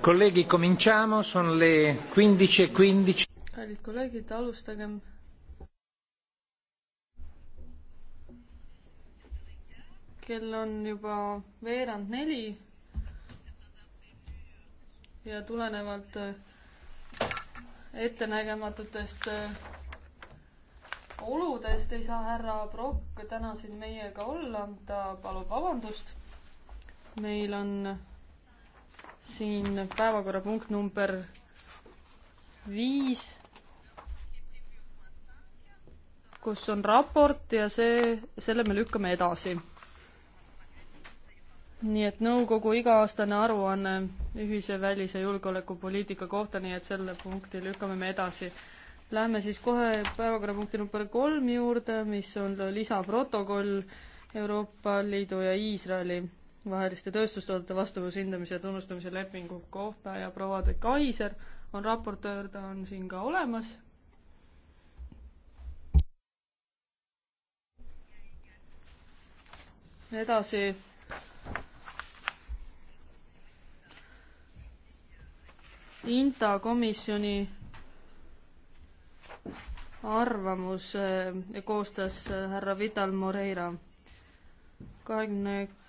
Colleghi, cominciamo, sono le 15.15. E Kallid kolleegid, alustagem. kell on juba veerand neli ja tulenevalt äh, ettenägematutest äh, oludest ei saa härra Prokk täna siin meiega olla, ta palub vabandust. meil on siin päevakorrapunkt number viis, kus on raport ja see, selle me lükkame edasi. nii et nõukogu iga-aastane aruanne ühise välis- ja julgeolekupoliitika kohta, nii et selle punkti lükkame me edasi. Lähme siis kohe päevakorrapunkti number kolm juurde, mis on lisaprotokoll Euroopa Liidu ja Iisraeli vaheliste tööstustoodete vastavushindamise ja tunnustamise lepingu kohta ja proua de Kaiser on raportöör, ta on siin ka olemas. edasi. Inta komisjoni arvamus koostas härra Vital Moreira kahekümne 20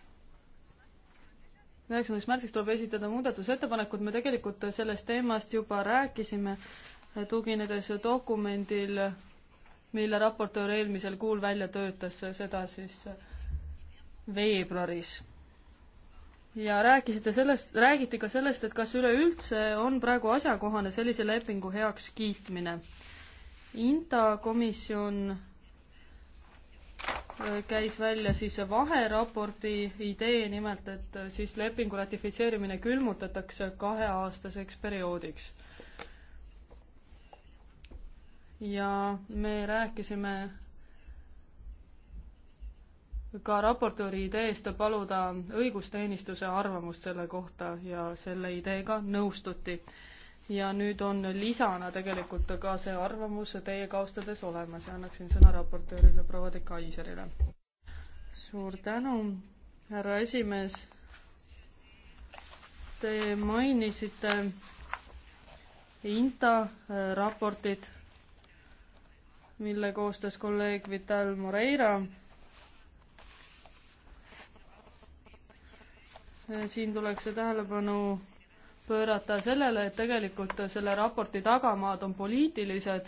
üheksandaks märtsiks tuleb esitada muudatusettepanekud, me tegelikult sellest teemast juba rääkisime, tuginedes dokumendil, mille raportöör eelmisel kuul välja töötas, seda siis veebruaris. ja rääkisite sellest, räägiti ka sellest, et kas üleüldse on praegu asjakohane sellise lepingu heakskiitmine. Inta komisjon Äh, käis välja siis vaheraporti idee nimelt, et äh, siis lepingu ratifitseerimine külmutatakse kaheaastaseks perioodiks. ja me rääkisime ka raportööri ideest paluda õigusteenistuse arvamust selle kohta ja selle ideega nõustuti ja nüüd on lisana tegelikult ka see arvamus teiega austades olemas ja annaksin sõna raportöörile proua de Kaiserile. suur tänu, härra esimees. Te mainisite INTA äh, raportit, mille koostas kolleeg Vital Moreira. Äh, siin tuleks see tähelepanu pöörata sellele, et tegelikult selle raporti tagamaad on poliitilised,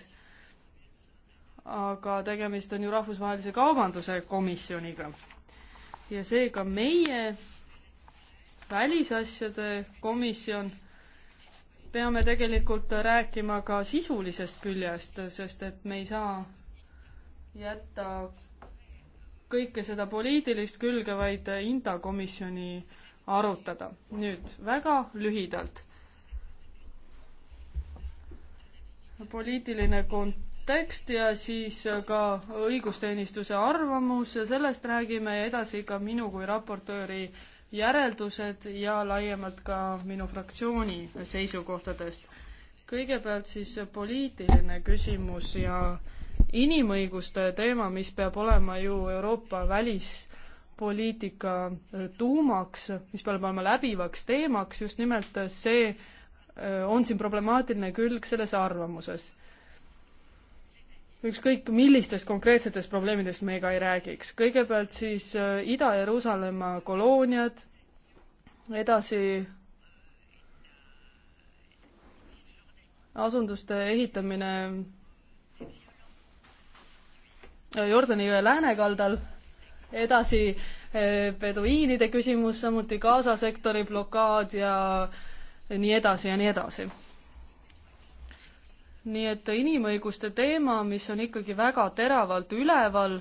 aga tegemist on ju Rahvusvahelise Kaubanduse Komisjoniga. ja seega meie, välisasjade komisjon, peame tegelikult rääkima ka sisulisest küljest, sest et me ei saa jätta kõike seda poliitilist külge, vaid Inta komisjoni äh, arutada. nüüd väga lühidalt. poliitiline kontekst ja siis ka õigusteenistuse arvamus, sellest räägime ja edasi ka minu kui raportööri järeldused ja laiemalt ka minu fraktsiooni seisukohtadest. kõigepealt siis poliitiline küsimus ja inimõiguste teema, mis peab olema ju Euroopa välis- poliitika äh, tuumaks, mis peab olema läbivaks teemaks, just nimelt äh, see äh, on siin problemaatiline külg selles arvamuses. ükskõik millistest konkreetsetest probleemidest me ka ei räägiks. kõigepealt siis Ida-Jeruusalemma kolooniad, edasi asunduste ehitamine Jordani jõe läänekaldal edasi eh, peduiinide küsimus, samuti Gaza sektori blokaad ja nii edasi ja nii edasi. nii et inimõiguste teema, mis on ikkagi väga teravalt üleval,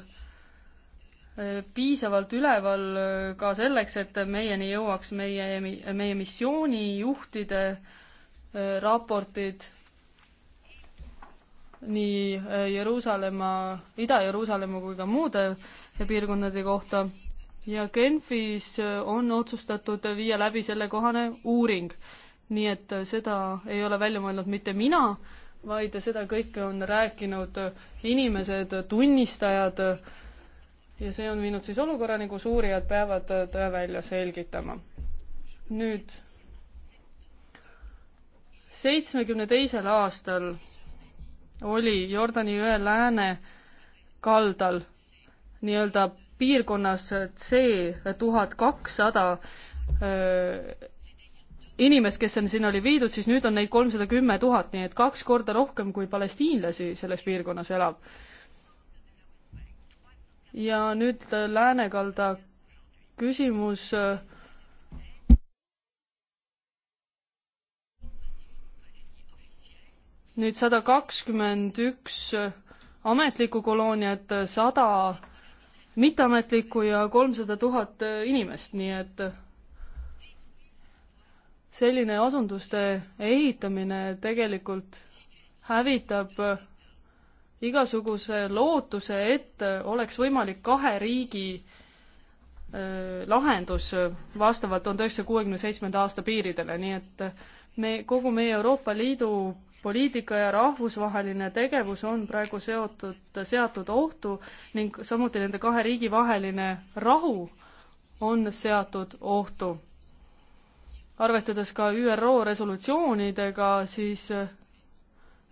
eh, piisavalt üleval eh, ka selleks, et meieni jõuaks meie, meie missioonijuhtide raportid nii Jeruusalemma, Ida-Jeruusalemma kui ka muude ja piirkondade kohta ja Genfis äh, on otsustatud viia läbi sellekohane uuring. nii et äh, seda ei ole välja mõelnud mitte mina, vaid seda kõike on rääkinud äh, inimesed, tunnistajad ja see on viinud siis olukorrani, kus uurijad peavad tõe välja selgitama. nüüd seitsmekümne teisel aastal oli Jordani jõe lääne kaldal nii-öelda piirkonnas C tuhat kakssada inimest, kes on sinna oli viidud, siis nüüd on neid kolmsada kümme tuhat, nii et kaks korda rohkem kui palestiinlasi selles piirkonnas elab. ja nüüd Läänekalda küsimus. nüüd sada kakskümmend üks ametlikku kolooniat, sada 100 mitteametlikku ja kolmsada tuhat äh, inimest, nii et selline asunduste ehitamine tegelikult hävitab äh, igasuguse lootuse, et äh, oleks võimalik kahe riigi lahendus vastavalt tuhande üheksasaja kuuekümne seitsmenda aasta piiridele, nii et me, kogu meie Euroopa Liidu poliitika ja rahvusvaheline tegevus on praegu seotud, seatud ohtu ning samuti nende kahe riigi vaheline rahu on seatud ohtu. arvestades ka ÜRO resolutsioonidega, siis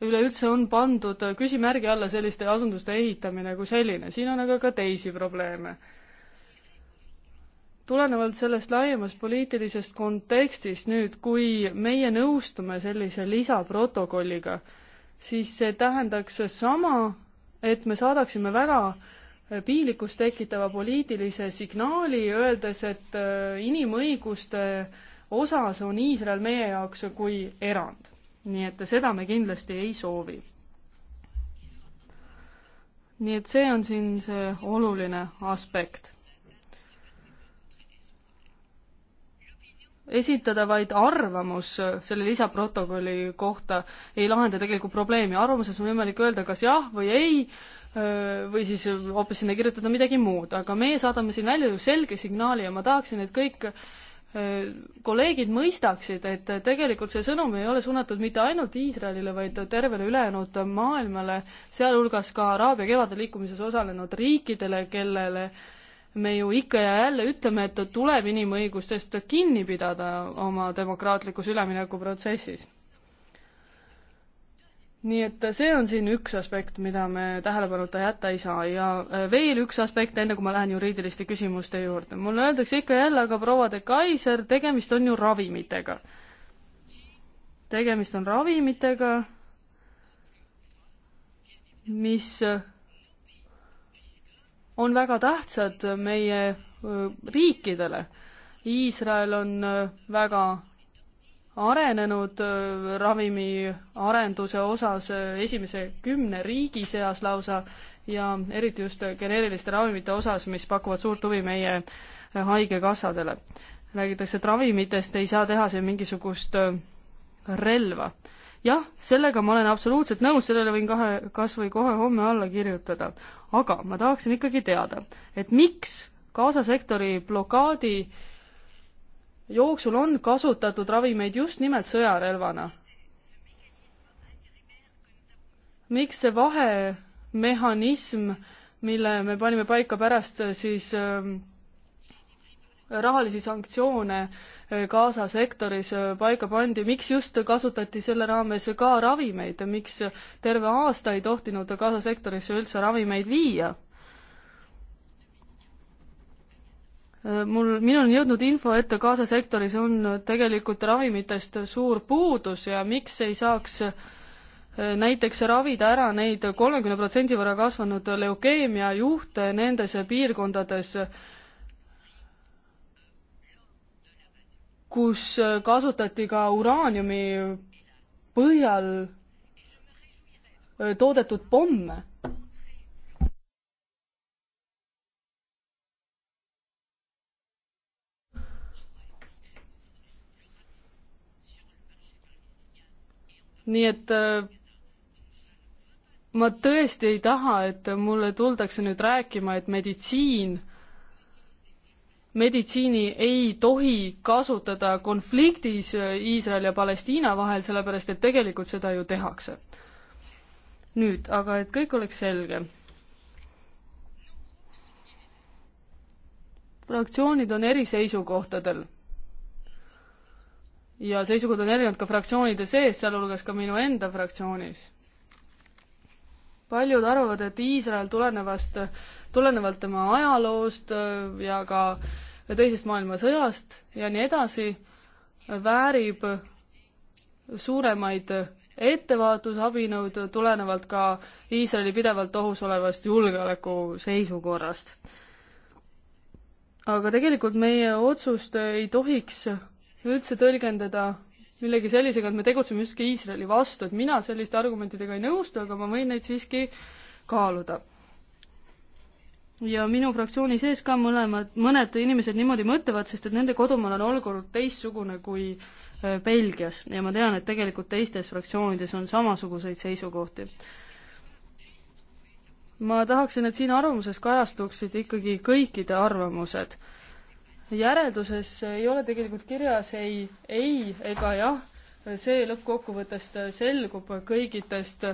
üleüldse on pandud küsimärgi alla selliste asunduste ehitamine kui selline, siin on aga ka teisi probleeme tulenevalt sellest laiemast poliitilisest kontekstist nüüd, kui meie nõustume sellise lisaprotokolliga, siis see tähendaks sama, et me saadaksime väga piinlikkust tekitava poliitilise signaali, öeldes, et äh, inimõiguste osas on Iisrael meie jaoks kui erand. nii et seda me kindlasti ei soovi. nii et see on siin see oluline aspekt esitada vaid arvamus äh, selle lisaprotokolli kohta ei lahenda tegelikult probleemi, arvamuses on võimalik öelda kas jah või ei, äh, või siis hoopis sinna kirjutada midagi muud, aga meie saadame siin välja ju selge signaali ja ma tahaksin, et kõik äh, kolleegid mõistaksid, et tegelikult see sõnum ei ole suunatud mitte ainult Iisraelile, vaid tervele ülejäänud maailmale, sealhulgas ka Araabia kevade liikumises osalenud riikidele, kellele äh, me ju ikka ja jälle ütleme, et tuleb inimõigustest kinni pidada oma demokraatlikus üleminekuprotsessis. nii et see on siin üks aspekt, mida me tähelepanuta jätta ei saa ja äh, veel üks aspekt, enne kui ma lähen juriidiliste küsimuste juurde. mulle öeldakse ikka ja jälle, aga proua de Kaiser, tegemist on ju ravimitega. tegemist on ravimitega, mis äh, on väga tähtsad meie riikidele. Iisrael on väga arenenud ravimiarenduse osas esimese kümne riigi seas lausa ja eriti just geneeriliste ravimite osas, mis pakuvad suurt huvi meie haigekassadele. räägitakse, et ravimitest ei saa teha siin mingisugust relva jah, sellega ma olen absoluutselt nõus, sellele võin kahe, kas või kohe homme alla kirjutada. aga ma tahaksin ikkagi teada, et miks Gaza sektori blokaadi jooksul on kasutatud ravimeid just nimelt sõjarelvana? miks see vahemehhanism, mille me panime paika pärast äh, siis äh, rahalisi sanktsioone Gaza sektoris äh, paika pandi, miks just kasutati selle raames ka ravimeid, miks terve aasta ei tohtinud Gaza sektorisse üldse ravimeid viia? Äh, mul, minul on jõudnud info, et Gaza sektoris on tegelikult ravimitest suur puudus ja miks ei saaks äh, näiteks ravida ära neid kolmekümne protsendi võrra kasvanud leukeemia juhte nendes piirkondades, kus äh, kasutati ka uraaniumi põhjal äh, toodetud pomme. nii et äh, ma tõesti ei taha, et mulle tuldakse nüüd rääkima, et meditsiin meditsiini ei tohi kasutada konfliktis äh, Iisraeli ja Palestiina vahel, sellepärast et tegelikult seda ju tehakse. nüüd, aga et kõik oleks selge. fraktsioonid on eri seisukohtadel. ja seisukohad on erinevad ka fraktsioonide sees, sealhulgas ka minu enda fraktsioonis paljud arvavad, et Iisrael tulenevast, tulenevalt tema ajaloost äh, ja ka teisest maailmasõjast ja nii edasi, väärib suuremaid ettevaatusabinõud tulenevalt ka Iisraeli pidevalt ohus olevast julgeoleku seisukorrast. aga tegelikult meie otsust ei tohiks üldse tõlgendada millegi sellisega, et me tegutseme justkui Iisraeli vastu, et mina selliste argumentidega ei nõustu, aga ma võin neid siiski kaaluda. ja minu fraktsiooni sees ka mõlemad, mõned inimesed niimoodi mõtlevad, sest et nende kodumaal on olukord teistsugune kui äh, Belgias ja ma tean, et tegelikult teistes fraktsioonides on samasuguseid seisukohti ma tahaksin, et siin arvamuses kajastuksid ikkagi kõikide arvamused järelduses ei ole tegelikult kirjas ei ei ega jah, see lõppkokkuvõttest selgub kõigitest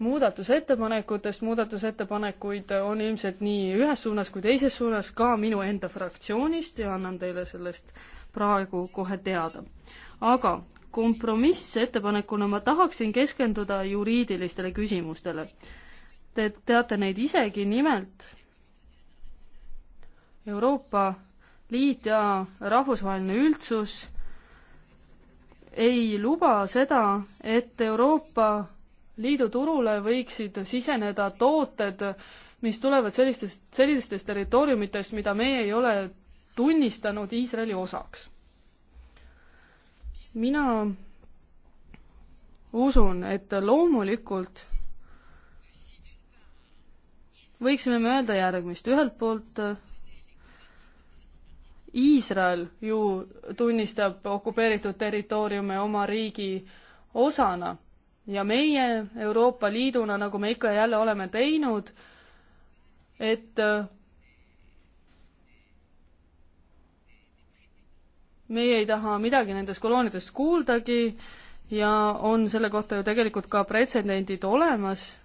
muudatusettepanekutest, muudatusettepanekuid on ilmselt nii ühes suunas kui teises suunas ka minu enda fraktsioonist ja annan teile sellest praegu kohe teada. aga kompromissettepanekuna ma tahaksin keskenduda juriidilistele küsimustele. Te teate neid isegi, nimelt Euroopa liit ja rahvusvaheline üldsus ei luba seda, et Euroopa Liidu turule võiksid siseneda tooted, mis tulevad sellistest, sellistest territooriumitest, mida meie ei ole tunnistanud Iisraeli osaks. mina usun, et loomulikult võiksime me öelda järgmist, ühelt poolt Iisrael ju tunnistab okupeeritud territooriume oma riigi osana ja meie Euroopa Liiduna, nagu me ikka ja jälle oleme teinud, et meie ei taha midagi nendest koloonidest kuuldagi ja on selle kohta ju tegelikult ka pretsedendid olemas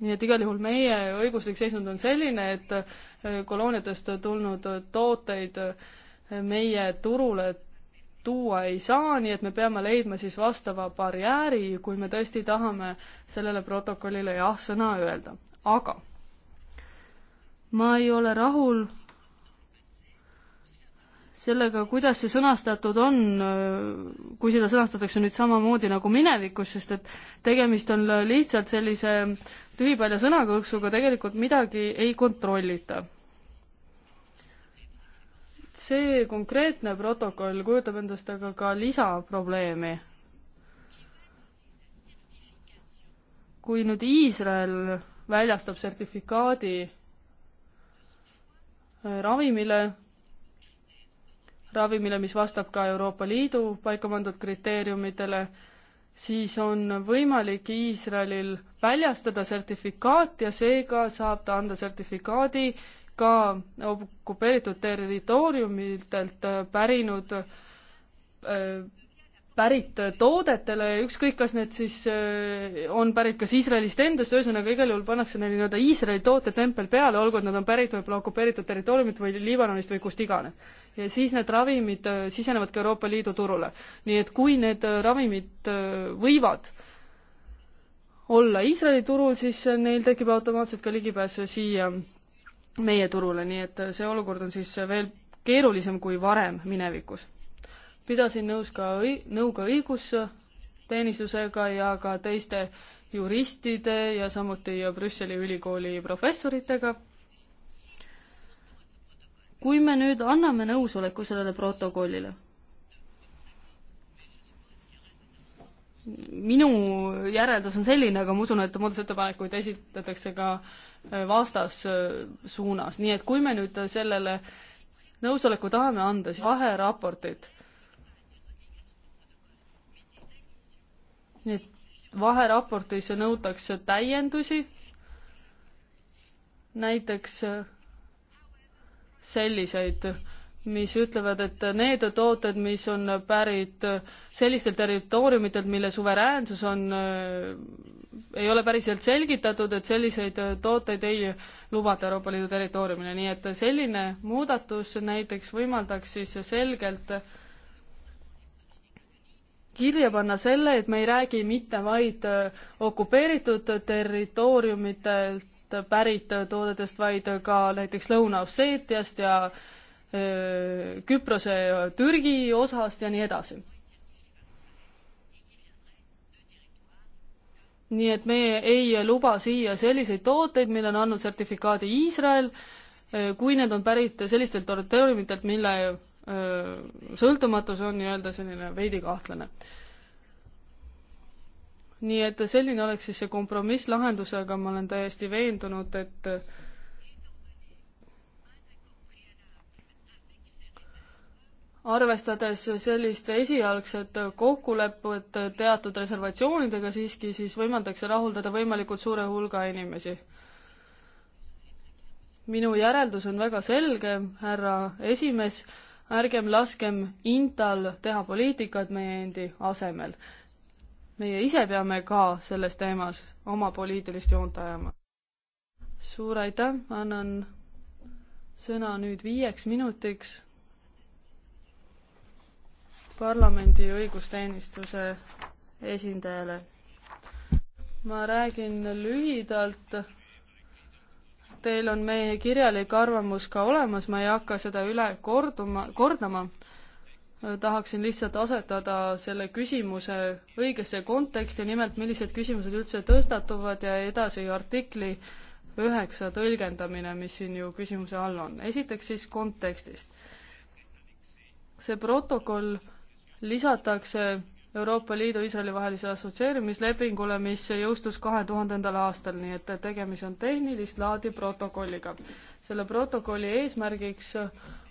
nii et igal juhul meie õiguslik seisund on selline, et äh, kolooniatest tulnud tooteid äh, meie turule tuua ei saa, nii et me peame leidma siis vastava barjääri, kui me tõesti tahame sellele protokollile jah-sõna öelda. aga ma ei ole rahul sellega, kuidas see sõnastatud on, äh, kui seda sõnastatakse nüüd samamoodi nagu minevikus, sest et tegemist on lihtsalt sellise tühipalja sõnakõlksuga tegelikult midagi ei kontrollita. see konkreetne protokoll kujutab endast aga ka lisaprobleemi. kui nüüd Iisrael väljastab sertifikaadi äh, ravimile, ravimile, mis vastab ka Euroopa Liidu paika pandud kriteeriumitele siis on võimalik Iisraelil väljastada sertifikaat ja seega saab ta anda sertifikaadi ka okupeeritud territooriumitelt äh, pärinud, äh, pärit toodetele, ükskõik, kas need siis äh, on pärit kas Iisraelist endast, ühesõnaga igal juhul pannakse neile nii-öelda Iisraeli tootetempel peale, olgu et nad on pärit võib-olla okupeeritud territooriumilt või Liibanonist või kust iganes ja siis need ravimid äh, sisenevad ka Euroopa Liidu turule. nii et kui need äh, ravimid äh, võivad olla Iisraeli turul, siis neil tekib automaatselt ka ligipääs siia meie turule, nii et see olukord on siis veel keerulisem kui varem minevikus. pidasin nõus ka õi-, nõu ka õigusteenistusega ja ka teiste juristide ja samuti Brüsseli ülikooli professoritega kui me nüüd anname nõusoleku sellele protokollile, minu järeldus on selline, aga ma usun, et muudatusettepanekuid esitatakse ka äh, vastassuunas, nii et kui me nüüd sellele nõusoleku tahame anda, siis vaheraportid. nii et vaheraportisse nõutakse täiendusi, näiteks äh, selliseid, mis ütlevad, et need tooted, mis on pärit sellistelt territooriumitelt, mille suveräänsus on, ei ole päriselt selgitatud, et selliseid tooteid ei lubata Euroopa Liidu territooriumile, nii et selline muudatus näiteks võimaldaks siis selgelt kirja panna selle, et me ei räägi mitte vaid okupeeritud territooriumitelt pärit toodetest, vaid ka näiteks Lõuna-Osseetiast ja Küprose ja Türgi osast ja nii edasi. nii et meie ei luba siia selliseid tooteid, mille on andnud sertifikaadi Iisrael, kui need on pärit sellistelt territooriumitelt, mille sõltumatus on nii-öelda selline veidi kahtlane nii et selline oleks siis see kompromisslahendus, aga ma olen täiesti veendunud, et arvestades sellist esialgset kokkulepet teatud reservatsioonidega siiski, siis võimaldaks see rahuldada võimalikult suure hulga inimesi. minu järeldus on väga selge, härra esimees, ärgem laskem Intal teha poliitikat meie endi asemel meie ise peame ka selles teemas oma poliitilist joont ajama. suur aitäh, annan sõna nüüd viieks minutiks parlamendi õigusteenistuse esindajale. ma räägin lühidalt. Teil on meie kirjalik arvamus ka olemas, ma ei hakka seda üle korduma, kordama tahaksin lihtsalt asetada selle küsimuse õigesse konteksti, nimelt millised küsimused üldse tõstatuvad ja edasi artikli üheksa tõlgendamine, mis siin ju küsimuse all on. esiteks siis kontekstist. see protokoll lisatakse Euroopa Liidu Iisraeli vahelise assotsieerimislepingule, mis jõustus kahe tuhandendal aastal, nii et tegemist on tehnilist laadi protokolliga. selle protokolli eesmärgiks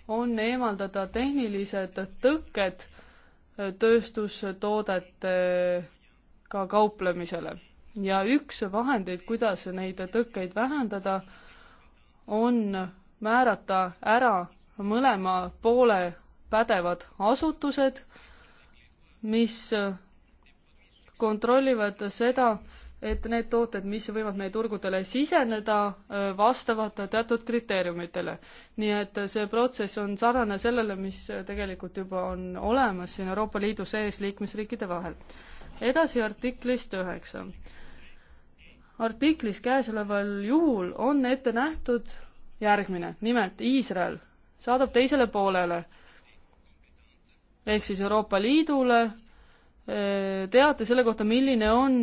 on eemaldada tehnilised tõkked tööstustoodetega ka kauplemisele. ja üks vahendeid, kuidas neid tõkkeid vähendada, on määrata ära mõlema poole pädevad asutused, mis kontrollivad seda, et need tooted, mis võivad meie turgudele siseneda, äh, vastavad teatud kriteeriumitele. nii et see protsess on sarnane sellele, mis tegelikult juba on olemas siin Euroopa Liidu sees liikmesriikide vahel. edasi artiklist üheksa. artiklis käesoleval juhul on ette nähtud järgmine, nimelt Iisrael saadab teisele poolele ehk siis Euroopa Liidule teate selle kohta, milline on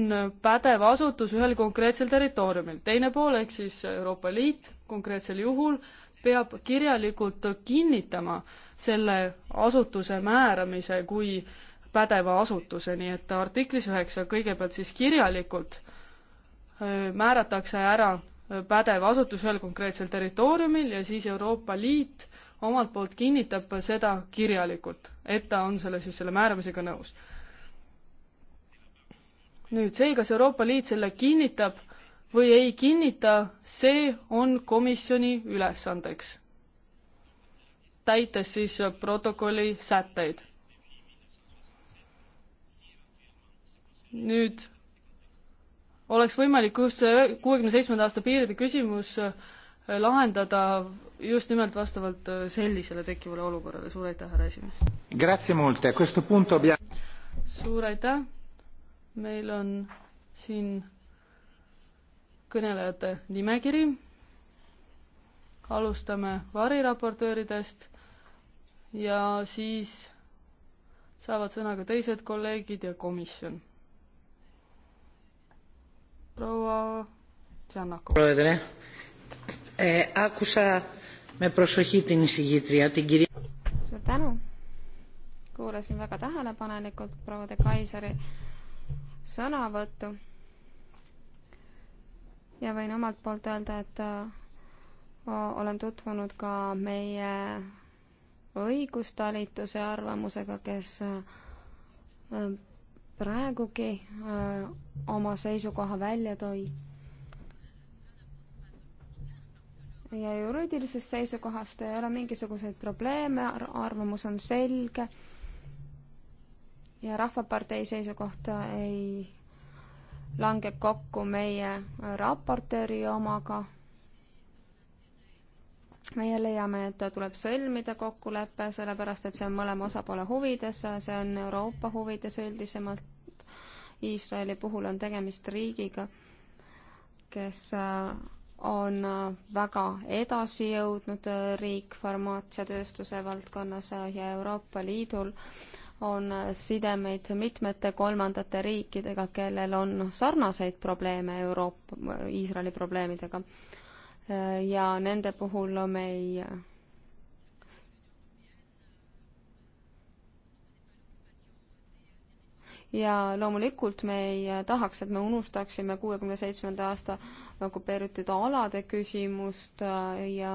pädev asutus ühel konkreetsel territooriumil. teine pool ehk siis Euroopa Liit konkreetsel juhul peab kirjalikult kinnitama selle asutuse määramise kui pädeva asutuse, nii et artiklis üheksa kõigepealt siis kirjalikult määratakse ära pädev asutus ühel konkreetsel territooriumil ja siis Euroopa Liit omalt poolt kinnitab seda kirjalikult, et ta on selle siis selle määramisega nõus nüüd see, kas Euroopa Liit selle kinnitab või ei kinnita, see on komisjoni ülesandeks, täites siis protokolli sätteid. nüüd oleks võimalik just see kuuekümne seitsmenda aasta piiride küsimus äh, lahendada just nimelt vastavalt äh, sellisele tekkivale olukorrale. suur aitäh, härra esimees! suur aitäh! meil on siin kõnelejate nimekiri. alustame variraportööridest ja siis saavad sõna ka teised kolleegid ja komisjon. proua Tšannako. Eh, suur tänu. kuulasin väga tähelepanelikult proua de Kaiseri sõnavõttu. ja võin omalt poolt öelda, et äh, olen tutvunud ka meie õigustalituse arvamusega, kes äh, praegugi äh, oma seisukoha välja tõi ja juriidilisest seisukohast ei ole mingisuguseid probleeme, arvamus on selge ja Rahvapartei seisukoht ei lange kokku meie raportööri omaga. meie leiame, et tuleb sõlmida kokkulepe, sellepärast et see on mõlema osapoole huvides, see on Euroopa huvides üldisemalt. Iisraeli puhul on tegemist riigiga, kes äh, on äh, väga edasi jõudnud äh, riik farmaatsiatööstuse valdkonnas ja Euroopa Liidul äh, on sidemeid mitmete kolmandate riikidega, kellel on sarnaseid probleeme Euroopa, Iisraeli probleemidega. ja nende puhul me ei ja loomulikult me ei tahaks, et me unustaksime kuuekümne seitsmenda aasta okupeeritud alade küsimust ja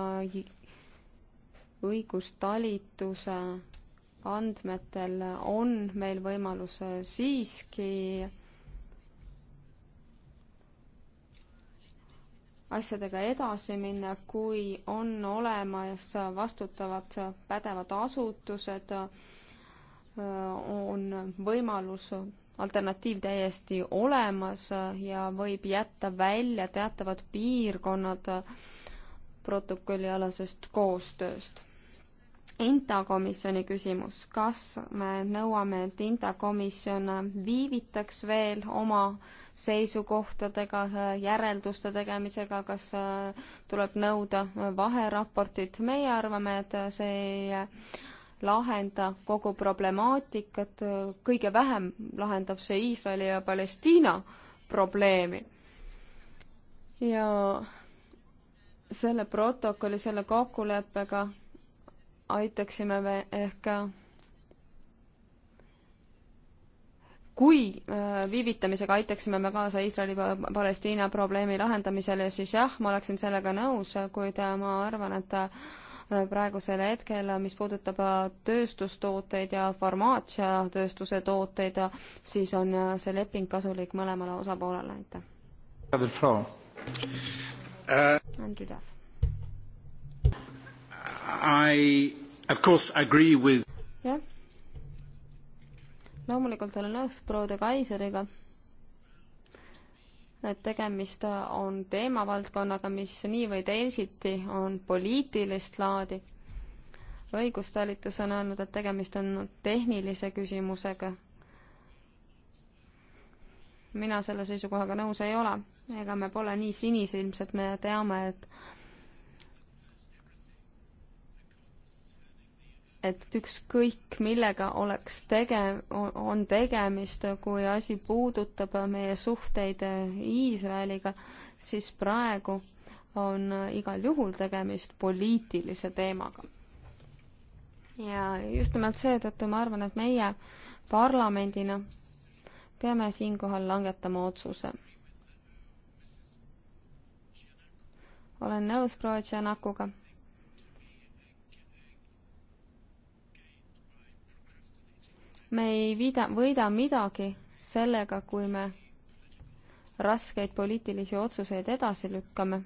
õigustalituse andmetel on meil võimalus siiski asjadega edasi minna, kui on olemas vastutavad pädevad asutused, on võimalus, alternatiiv täiesti olemas ja võib jätta välja teatavad piirkonnad protokollialasest koostööst INTA komisjoni küsimus, kas me nõuame, et INTA komisjon viivitaks veel oma seisukohtadega, järelduste tegemisega, kas äh, tuleb nõuda vaheraportit, meie arvame, et see ei lahenda kogu problemaatikat, kõige vähem lahendab see Iisraeli ja Palestiina probleemi. ja selle protokolli, selle kokkuleppega aitaksime me ehk kui äh, viivitamisega aitaksime me kaasa Iisraeli-Palestiina probleemi lahendamisele, siis jah, ma oleksin sellega nõus, kuid äh, ma arvan, et äh, praegusel hetkel, mis puudutab tööstustooteid ja farmaatsiatööstuse tooteid, siis on see leping kasulik mõlemale osapoolele, aitäh. Andrei Tahv. I of course agree with jah, loomulikult olen nõus proua de Kaiseriga, et tegemist on teemavaldkonnaga, mis nii või teisiti on poliitilist laadi. õigustalitus on öelnud, et tegemist on tehnilise küsimusega. mina selle seisukohaga nõus ei ole, ega me pole nii sinisilmsed, me teame, et et ükskõik millega oleks tege-, on tegemist, kui asi puudutab meie suhteid Iisraeliga, siis praegu on igal juhul tegemist poliitilise teemaga. ja just nimelt seetõttu ma arvan, et meie parlamendina peame siinkohal langetama otsuse. olen nõus proua Tšernakuga me ei viida, võida midagi sellega, kui me raskeid poliitilisi otsuseid edasi lükkame.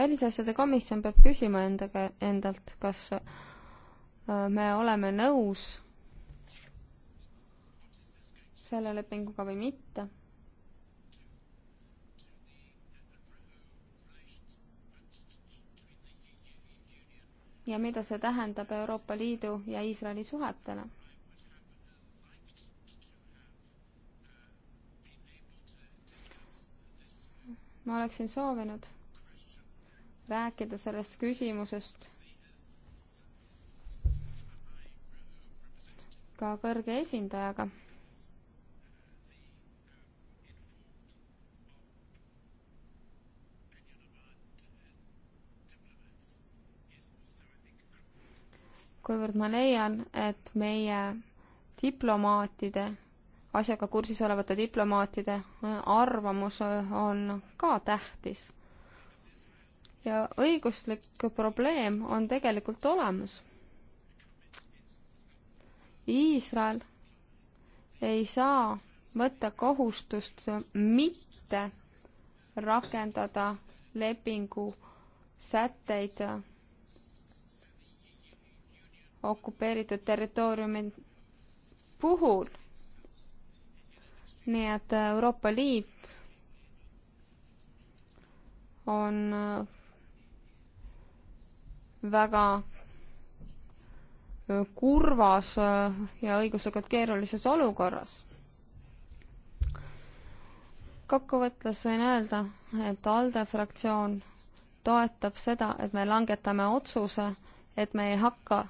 välisasjade komisjon peab küsima endaga, endalt, kas äh, me oleme nõus selle lepinguga või mitte ja mida see tähendab Euroopa Liidu ja Iisraeli suhetele. ma oleksin soovinud rääkida sellest küsimusest ka kõrge esindajaga kuivõrd ma leian, et meie diplomaatide, asjaga kursis olevate diplomaatide äh, arvamus äh, on ka tähtis. ja õiguslik probleem on tegelikult olemas. Iisrael ei saa võtta kohustust mitte rakendada lepingu sätteid äh, okupeeritud territooriumi puhul. nii et äh, Euroopa Liit on äh, väga äh, kurvas ja õiguslikult keerulises olukorras. kokkuvõttes võin öelda, et ALDE fraktsioon toetab seda, et me langetame otsuse, et me ei hakka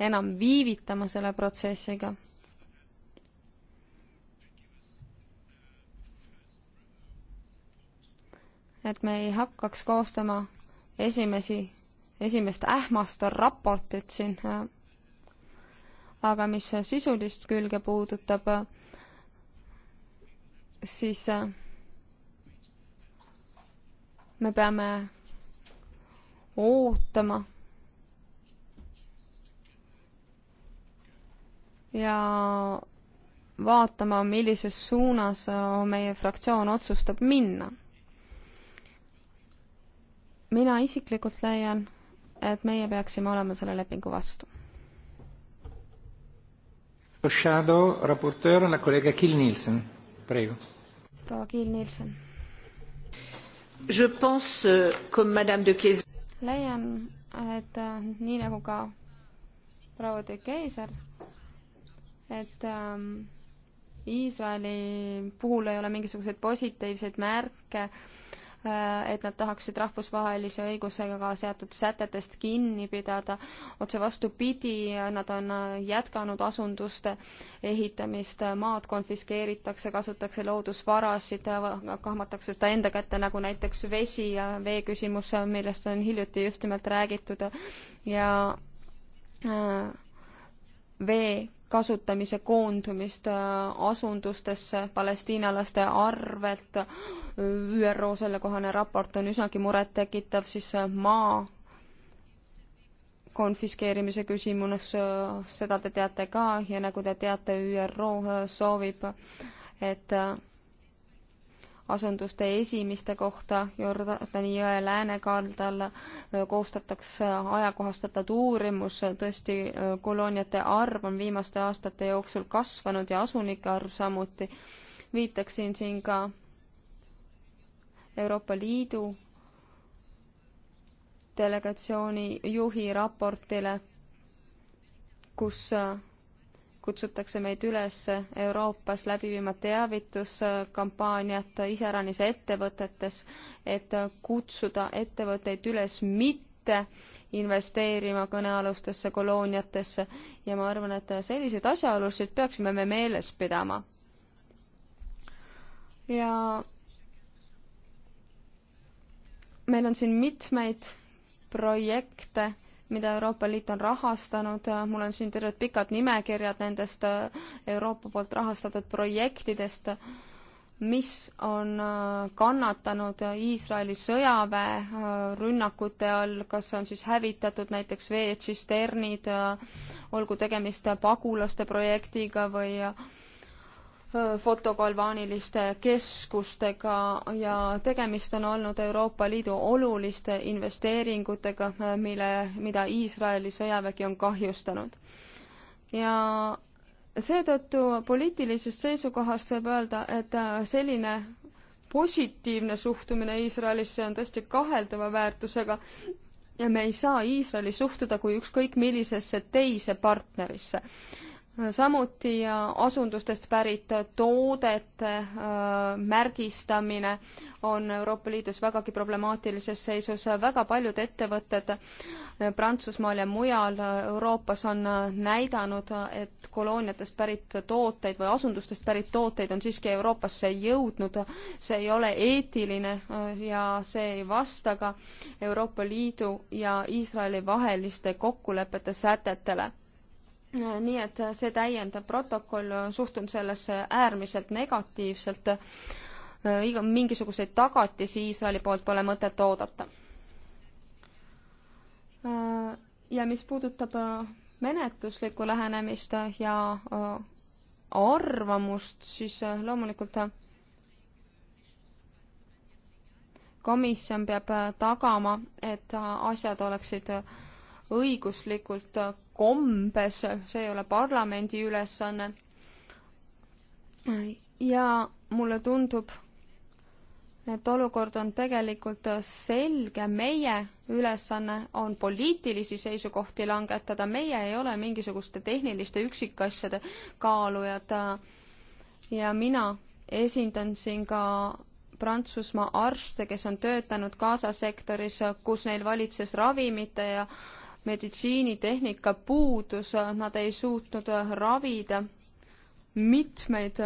enam viivitama selle protsessiga. et me ei hakkaks koostama esimesi, esimest ähmast raportit siin. Äh, aga mis sisulist külge puudutab, siis äh, me peame ootama ja vaatama, millises suunas äh, meie fraktsioon otsustab minna. mina isiklikult leian, et meie peaksime olema selle lepingu vastu. proua Kiil-Nielsen. Euh, leian, et äh, nii nagu ka proua de Keiser et ähm, Iisraeli ähm, puhul ei ole mingisuguseid positiivseid märke äh,, et nad tahaksid rahvusvahelise õigusega seatud sätetest kinni pidada. otse vastupidi, nad on äh, jätkanud asunduste ehitamist, äh, maad konfiskeeritakse, kasutatakse loodusvarasid, äh, kahmatakse seda enda kätte, nagu näiteks vesi ja vee küsimus, millest on hiljuti just nimelt räägitud ja äh, vee kasutamise koondumist äh, asundustesse palestiinalaste arvelt, ÜRO sellekohane raport on üsnagi murettekitav, siis äh, maa konfiskeerimise küsimus, äh, seda te teate ka ja nagu te teate, ÜRO soovib, et asunduste esimiste kohta Jordani jõe läänekaldal koostatakse ajakohastatud uurimus, tõesti kolooniate arv on viimaste aastate jooksul kasvanud ja asunike arv samuti. viitaksin siin ka Euroopa Liidu delegatsiooni juhi raportile, kus kutsutakse meid üles Euroopas läbi viima teavituskampaaniat iseäranis ettevõtetes, et kutsuda ettevõtteid üles mitte investeerima kõnealustesse kolooniatesse ja ma arvan, et selliseid asjaolusid peaksime me meeles pidama. ja meil on siin mitmeid projekte mida Euroopa Liit on rahastanud, mul on siin terved pikad nimekirjad nendest äh, Euroopa poolt rahastatud projektidest, mis on äh, kannatanud Iisraeli sõjaväe äh, rünnakute all, kas on siis hävitatud näiteks veetsisternid, olgu tegemist pagulaste projektiga või fotogalvaaniliste keskustega ja tegemist on olnud Euroopa Liidu oluliste investeeringutega, mille, mida Iisraeli sõjavägi on kahjustanud. ja seetõttu poliitilisest seisukohast võib öelda, et selline positiivne suhtumine Iisraelisse on tõesti kaheldava väärtusega ja me ei saa Iisraeli suhtuda kui ükskõik millisesse teise partnerisse samuti asundustest pärit toodete äh, märgistamine on Euroopa Liidus vägagi problemaatilises seisus. väga paljud ettevõtted äh, Prantsusmaal ja mujal äh, Euroopas on näidanud, et kolooniatest pärit tooteid või asundustest pärit tooteid on siiski Euroopasse jõudnud. see ei ole eetiline ja see ei vasta ka Euroopa Liidu ja Iisraeli vaheliste kokkulepete sätetele nii et see täiendav protokoll, suhtun sellesse äärmiselt negatiivselt. iga, mingisuguseid tagatisi Iisraeli poolt pole mõtet oodata. ja mis puudutab äh, menetluslikku lähenemist ja äh, arvamust, siis äh, loomulikult komisjon peab tagama, et asjad oleksid õiguslikult kombes, see ei ole parlamendi ülesanne. ja mulle tundub, et olukord on tegelikult selge, meie ülesanne on poliitilisi seisukohti langetada, meie ei ole mingisuguste tehniliste üksikasjade kaalujad ja mina esindan siin ka Prantsusmaa arste, kes on töötanud Gaza sektoris, kus neil valitses ravimite ja äh, meditsiinitehnika puudus, nad ei suutnud ravida mitmeid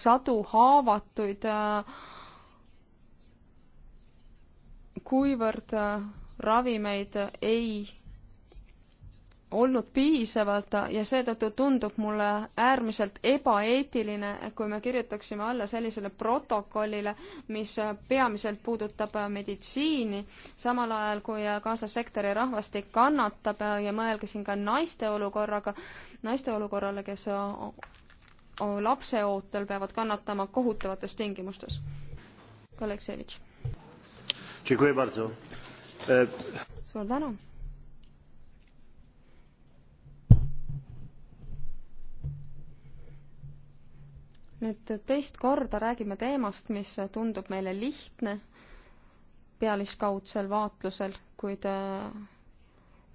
sadu haavatuid, kuivõrd ravimeid ei olnud piisavalt ja seetõttu tundub mulle äärmiselt ebaeetiline, kui me kirjutaksime alla sellisele protokollile, mis peamiselt puudutab meditsiini, samal ajal kui Gaza sektori rahvastik kannatab ja mõelge siin ka naiste olukorraga, naiste olukorrale, kes lapseootel peavad kannatama kohutavates tingimustes. kolleeg Sevitš. E- suur tänu nüüd teist korda räägime teemast, mis tundub meile lihtne pealiskaudsel vaatlusel, kuid äh,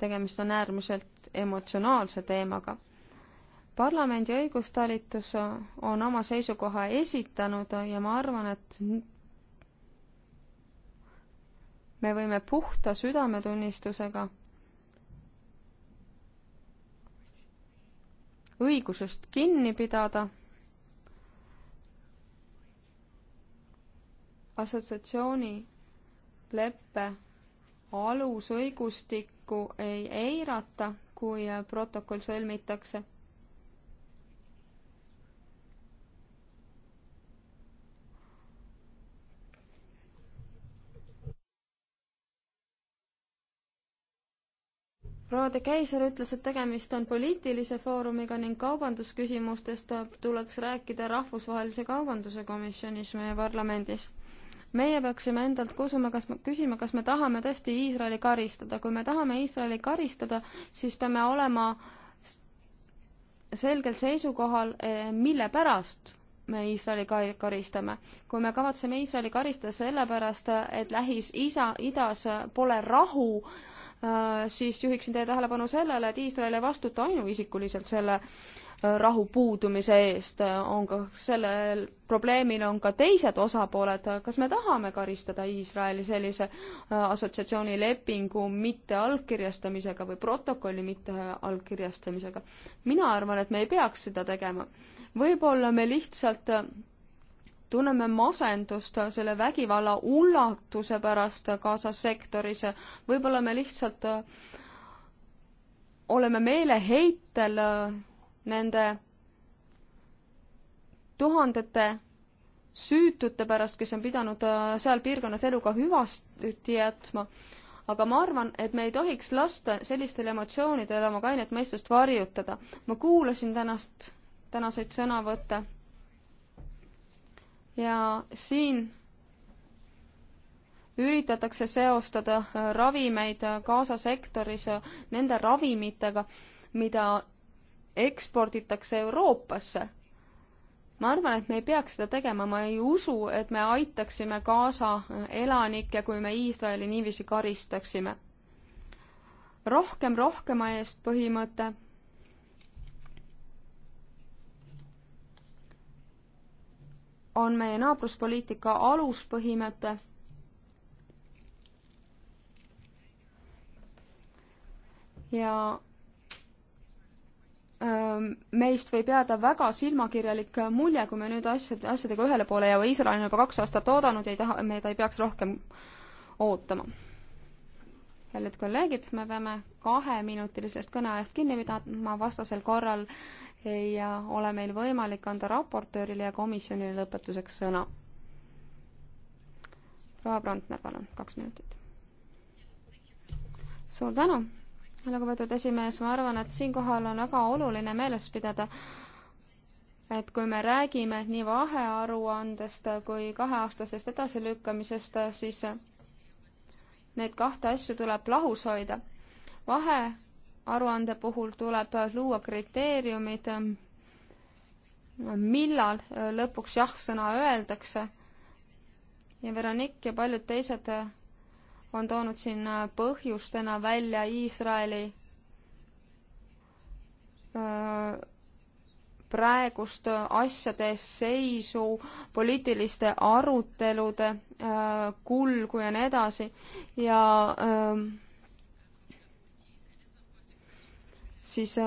tegemist on äärmiselt emotsionaalse teemaga. parlamendi õigustalitus on oma seisukoha esitanud ja ma arvan, et me võime puhta südametunnistusega õigusest kinni pidada assotsiatsiooni leppe alusõigustikku ei eirata, kui protokoll sõlmitakse. proua de Keiser ütles, et tegemist on poliitilise foorumiga ning kaubandusküsimustest tuleks rääkida Rahvusvahelise Kaubanduse Komisjonis meie parlamendis meie peaksime endalt kusuma, kas me, küsima, kas me tahame tõesti Iisraeli karistada. kui me tahame Iisraeli karistada, siis peame olema selgel seisukohal, eh, mille pärast me Iisraeli karistame. kui me kavatseme Iisraeli karistada sellepärast, et Lähis-Isa, idas pole rahu, äh, siis juhiksin teie tähelepanu sellele, et Iisrael ei vastuta ainuisikuliselt selle rahu puudumise eest, on ka sellel probleemil on ka teised osapooled, kas me tahame karistada Iisraeli sellise äh, assotsiatsiooni lepingu mitteallkirjastamisega või protokolli mitteallkirjastamisega? mina arvan, et me ei peaks seda tegema. võib-olla me lihtsalt äh, tunneme masendust selle vägivalla ulatuse pärast Gaza sektoris, võib-olla me lihtsalt äh, oleme meeleheitel nende tuhandete süütute pärast, kes on pidanud äh, seal piirkonnas eluga hüvasti jätma. aga ma arvan, et me ei tohiks lasta sellistel emotsioonidel oma kainet mõistust varjutada. ma kuulasin tänast, tänaseid sõnavõtte ja siin üritatakse seostada äh, ravimeid äh, Gaza sektoris nende ravimitega, mida eksporditakse Euroopasse. ma arvan, et me ei peaks seda tegema, ma ei usu, et me aitaksime Gaza elanikke, kui me Iisraeli niiviisi karistaksime. rohkem rohkema eest põhimõte on meie naabruspoliitika aluspõhimõte. ja meist võib jääda väga silmakirjalik mulje, kui me nüüd asjad, asjadega ühele poole jääme. Iisrael on juba kaks aastat oodanud ja ei taha, me ta ei peaks rohkem ootama. kallid kolleegid, me peame kaheminutilisest kõneajast kinni pidama, vastasel korral ei äh, ole meil võimalik anda raportöörile ja komisjonile lõpetuseks sõna. proua Brandner, palun, kaks minutit. suur tänu lugupeetud esimees, ma arvan, et siinkohal on väga oluline meeles pidada, et kui me räägime nii vahearuandest kui kaheaastasest edasilükkamisest, siis need kahte asja tuleb lahus hoida. vahearuande puhul tuleb luua kriteeriumid, millal lõpuks jah-sõna öeldakse ja Veronik ja paljud teised on toonud siin äh, põhjustena välja Iisraeli äh, praegust asjade seisu, poliitiliste arutelude äh, kulgu ja nii edasi ja ähm, siis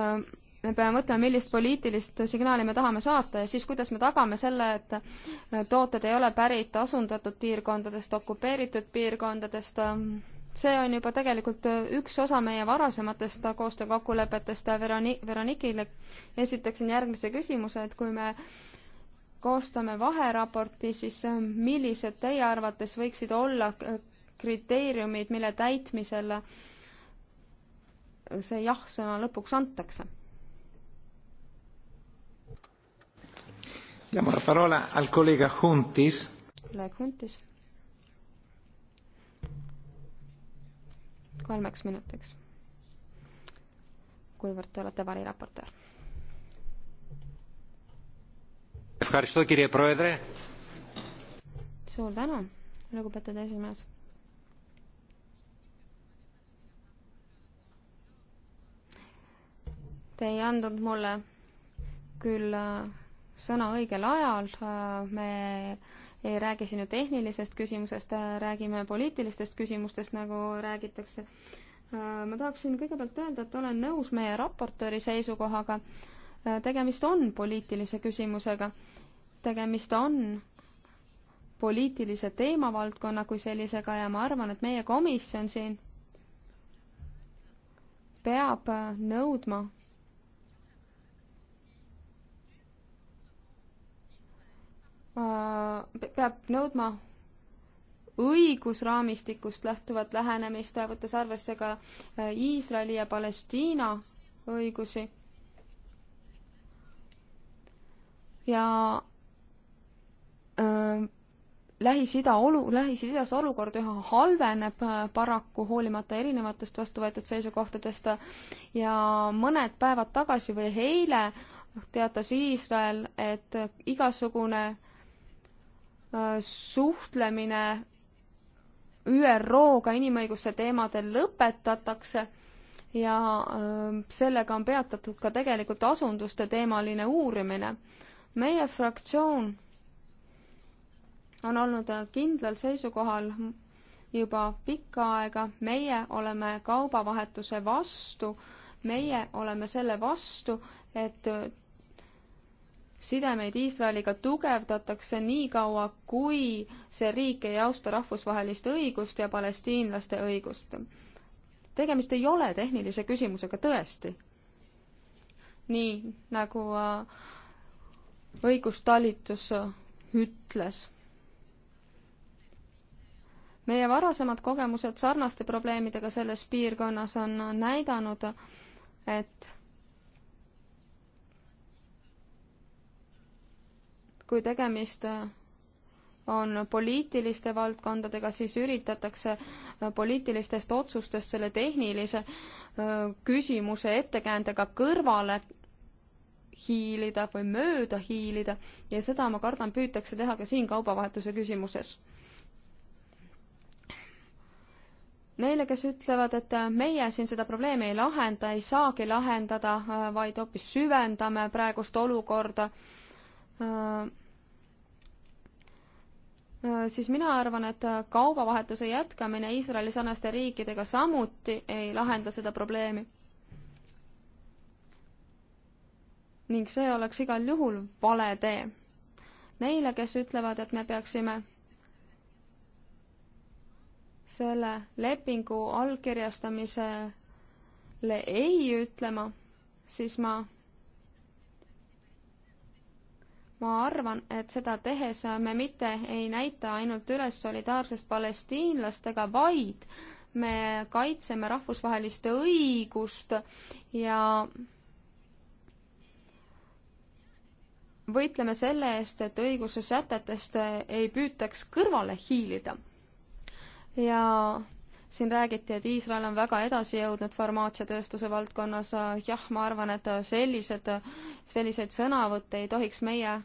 me peame mõtlema, millist poliitilist signaali me tahame saata ja siis kuidas me tagame selle, et äh, tooted ei ole pärit asundatud piirkondadest, okupeeritud piirkondadest. see on juba tegelikult äh, üks osa meie varasematest koostöökokkulepetest. Veroni-, Veronikile esitaksin järgmise küsimuse, et kui me koostame vaheraporti, siis äh, millised teie arvates võiksid olla kriteeriumid, mille täitmisel see jah-sõna lõpuks antakse? Diamo la parola al collega Huntis. Kolleeg Huntis. kolmeks minutiks. kuivõrd te olete variraportöör? suur tänu, lugupeetud esimees Te ei andnud mulle küll äh, sõna õigel ajal, äh, me ei räägi siin ju tehnilisest küsimusest, äh, räägime poliitilistest küsimustest, nagu räägitakse. Äh, ma tahaksin kõigepealt öelda, et olen nõus meie raportööri seisukohaga. tegemist on poliitilise küsimusega, tegemist on poliitilise teemavaldkonna kui sellisega ja ma arvan, et meie komisjon siin peab nõudma Äh, peab nõudma õigusraamistikust lähtuvat lähenemist, võttes arvesse ka äh, Iisraeli ja Palestiina õigusi. ja äh, Lähis-Ida olu, Lähis-Idas olukord üha halveneb äh, paraku hoolimata erinevatest vastu võetud seisukohtadest ja mõned päevad tagasi või eile teatas Iisrael, et igasugune Äh, suhtlemine ÜRO-ga inimõiguste teemadel lõpetatakse ja äh, sellega on peatatud ka tegelikult asunduste teemaline uurimine. meie fraktsioon on olnud kindlal seisukohal juba pikka aega, meie oleme kaubavahetuse vastu, meie oleme selle vastu, et sidemeid Iisraeliga tugevdatakse niikaua, kui see riik ei austa rahvusvahelist õigust ja palestiinlaste õigust. tegemist ei ole tehnilise küsimusega tõesti. nii nagu äh, õigustalitus äh, ütles meie varasemad kogemused sarnaste probleemidega selles piirkonnas on näidanud, et kui tegemist on poliitiliste valdkondadega, siis üritatakse poliitilistest otsustest selle tehnilise küsimuse ettekäändega kõrvale hiilida või mööda hiilida ja seda, ma kardan, püütakse teha ka siin kaubavahetuse küsimuses. Neile, kes ütlevad, et meie siin seda probleemi ei lahenda, ei saagi lahendada, vaid hoopis süvendame praegust olukorda Äh, äh, siis mina arvan, et äh, kaubavahetuse jätkamine Iisraeli sarnaste riikidega samuti ei lahenda seda probleemi. ning see oleks igal juhul vale tee. Neile, kes ütlevad, et me peaksime selle lepingu allkirjastamisele ei ütlema, siis ma ma arvan, et seda tehes me mitte ei näita ainult üles solidaarsust palestiinlastega, vaid me kaitseme rahvusvahelist õigust ja võitleme selle eest, et õiguse sätetest ei püütaks kõrvale hiilida. ja siin räägiti, et Iisrael on väga edasi jõudnud farmaatsiatööstuse valdkonnas, jah, ma arvan, et sellised, selliseid sõnavõtte ei tohiks meie äh,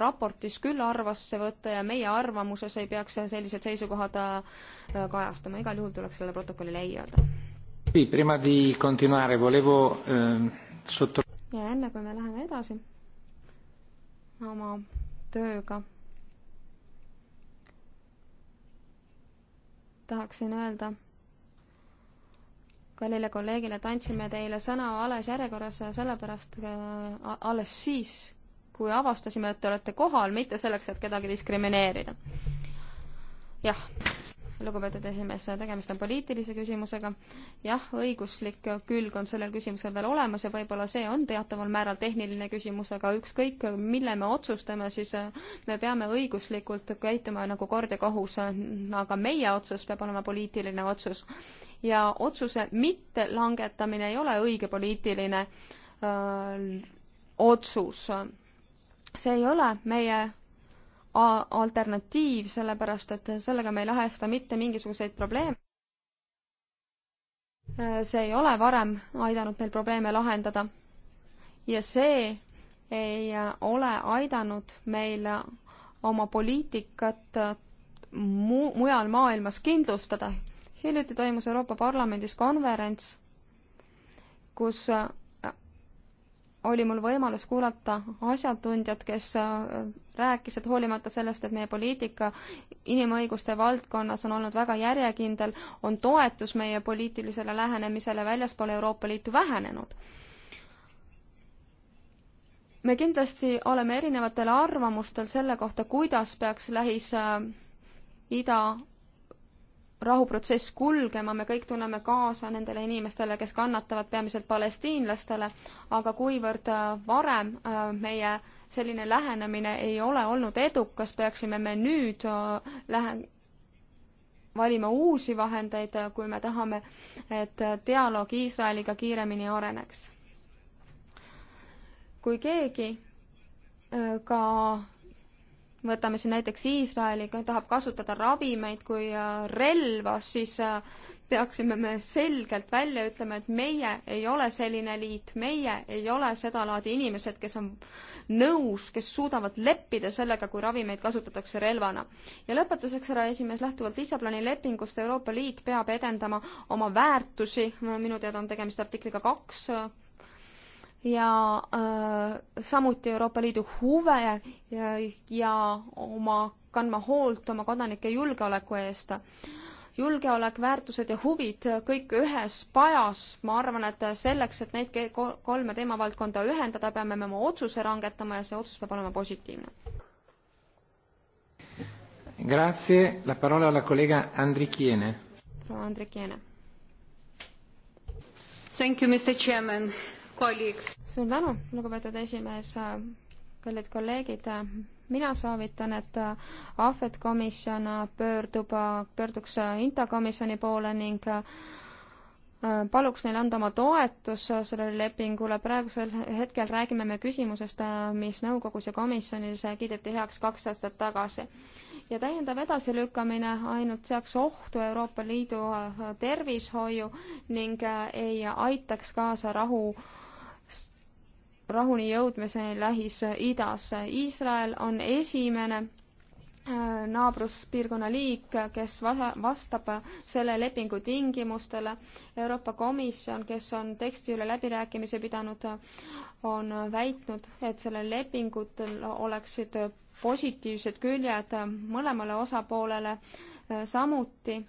raportis küll arvasse võtta ja meie arvamuses ei peaks sellised seisukohad äh, kajastama, igal juhul tuleks sellele protokollile ei öelda. ja enne kui me läheme edasi oma tööga tahaksin öelda kallile kolleegile, et andsime teile sõna alles järjekorras ja sellepärast äh, alles siis, kui avastasime, et te olete kohal, mitte selleks, et kedagi diskrimineerida. jah lugupeetud esimees, tegemist on poliitilise küsimusega. jah, õiguslik külg on sellel küsimusel veel olemas ja võib-olla see on teataval määral tehniline küsimus, aga ükskõik, mille me otsustame, siis äh, me peame õiguslikult käituma nagu kord ja kohus, äh, aga meie otsus peab olema poliitiline otsus. ja otsuse mittelangetamine ei ole õige poliitiline öö, äh, otsus. see ei ole meie alternatiiv, sellepärast et sellega me ei lahesta mitte mingisuguseid probleeme. see ei ole varem aidanud meil probleeme lahendada ja see ei ole aidanud meil oma poliitikat mu-, mujal maailmas kindlustada. hiljuti toimus Euroopa Parlamendis konverents, kus oli mul võimalus kuulata asjatundjat, kes äh, rääkis, et hoolimata sellest, et meie poliitika inimõiguste valdkonnas on olnud väga järjekindel, on toetus meie poliitilisele lähenemisele väljaspool Euroopa Liitu vähenenud. me kindlasti oleme erinevatel arvamustel selle kohta, kuidas peaks Lähis-Ida äh, rahuprotsess kulgema, me kõik tunneme kaasa nendele inimestele, kes kannatavad, peamiselt palestiinlastele, aga kuivõrd äh, varem äh, meie selline lähenemine ei ole olnud edukas, peaksime me nüüd äh, lähe-, valima uusi vahendeid, kui me tahame, et dialoog Iisraeliga kiiremini areneks. kui keegi ka võtame siin näiteks Iisraeli, tahab kasutada ravimeid kui äh, relva, siis äh, peaksime me selgelt välja ütlema, et meie ei ole selline liit, meie ei ole sedalaadi inimesed, kes on nõus, kes suudavad leppida sellega, kui ravimeid kasutatakse relvana. ja lõpetuseks, härra esimees, lähtuvalt Lissaboni lepingust Euroopa Liit peab edendama oma väärtusi, minu teada on tegemist artikliga kaks, ja äh, samuti Euroopa Liidu huve ja, ja oma, kandma hoolt oma kodanike julgeoleku eest. julgeolek, väärtused ja huvid kõik ühes pajas, ma arvan, et selleks, et neid kolme teemavaldkonda ühendada, peame me oma otsuse rangetama ja see otsus peab olema positiivne. Grazie, la parola alla collega Andrikiene. proua Andrikiene. Thank you, Mr Chairman suur tänu, lugupeetud esimees, kallid kolleegid, mina soovitan, et ahvet komisjon pöördub, pöörduks Inta komisjoni poole ning paluks neil anda oma toetus sellele lepingule, praegusel hetkel räägime me küsimusest, mis nõukogus ja komisjonis kiideti heaks kaks aastat tagasi. ja täiendav edasilükkamine ainult seaks ohtu Euroopa Liidu tervishoiu ning ei aitaks kaasa rahu äh, rahuni jõudmiseni Lähis-Idas. Iisrael on esimene äh, naabruspiirkonna liik, kes vastab selle lepingu tingimustele. Euroopa Komisjon, kes on teksti üle läbirääkimisi pidanud, on väitnud, et sellel lepingutel oleksid positiivsed küljed mõlemale osapoolele äh, samuti.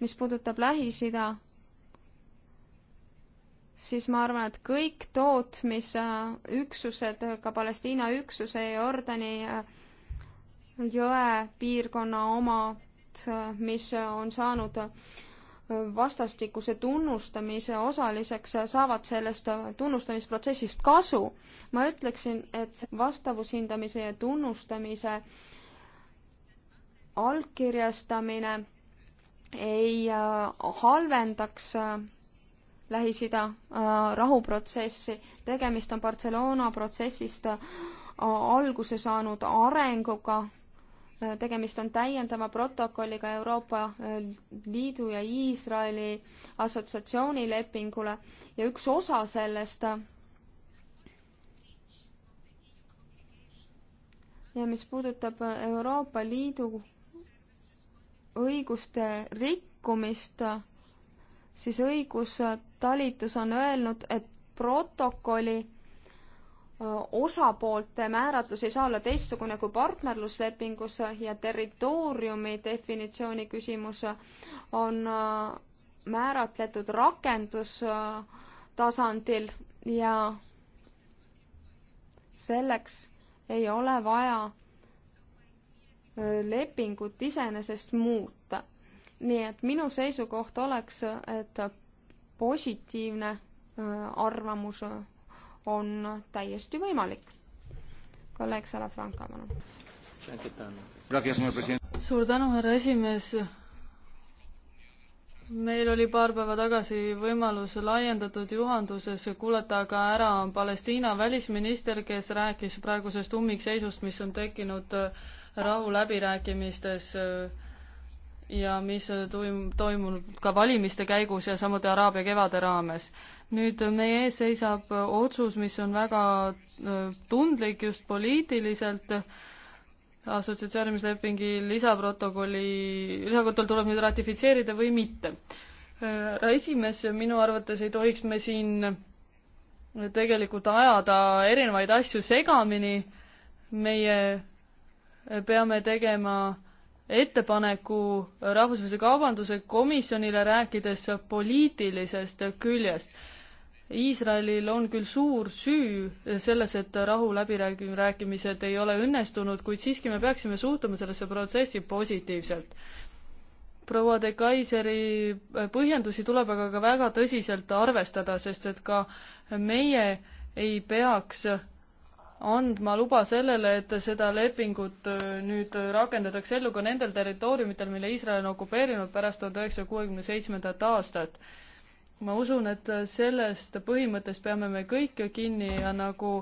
mis puudutab Lähis-Ida siis ma arvan, et kõik tootmisüksused, ka Palestiina üksuse ja Jordani äh, jõe piirkonna omad, äh, mis on saanud äh, vastastikuse tunnustamise osaliseks saavad sellest tunnustamisprotsessist kasu. ma ütleksin, et vastavushindamise ja tunnustamise allkirjastamine ei halvendaks Lähis-Ida äh, rahuprotsessi, tegemist on Barcelona protsessist äh, alguse saanud arenguga, äh, tegemist on täiendava protokolliga Euroopa Liidu ja Iisraeli assotsiatsioonilepingule ja üks osa sellest ja mis puudutab Euroopa Liidu õiguste rikkumist siis õigustalitus on öelnud, et protokolli osapoolte määratlus ei saa olla teistsugune kui partnerluslepingus ja territooriumi definitsiooni küsimus on määratletud rakendustasandil ja selleks ei ole vaja lepingut iseenesest muuta nii et minu seisukoht oleks, et positiivne äh, arvamus äh, on täiesti võimalik. kolleeg Salafranca, palun. suur tänu, härra esimees. meil oli paar päeva tagasi võimalus laiendatud juhanduses kuulata ka ära Palestiina välisminister, kes rääkis praegusest ummikseisust, mis on tekkinud äh, rahuläbirääkimistes äh, ja mis toim-, toimunud ka valimiste käigus ja samuti Araabia kevade raames. nüüd meie ees seisab otsus, mis on väga äh, tundlik just poliitiliselt, assotsieerimislepingi lisaprotokolli, lisaprotokoll tuleb nüüd ratifitseerida või mitte. härra äh, esimees, minu arvates ei tohiks me siin tegelikult ajada erinevaid asju segamini, meie peame tegema ettepaneku Rahvusvahelise Kaubanduse Komisjonile, rääkides poliitilisest küljest. Iisraelil on küll suur süü selles, et rahuläbirääkimised ei ole õnnestunud, kuid siiski me peaksime suhtuma sellesse protsessi positiivselt. proua de Kaiseri põhjendusi tuleb aga ka väga tõsiselt arvestada, sest et ka meie ei peaks andma luba sellele, et seda lepingut äh, nüüd äh, rakendatakse ellu ka nendel territooriumitel, mille Iisrael on okupeerinud pärast tuhande üheksasaja kuuekümne seitsmendat aastat. ma usun, et äh, sellest põhimõttest peame me kõik kinni ja nagu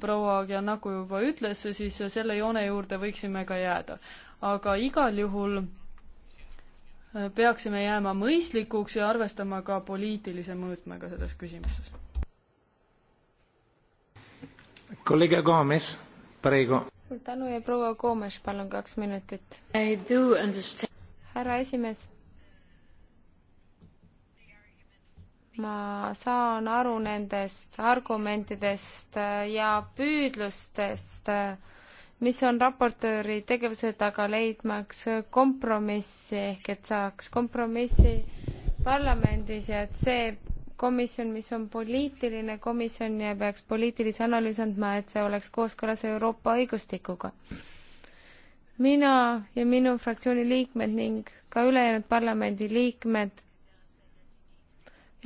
proua Giannaku juba ütles, siis selle joone juurde võiksime ka jääda. aga igal juhul peaksime jääma mõistlikuks ja arvestama ka poliitilise mõõtmega selles küsimuses kolleeg Gomes, praegu. suur tänu ja proua Gomes, palun kaks minutit. härra esimees. ma saan aru nendest argumentidest ja püüdlustest, mis on raportööri tegevuse taga leidmaks kompromissi ehk et saaks kompromissi parlamendis ja et see komisjon, mis on poliitiline komisjon ja peaks poliitilise analüüsi andma, et see oleks kooskõlas Euroopa õigustikuga. mina ja minu fraktsiooni liikmed ning ka ülejäänud parlamendi liikmed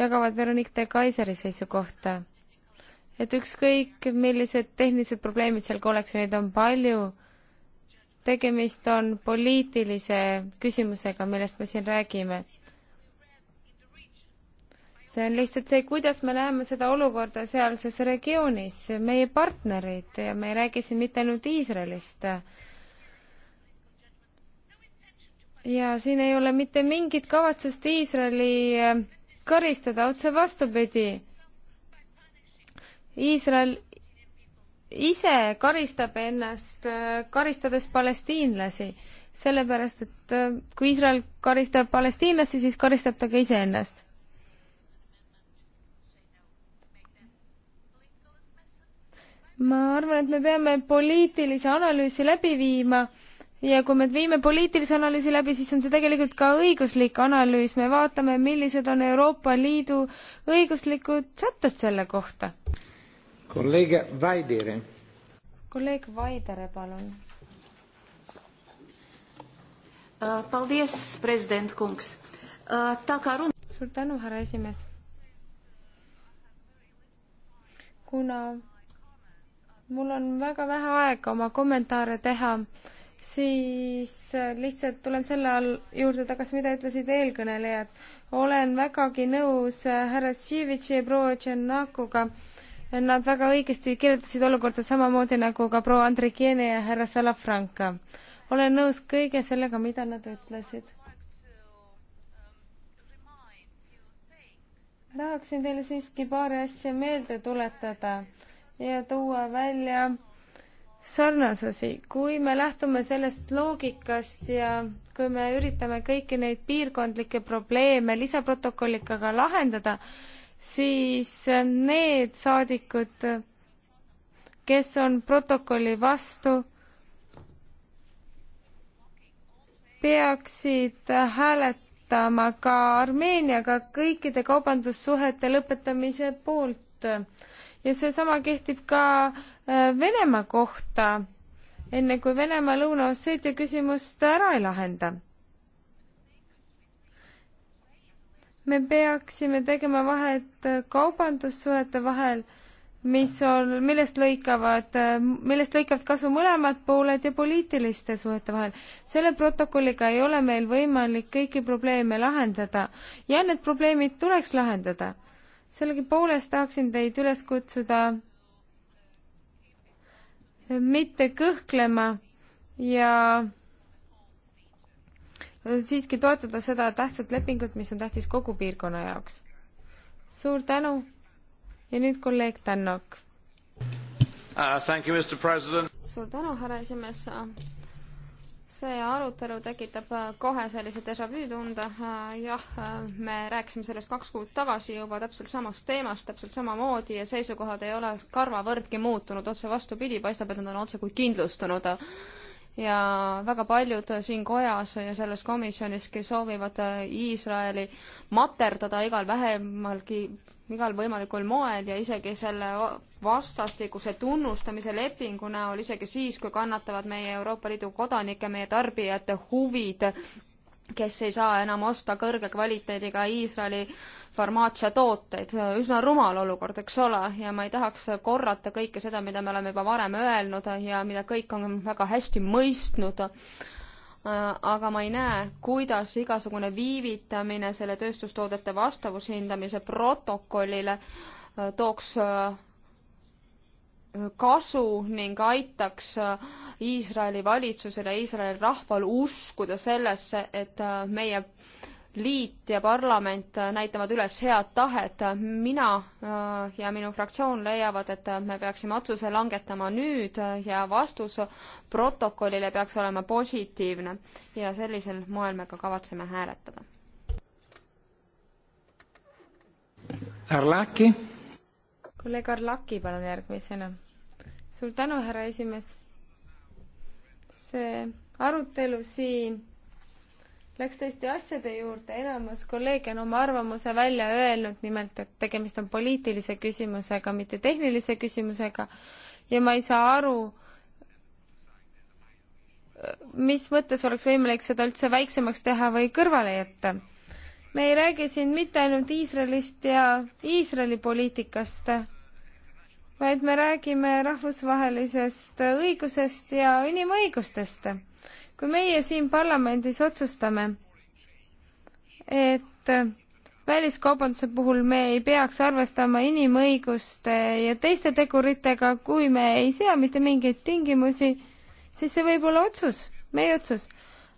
jagavad Veronique de Kaiseri seisukohta, et ükskõik, millised tehnilised probleemid seal ka oleks ja neid on palju, tegemist on poliitilise küsimusega, millest me siin räägime see on lihtsalt see, kuidas me näeme seda olukorda sealses regioonis, meie partnerid ja me ei räägi siin mitte ainult Iisraelist. ja siin ei ole mitte mingit kavatsust Iisraeli äh, karistada, otse vastupidi. Iisrael ise karistab ennast, äh, karistades palestiinlasi, sellepärast et äh, kui Iisrael karistab palestiinlasi, siis karistab ta ka iseennast ma arvan, et me peame poliitilise analüüsi läbi viima ja kui me viime poliitilise analüüsi läbi, siis on see tegelikult ka õiguslik analüüs, me vaatame, millised on Euroopa Liidu õiguslikud sätted selle kohta. kolleeg Vaidere. kolleeg Vaidere, palun. Uh, paldies, president Kungs. Uh, suur tänu, härra esimees. kuna mul on väga vähe aega oma kommentaare teha, siis äh, lihtsalt tulen selle all juurde tagasi, mida ütlesid eelkõnelejad. olen vägagi nõus äh, härra Šivitši ja proua Tšernakuga. Nad väga õigesti kirjeldasid olukorda samamoodi nagu ka proua Andrikiene ja härra Salafranca. olen nõus kõige sellega, mida nad ütlesid. tahaksin teile siiski paari asja meelde tuletada ja tuua välja sarnasusi. kui me lähtume sellest loogikast ja kui me üritame kõiki neid piirkondlikke probleeme lisaprotokollikaga lahendada, siis need saadikud, kes on protokolli vastu, peaksid hääletama ka Armeeniaga kõikide kaubandussuhete lõpetamise poolt ja seesama kehtib ka äh, Venemaa kohta, enne kui Venemaa Lõuna-Osseetia küsimust ära ei lahenda. me peaksime tegema vahet äh, kaubandussuhete vahel, mis on, millest lõikavad, äh, millest lõikavad kasu mõlemad pooled ja poliitiliste suhete vahel. selle protokolliga ei ole meil võimalik kõiki probleeme lahendada ja need probleemid tuleks lahendada sellegipoolest tahaksin teid üles kutsuda mitte kõhklema ja siiski toetada seda tähtsat lepingut, mis on tähtis kogu piirkonna jaoks. suur tänu ja nüüd kolleeg Tännok uh,. suur tänu, härra esimees see arutelu tekitab äh, kohe sellise déjà vu tunde. Äh, jah, äh, me rääkisime sellest kaks kuud tagasi juba täpselt samast teemast, täpselt samamoodi ja seisukohad ei ole karvavõrdki muutunud, otse vastupidi, paistab, et nad on otsekui kindlustunud ja väga paljud siin kojas ja selles komisjonis, kes soovivad äh, Iisraeli materdada igal vähemalgi, igal võimalikul moel ja isegi selle vastastikuse tunnustamise lepingu näol, isegi siis, kui kannatavad meie Euroopa Liidu kodanike, meie tarbijate huvid kes ei saa enam osta kõrge kvaliteediga Iisraeli farmaatsia tooteid. üsna rumal olukord, eks ole, ja ma ei tahaks korrata kõike seda, mida me oleme juba varem öelnud ja mida kõik on väga hästi mõistnud, aga ma ei näe, kuidas igasugune viivitamine selle tööstustoodete vastavushindamise protokollile tooks kasu ning aitaks äh, Iisraeli valitsusel ja Iisraeli rahval uskuda sellesse, et äh, meie liit ja parlament äh, näitavad üles head tahet. mina ja minu fraktsioon leiavad, et me peaksime otsuse langetama nüüd ja vastus protokollile peaks olema positiivne ja sellisel moel me ka kavatseme hääletada. Arlaki kolleeg Arlaki, palun järgmisena. suur tänu, härra esimees. see arutelu siin läks tõesti asjade juurde, enamus kolleege on oma arvamuse välja öelnud, nimelt et tegemist on poliitilise küsimusega, mitte tehnilise küsimusega ja ma ei saa aru, mis mõttes oleks võimalik seda üldse väiksemaks teha või kõrvale jätta me ei räägi siin mitte ainult Iisraelist ja Iisraeli poliitikast, vaid me räägime rahvusvahelisest õigusest ja inimõigustest. kui meie siin parlamendis otsustame, et väliskaubanduse puhul me ei peaks arvestama inimõiguste ja teiste teguritega, kui me ei sea mitte mingeid tingimusi, siis see võib olla otsus, meie otsus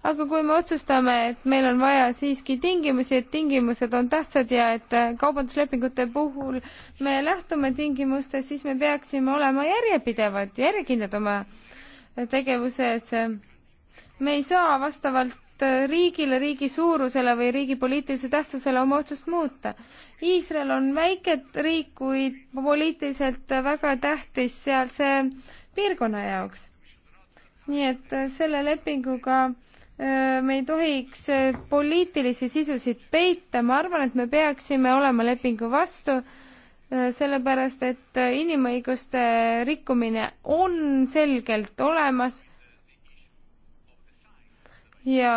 aga kui me otsustame, et meil on vaja siiski tingimusi, et tingimused on tähtsad ja et äh, kaubanduslepingute puhul me lähtume tingimustest, siis me peaksime olema järjepidevad, järjekindlad oma äh, tegevuses. me ei saa vastavalt äh, riigile, riigi suurusele või riigi poliitilise tähtsusele oma otsust muuta. Iisrael on väike riik, kuid poliitiliselt väga tähtis sealse piirkonna jaoks. nii et selle lepinguga Äh, me ei tohiks äh, poliitilisi sisusid peita, ma arvan, et me peaksime olema lepingu vastu, äh, sellepärast et inimõiguste rikkumine on selgelt olemas ja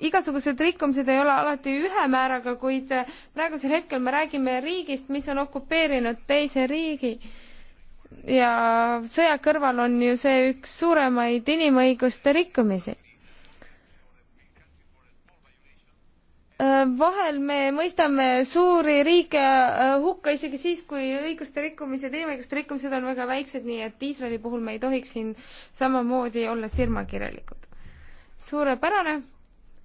igasugused rikkumised ei ole alati ühe määraga, kuid praegusel hetkel me räägime riigist, mis on okupeerinud teise riigi ja sõja kõrval on ju see üks suuremaid inimõiguste rikkumisi. vahel me mõistame suuri riike äh, hukka isegi siis, kui õiguste rikkumised, inimõiguste rikkumised on väga väiksed, nii et Iisraeli puhul me ei tohiks siin samamoodi olla sirmakirjalikud. suurepärane,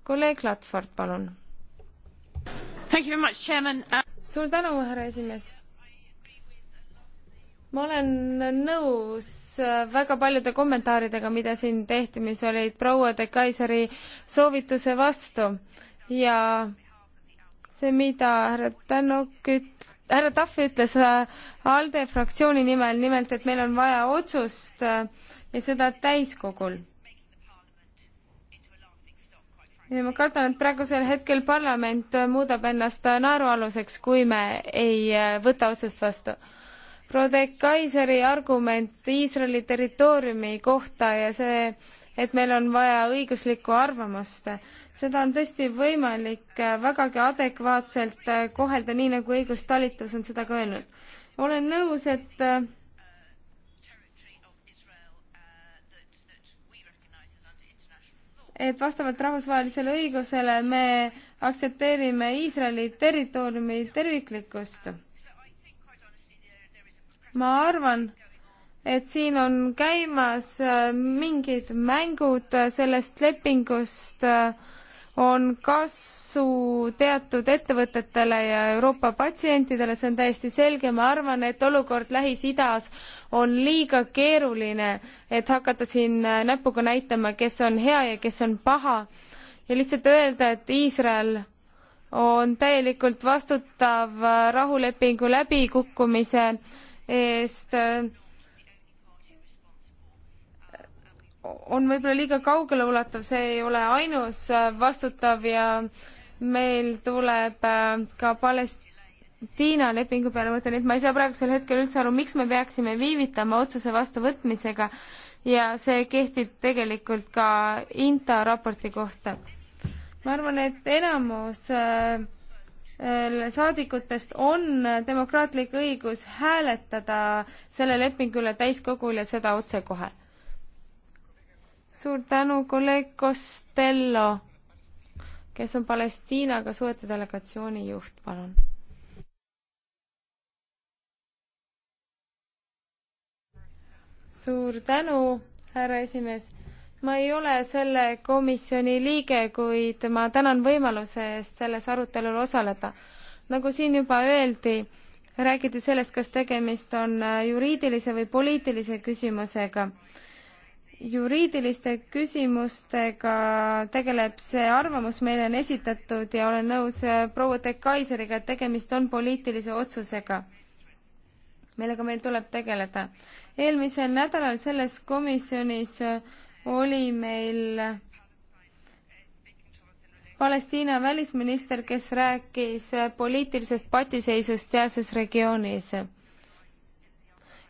kolleeg Latford, palun. suur tänu, härra esimees ma olen nõus äh, väga paljude kommentaaridega, mida siin tehti, mis olid proua de Kaiseri soovituse vastu ja see, mida härra Tänok üt-, härra Tahv ütles äh, ALDE fraktsiooni nimel, nimelt et meil on vaja otsust äh, ja seda täiskogul. ja ma kardan, et praegusel hetkel parlament muudab ennast naerualuseks, kui me ei võta otsust vastu Prodek Kaiseri argument Iisraeli territooriumi kohta ja see, et meil on vaja õiguslikku arvamust, seda on tõesti võimalik äh, vägagi adekvaatselt äh, kohelda, nii nagu õigustalitus on seda ka öelnud. olen nõus, et äh, et vastavalt rahvusvahelisele õigusele me aktsepteerime Iisraeli territooriumi terviklikkust ma arvan, et siin on käimas äh, mingid mängud äh, sellest lepingust, äh, on kasu teatud ettevõtetele ja Euroopa patsientidele, see on täiesti selge, ma arvan, et olukord Lähis-Idas on liiga keeruline, et hakata siin näpuga näitama, kes on hea ja kes on paha. ja lihtsalt öelda, et Iisrael on täielikult vastutav rahulepingu läbikukkumise eest on võib-olla liiga kaugeleulatov, see ei ole ainus vastutav ja meil tuleb äh, ka Palestiina lepingu peale mõte, nii et ma ei saa praegusel hetkel üldse aru, miks me peaksime viivitama otsuse vastuvõtmisega ja see kehtib tegelikult ka INTA raporti kohta. ma arvan, et enamus äh, Äh, saadikutest on demokraatlik õigus hääletada selle lepingu üle täiskogul ja seda otsekohe. suur tänu, kolleeg Costello, kes on Palestiinaga suhete delegatsiooni juht, palun. suur tänu, härra esimees ma ei ole selle komisjoni liige, kuid ma tänan võimaluse eest selles arutelul osaleda. nagu siin juba öeldi, räägiti sellest, kas tegemist on äh, juriidilise või poliitilise küsimusega. juriidiliste küsimustega tegeleb see arvamus, meile on esitatud ja olen nõus äh, proua De Kaiseriga, et tegemist on poliitilise otsusega millega meil tuleb tegeleda. eelmisel nädalal selles komisjonis äh, oli meil Palestiina välisminister, kes rääkis poliitilisest patiseisust sealses regioonis.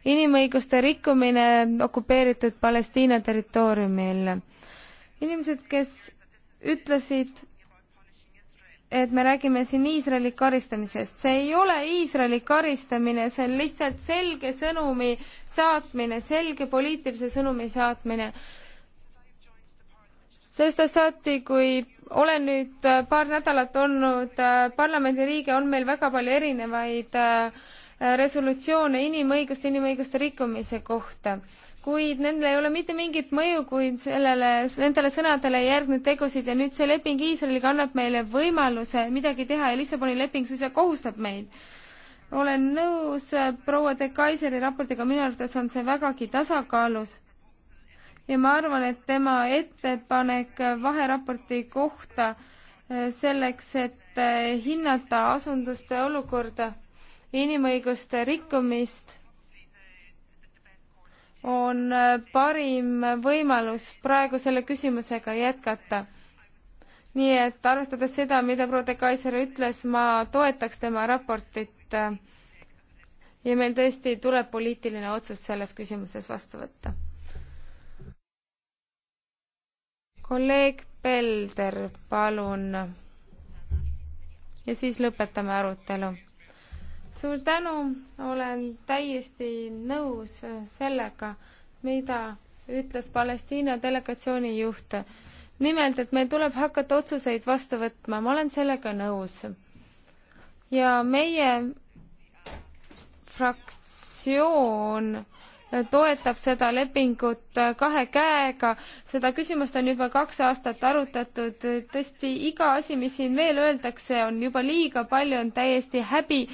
inimõiguste rikkumine okupeeritud Palestiina territooriumil. inimesed, kes ütlesid, et me räägime siin Iisraeli karistamisest. see ei ole Iisraeli karistamine, see on lihtsalt selge sõnumi saatmine, selge poliitilise sõnumi saatmine sellest ajast saati, kui olen nüüd äh, paar nädalat olnud äh, parlamendiliige, on meil väga palju erinevaid äh, resolutsioone inimõiguste, inimõiguste rikkumise kohta. kuid nendel ei ole mitte mingit mõju, kui sellele, nendele sõnadele ei järgnud tegusid ja nüüd see leping Iisraeliga annab meile võimaluse midagi teha ja Lissaboni leping suisa kohustab meid. olen nõus proua de Kaiseri raportiga, minu arvates on see vägagi tasakaalus ja ma arvan, et tema ettepanek vaheraporti kohta eh, selleks, et eh, hinnata asunduste olukorda ja inimõiguste rikkumist, on eh, parim võimalus praegu selle küsimusega jätkata. nii et arvestades seda, mida proua de Kaiser ütles, ma toetaks tema raportit ja meil tõesti tuleb poliitiline otsus selles küsimuses vastu võtta kolleeg Pelder, palun. ja siis lõpetame arutelu. suur tänu, olen täiesti nõus sellega, mida ütles Palestiina delegatsiooni juht. nimelt, et meil tuleb hakata otsuseid vastu võtma, ma olen sellega nõus. ja meie fraktsioon toetab seda lepingut kahe käega. seda küsimust on juba kaks aastat arutatud. tõesti, iga asi, mis siin veel öeldakse, on juba liiga palju, on täiesti häbi,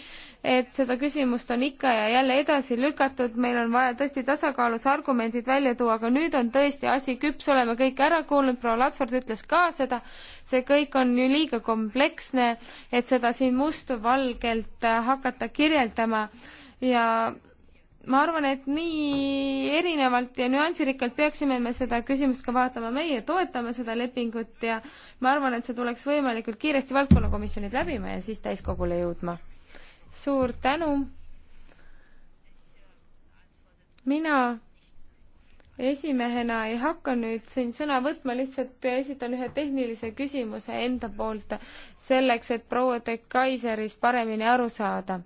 et seda küsimust on ikka ja jälle edasi lükatud. meil on vaja tõesti tasakaalus argumendid välja tuua, aga nüüd on tõesti asi küps, oleme kõik ära kuulnud, proua Ladford ütles ka seda. see kõik on ju liiga kompleksne, et seda siin mustvalgelt hakata kirjeldama ja ma arvan, et nii erinevalt ja nüansirikkalt peaksime me seda küsimust ka vaatama, meie toetame seda lepingut ja ma arvan, et see tuleks võimalikult kiiresti valdkonnakomisjonid läbima ja siis täiskogule jõudma. suur tänu. mina esimehena ei hakka nüüd siin sõna võtma, lihtsalt esitan ühe tehnilise küsimuse enda poolt selleks, et proua de Kaiserist paremini aru saada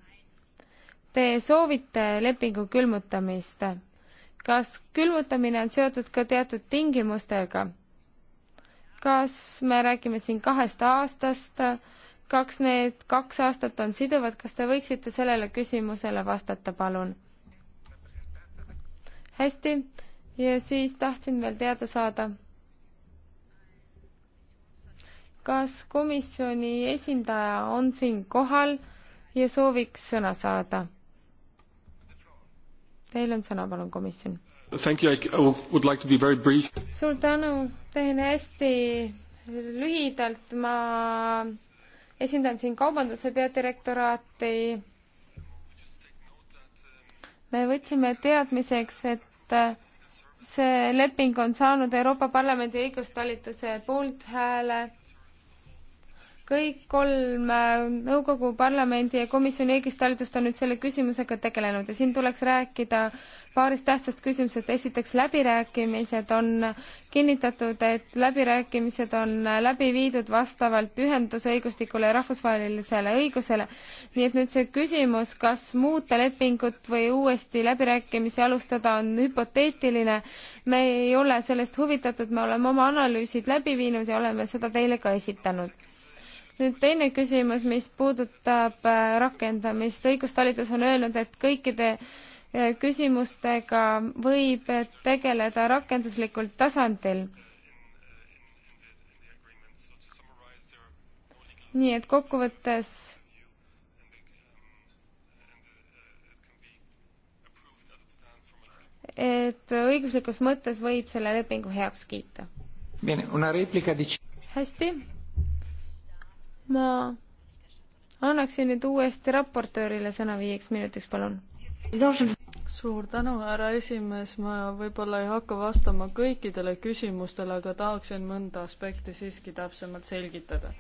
Te soovite lepingu külmutamist. kas külmutamine on seotud ka teatud tingimustega? kas me räägime siin kahest aastast, kaks need kaks aastat on siduvad, kas te võiksite sellele küsimusele vastata, palun? hästi, ja siis tahtsin veel teada saada. kas komisjoni esindaja on siin kohal ja sooviks sõna saada? Teil on sõna, palun, komisjon. Like suur tänu, teen hästi lühidalt, ma esindan siin kaubanduse peadirektoraati. me võtsime teadmiseks, et see leping on saanud Euroopa Parlamendi õigustalituse poolthääle kõik kolm äh, nõukogu, parlamendi ja komisjoni õigustalitust on nüüd selle küsimusega tegelenud ja siin tuleks rääkida paarist tähtsast küsimusest. esiteks läbirääkimised on kinnitatud, et läbirääkimised on läbi viidud vastavalt ühendusõigustikule ja rahvusvahelisele õigusele. nii et nüüd see küsimus, kas muuta lepingut või uuesti läbirääkimisi alustada, on hüpoteetiline. me ei ole sellest huvitatud, me oleme oma analüüsid läbi viinud ja oleme seda teile ka esitanud nüüd teine küsimus, mis puudutab äh, rakendamist. õigustalitus on öelnud, et kõikide äh, küsimustega võib tegeleda rakenduslikul tasandil. nii et kokkuvõttes et õiguslikus mõttes võib selle lepingu heaks kiita. hästi ma annaksin nüüd uuesti raportöörile sõna viieks minutiks, palun. suur tänu, härra esimees, ma võib-olla ei hakka vastama kõikidele küsimustele, aga tahaksin mõnda aspekti siiski täpsemalt selgitada.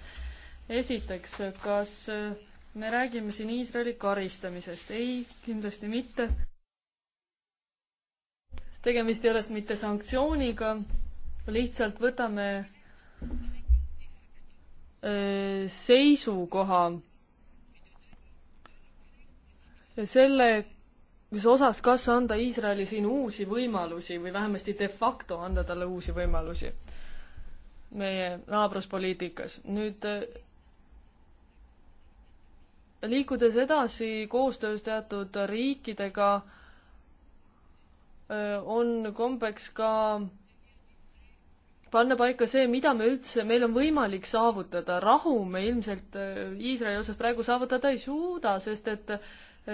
esiteks, kas äh, me räägime siin Iisraeli karistamisest? ei, kindlasti mitte. tegemist ei ole mitte sanktsiooniga, lihtsalt võtame seisukoha selle osas, kas anda Iisraeli siin uusi võimalusi või vähemasti de facto anda talle uusi võimalusi meie naabruspoliitikas. nüüd liikudes edasi koostöös teatud riikidega, on kombeks ka panna paika see, mida me üldse, meil on võimalik saavutada. rahu me ilmselt äh, Iisraeli osas praegu saavutada ei suuda, sest et äh,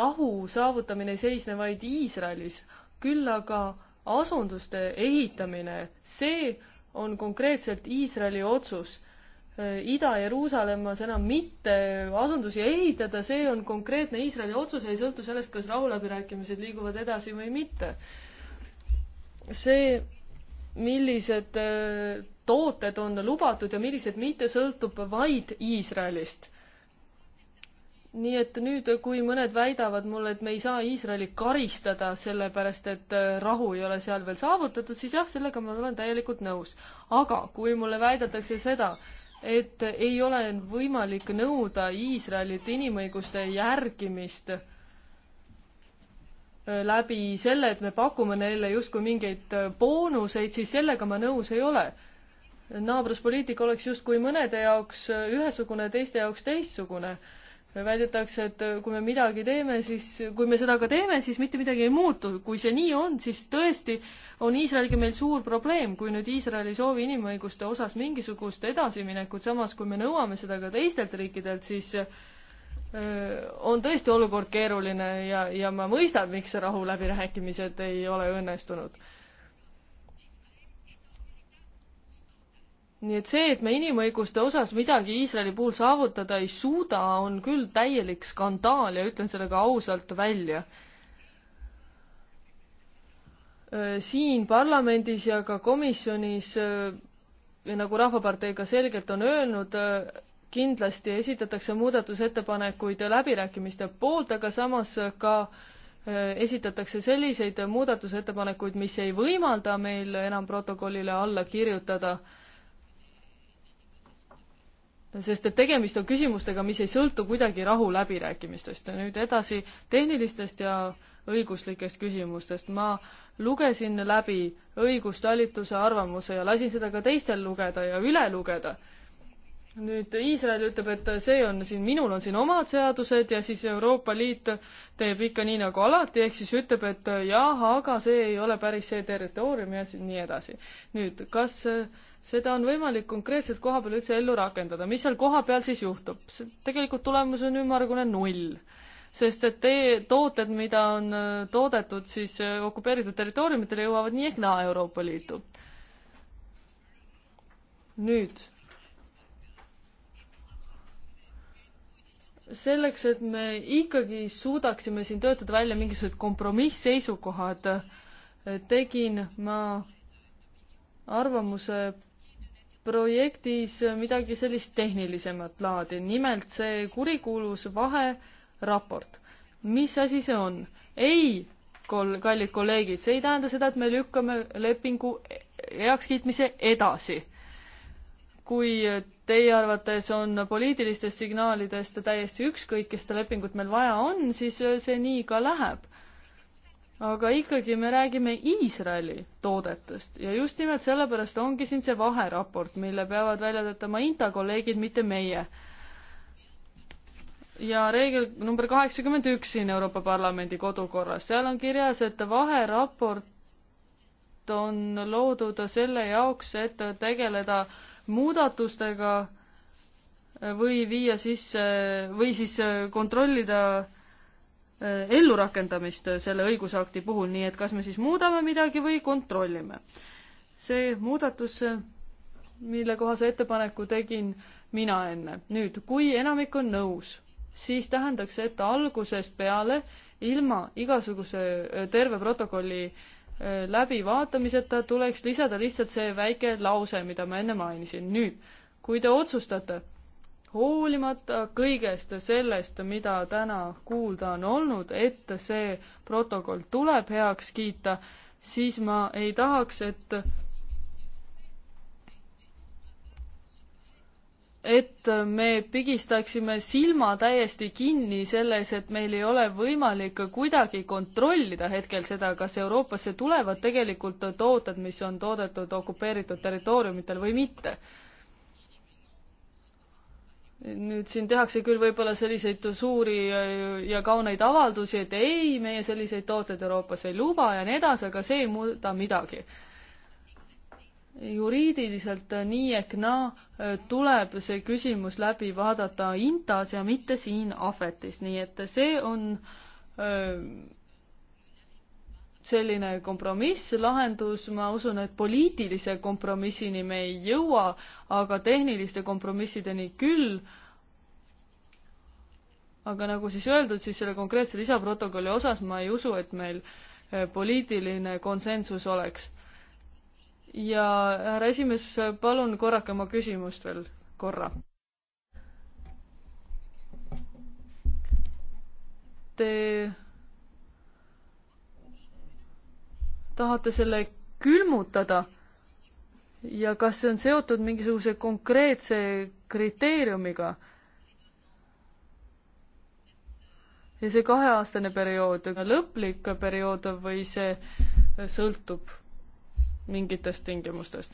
rahu saavutamine ei seisne vaid Iisraelis, küll aga asunduste ehitamine, see on konkreetselt Iisraeli otsus. Äh, Ida-Jeruusalemmas enam mitte asundusi ehitada, see on konkreetne Iisraeli otsus, ei sõltu sellest, kas rahuläbirääkimised liiguvad edasi või mitte. see millised äh, tooted on lubatud ja millised mitte, sõltub vaid Iisraelist. nii et nüüd, kui mõned väidavad mulle, et me ei saa Iisraeli karistada sellepärast, et äh, rahu ei ole seal veel saavutatud, siis jah, sellega ma olen täielikult nõus. aga kui mulle väidetakse seda, et ei ole võimalik nõuda Iisraelilt inimõiguste järgimist läbi selle, et me pakume neile justkui mingeid äh, boonuseid, siis sellega ma nõus ei ole. naabruspoliitika oleks justkui mõnede jaoks äh, ühesugune, teiste jaoks teistsugune. väidetakse, et äh, kui me midagi teeme, siis, kui me seda ka teeme, siis mitte midagi ei muutu. kui see nii on, siis tõesti on Iisraeliga meil suur probleem, kui nüüd Iisrael ei soovi inimõiguste osas mingisugust edasiminekut, samas kui me nõuame seda ka teistelt riikidelt, siis on tõesti olukord keeruline ja, ja ma mõistan, miks rahuläbirääkimised ei ole õnnestunud. nii et see, et me inimõiguste osas midagi Iisraeli puhul saavutada ei suuda, on küll täielik skandaal ja ütlen selle ka ausalt välja. siin parlamendis ja ka komisjonis ja nagu Rahvapartei ka selgelt on öelnud, kindlasti esitatakse muudatusettepanekuid läbirääkimiste poolt, aga samas ka äh, esitatakse selliseid muudatusettepanekuid, mis ei võimalda meil enam protokollile alla kirjutada, sest et tegemist on küsimustega, mis ei sõltu kuidagi rahuläbirääkimistest ja nüüd edasi tehnilistest ja õiguslikest küsimustest. ma lugesin läbi õigustalituse arvamuse ja lasin seda ka teistel lugeda ja üle lugeda nüüd Iisrael ütleb, et see on siin, minul on siin omad seadused ja siis Euroopa Liit teeb ikka nii nagu alati, ehk siis ütleb, et jah, aga see ei ole päris see territoorium ja nii edasi. nüüd, kas seda on võimalik konkreetselt koha peal üldse ellu rakendada, mis seal kohapeal siis juhtub? tegelikult tulemus on ümmargune null sest et tee, tooted, mida on äh, toodetud siis äh, okupeeritud territooriumitele, jõuavad nii ehk naa Euroopa Liitu. nüüd selleks, et me ikkagi suudaksime siin töötada välja mingisugused kompromiss-seisukohad, tegin ma arvamuse projektis midagi sellist tehnilisemat laadi, nimelt see kurikuulus vaheraport. mis asi see on? ei, kol-, kallid kolleegid, see ei tähenda seda, et me lükkame lepingu e-, heakskiitmise edasi. kui teie arvates on poliitilistest signaalidest täiesti ükskõik, kes seda lepingut meil vaja on, siis see nii ka läheb. aga ikkagi me räägime Iisraeli toodetest ja just nimelt sellepärast ongi siin see vaheraport, mille peavad välja töötama Inta kolleegid, mitte meie. ja reegel number kaheksakümmend üks siin Euroopa Parlamendi kodukorras, seal on kirjas, et vaheraport on loodud selle jaoks, et tegeleda äh, muudatustega või viia sisse või siis äh, kontrollida äh, ellurakendamist äh, selle õigusakti puhul, nii et kas me siis muudame midagi või kontrollime. see muudatus, mille kohase ettepaneku tegin mina enne. nüüd, kui enamik on nõus, siis tähendaks, et algusest peale ilma igasuguse terve protokolli äh, läbivaatamiseta tuleks lisada lihtsalt see väike lause, mida ma enne mainisin. nüüd, kui te otsustate, hoolimata kõigest sellest, mida täna kuulda on olnud, et see protokoll tuleb heaks kiita, siis ma ei tahaks, et et me pigistaksime silma täiesti kinni selles, et meil ei ole võimalik kuidagi kontrollida hetkel seda, kas Euroopasse tulevad tegelikult tooted, mis on toodetud okupeeritud territooriumitel või mitte. nüüd siin tehakse küll võib-olla selliseid suuri ja kauneid avaldusi, et ei, meie selliseid tooteid Euroopas ei luba ja nii edasi, aga see ei muuda midagi juriidiliselt nii ehk naa äh, tuleb see küsimus läbi vaadata Intas ja mitte siin Ahvetis, nii et see on öö, äh, selline kompromisslahendus, ma usun, et poliitilise kompromissini me ei jõua, aga tehniliste kompromissideni küll. aga nagu siis öeldud, siis selle konkreetse lisaprotokolli osas ma ei usu, et meil äh, poliitiline konsensus oleks ja härra esimees, palun korrake oma küsimust veel korra. Te tahate selle külmutada ja kas see on seotud mingisuguse konkreetse kriteeriumiga? ja see kaheaastane periood, lõplik periood või see sõltub mingitest tingimustest.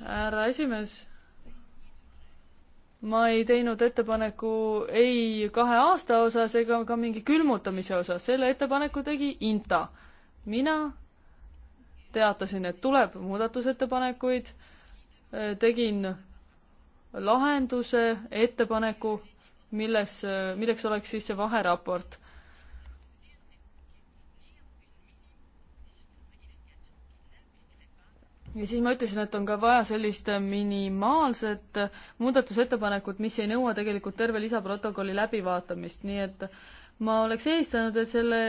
härra esimees, ma ei teinud ettepaneku ei kahe aasta osas ega ka mingi külmutamise osas, selle ettepaneku tegi INTA. mina teatasin, et tuleb muudatusettepanekuid, tegin lahenduse, ettepaneku, milles, milleks oleks siis see vaheraport ja siis ma ütlesin, et on ka vaja sellist minimaalset muudatusettepanekut, mis ei nõua tegelikult terve lisaprotokolli läbivaatamist, nii et ma oleks eelistanud, et selle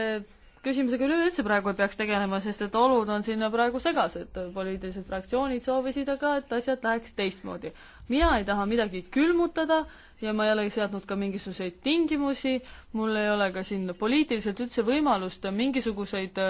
küsimusega üleüldse praegu ei peaks tegelema, sest et olud on sinna praegu segased. poliitilised fraktsioonid soovisid aga, et asjad läheks teistmoodi. mina ei taha midagi külmutada ja ma ei ole seadnud ka mingisuguseid tingimusi, mul ei ole ka siin poliitiliselt üldse võimalust mingisuguseid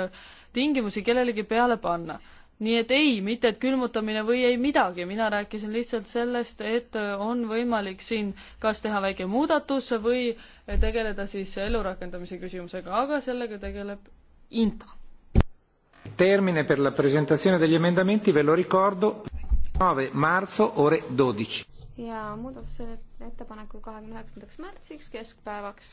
tingimusi kellelegi peale panna nii et ei, mitte et külmutamine või ei midagi, mina rääkisin lihtsalt sellest, et äh, on võimalik siin kas teha väike muudatus või äh, tegeleda siis elurakendamise küsimusega, aga sellega tegeleb INTA. Termine per la presentazione degli emendamenti ve lo ricordo, nove marzo ore dodici. ja muudatusettepaneku kahekümne üheksandaks märtsiks keskpäevaks.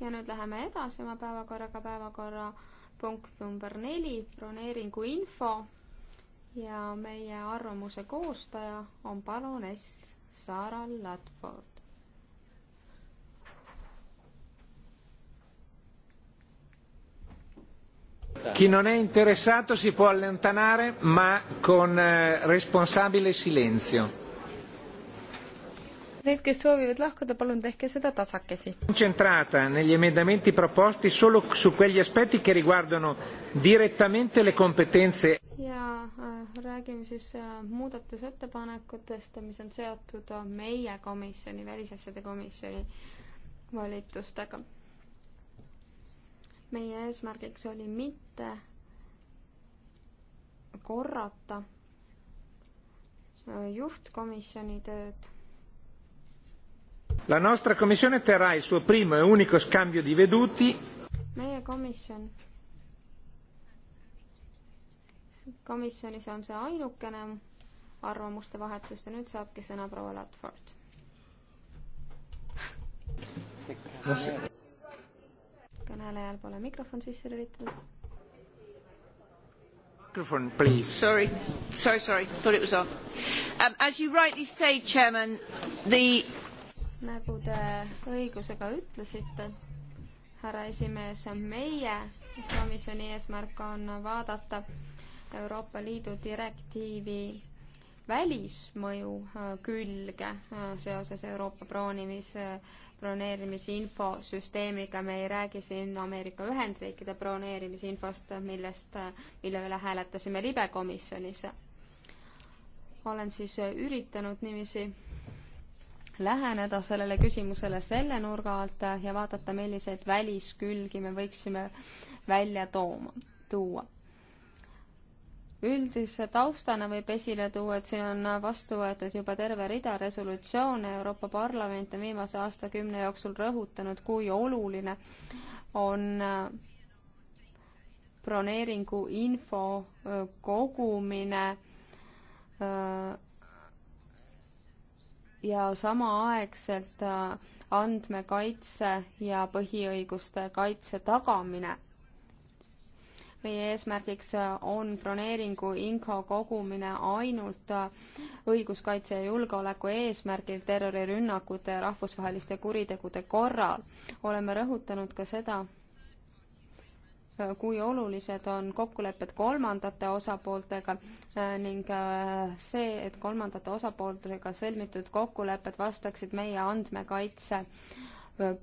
ja nüüd läheme edasi oma päevakorraga, päevakorra, päevakorra punkt number neli, broneeringu info ja meie arvamuse koostaja on palunest Sara Ladford. Chi non è interessato si può allontanare ma con eh, responsabile silenzio. Need, kes soovivad lahkuda, palun tehke seda tasakesi. Concentrata negli emendamenti proposti solo su quegli aspetti che riguardano direttamente le competenze. ja äh, räägime siis äh, muudatusettepanekutest, mis on seotud äh, meie komisjoni, välisasjade komisjoni volitustega. meie eesmärgiks oli mitte korrata äh, juhtkomisjoni tööd La nostra commissione terrà il suo primo e unico scambio di veduti. meie komisjon, komisjonis on see ainukene arvamuste vahetust ja nüüd saabki sõna proua Ladford. kõnelejal pole mikrofon sisse lülitatud. Mikrofon, please. Sorry, sorry, sorry, thought it was on um,. As you rightly say, chairman, the nagu te õigusega ütlesite, härra esimees, meie komisjoni eesmärk on vaadata Euroopa Liidu direktiivi välismõju äh, külge äh, seoses Euroopa broonimis, broneerimisinfosüsteemiga, me ei räägi siin Ameerika Ühendriikide broneerimisinfost, millest, äh, mille üle hääletasime libekomisjonis. olen siis üritanud niiviisi läheneda sellele küsimusele selle nurga alt ja vaadata, milliseid väliskülgi me võiksime välja tooma, tuua. üldise taustana võib esile tuua, et siin on vastu võetud juba terve rida resolutsioone, Euroopa Parlament on viimase aastakümne jooksul rõhutanud, kui oluline on broneeringu info kogumine ja samaaegselt äh, andmekaitse ja põhiõiguste kaitse tagamine. meie eesmärgiks äh, on broneeringu info kogumine ainult äh, õiguskaitse ja julgeoleku eesmärgil terrorirünnakute ja rahvusvaheliste kuritegude korral. oleme rõhutanud ka seda, kui olulised on kokkulepped kolmandate osapooltega äh, ning äh, see, et kolmandate osapooltega sõlmitud kokkulepped vastaksid meie andmekaitse äh,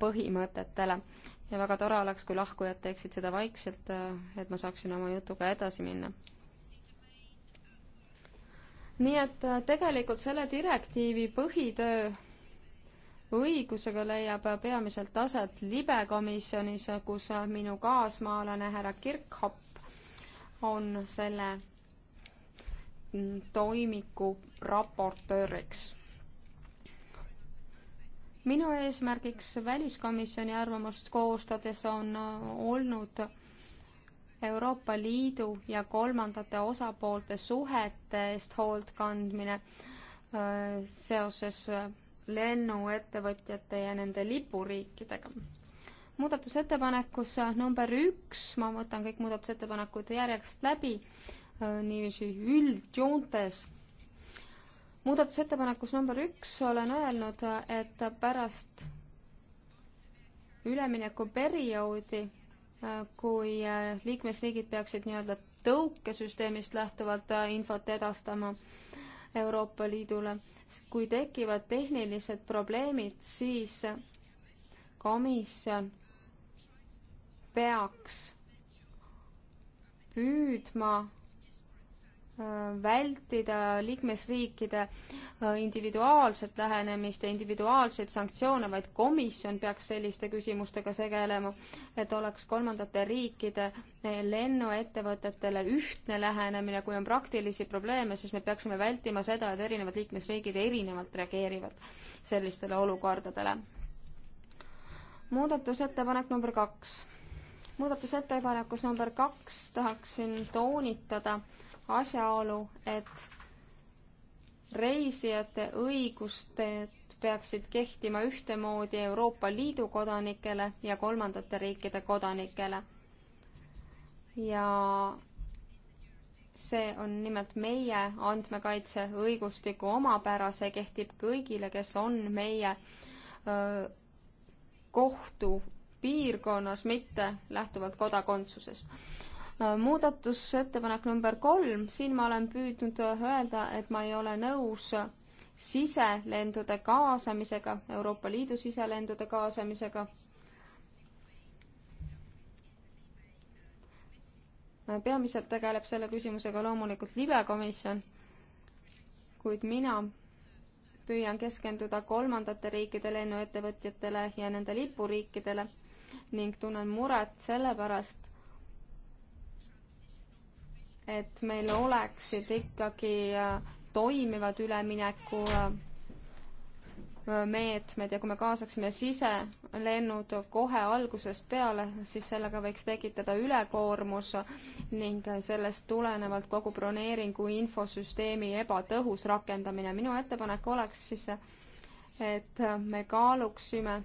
põhimõtetele. ja väga tore oleks, kui lahkujad teeksid seda vaikselt, et ma saaksin oma jutuga edasi minna nii et tegelikult selle direktiivi põhitöö õigusega leiab peamiselt aset libekomisjonis, kus minu kaasmaalane härra Kirkhopp on selle toimiku raportööriks. minu eesmärgiks väliskomisjoni arvamust koostades on olnud Euroopa Liidu ja kolmandate osapoolte suhete eest hoolt kandmine äh, seoses lennuettevõtjate ja nende lipuriikidega. muudatusettepanekus number üks, ma võtan kõik muudatusettepanekud järjest läbi, äh, niiviisi üldjoontes muudatusettepanekus number üks olen öelnud, et pärast üleminekuperioodi, äh, kui äh, liikmesriigid peaksid nii-öelda tõukesüsteemist lähtuvalt infot edastama, Euroopa Liidule. kui tekivad tehnilised probleemid, siis komisjon peaks püüdma Äh, vältida liikmesriikide äh, individuaalset lähenemist ja individuaalseid sanktsioone, vaid komisjon peaks selliste küsimustega tegelema, et oleks kolmandate riikide äh, lennuettevõtetele ühtne lähenemine, kui on praktilisi probleeme, siis me peaksime vältima seda, et erinevad liikmesriigid erinevalt reageerivad sellistele olukordadele. muudatusettepanek number kaks. muudatusettepanekus number kaks tahaksin toonitada, asjaolu, et reisijate õigused peaksid kehtima ühtemoodi Euroopa Liidu kodanikele ja kolmandate riikide kodanikele. ja see on nimelt meie andmekaitse õigustiku omapära, see kehtib kõigile, kes on meie öö, kohtu piirkonnas, mitte lähtuvalt kodakondsusest muudatusettepanek number kolm, siin ma olen püüdnud öelda, et ma ei ole nõus siselendude kaasamisega, Euroopa Liidu siselendude kaasamisega. peamiselt tegeleb selle küsimusega loomulikult libekomisjon, kuid mina püüan keskenduda kolmandate riikide lennuettevõtjatele ja nende lipuriikidele ning tunnen muret selle pärast, et meil oleksid ikkagi äh, toimivad ülemineku äh, meetmed ja kui me kaasaksime siselennud kohe algusest peale, siis sellega võiks tekitada ülekoormus ning sellest tulenevalt kogu broneeringu infosüsteemi ebatõhus rakendamine. minu ettepanek oleks siis, et me kaaluksime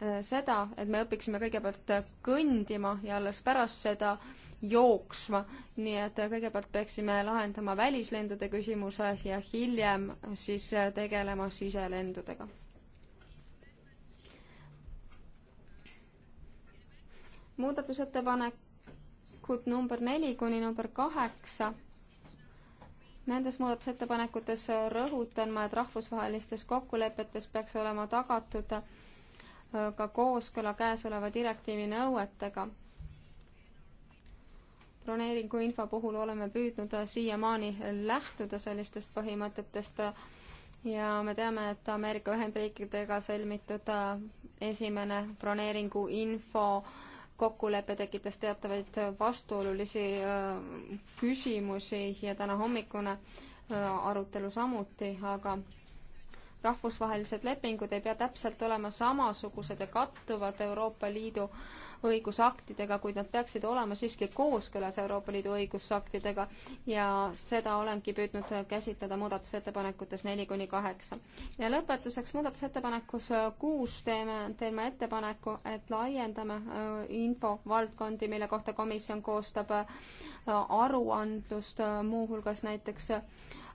Äh, seda, et me õpiksime kõigepealt kõndima ja alles pärast seda jooksma. nii et äh, kõigepealt peaksime lahendama välislendude küsimuse ja hiljem siis äh, tegelema siselendudega. muudatusettepanekud number neli kuni number kaheksa Nendes muudatusettepanekutes rõhutan ma, et rahvusvahelistes kokkulepetes peaks olema tagatud ka kooskõla käesoleva direktiivi nõuetega. broneeringu info puhul oleme püüdnud siiamaani lähtuda sellistest põhimõtetest ja me teame, et Ameerika Ühendriikidega sõlmitud esimene broneeringu info kokkulepe tekitas teatavaid vastuolulisi äh, küsimusi ja tänahommikune äh, arutelu samuti, aga rahvusvahelised lepingud ei pea täpselt olema samasugused ja kattuvad Euroopa Liidu õigusaktidega, kuid nad peaksid olema siiski kooskõlas Euroopa Liidu õigusaktidega ja seda olengi püüdnud käsitleda muudatusettepanekutes neli kuni kaheksa. ja lõpetuseks muudatusettepanekus kuus teeme, teeme ettepaneku, et laiendame äh, infovaldkondi, mille kohta komisjon koostab äh, aruandlust, äh, muuhulgas näiteks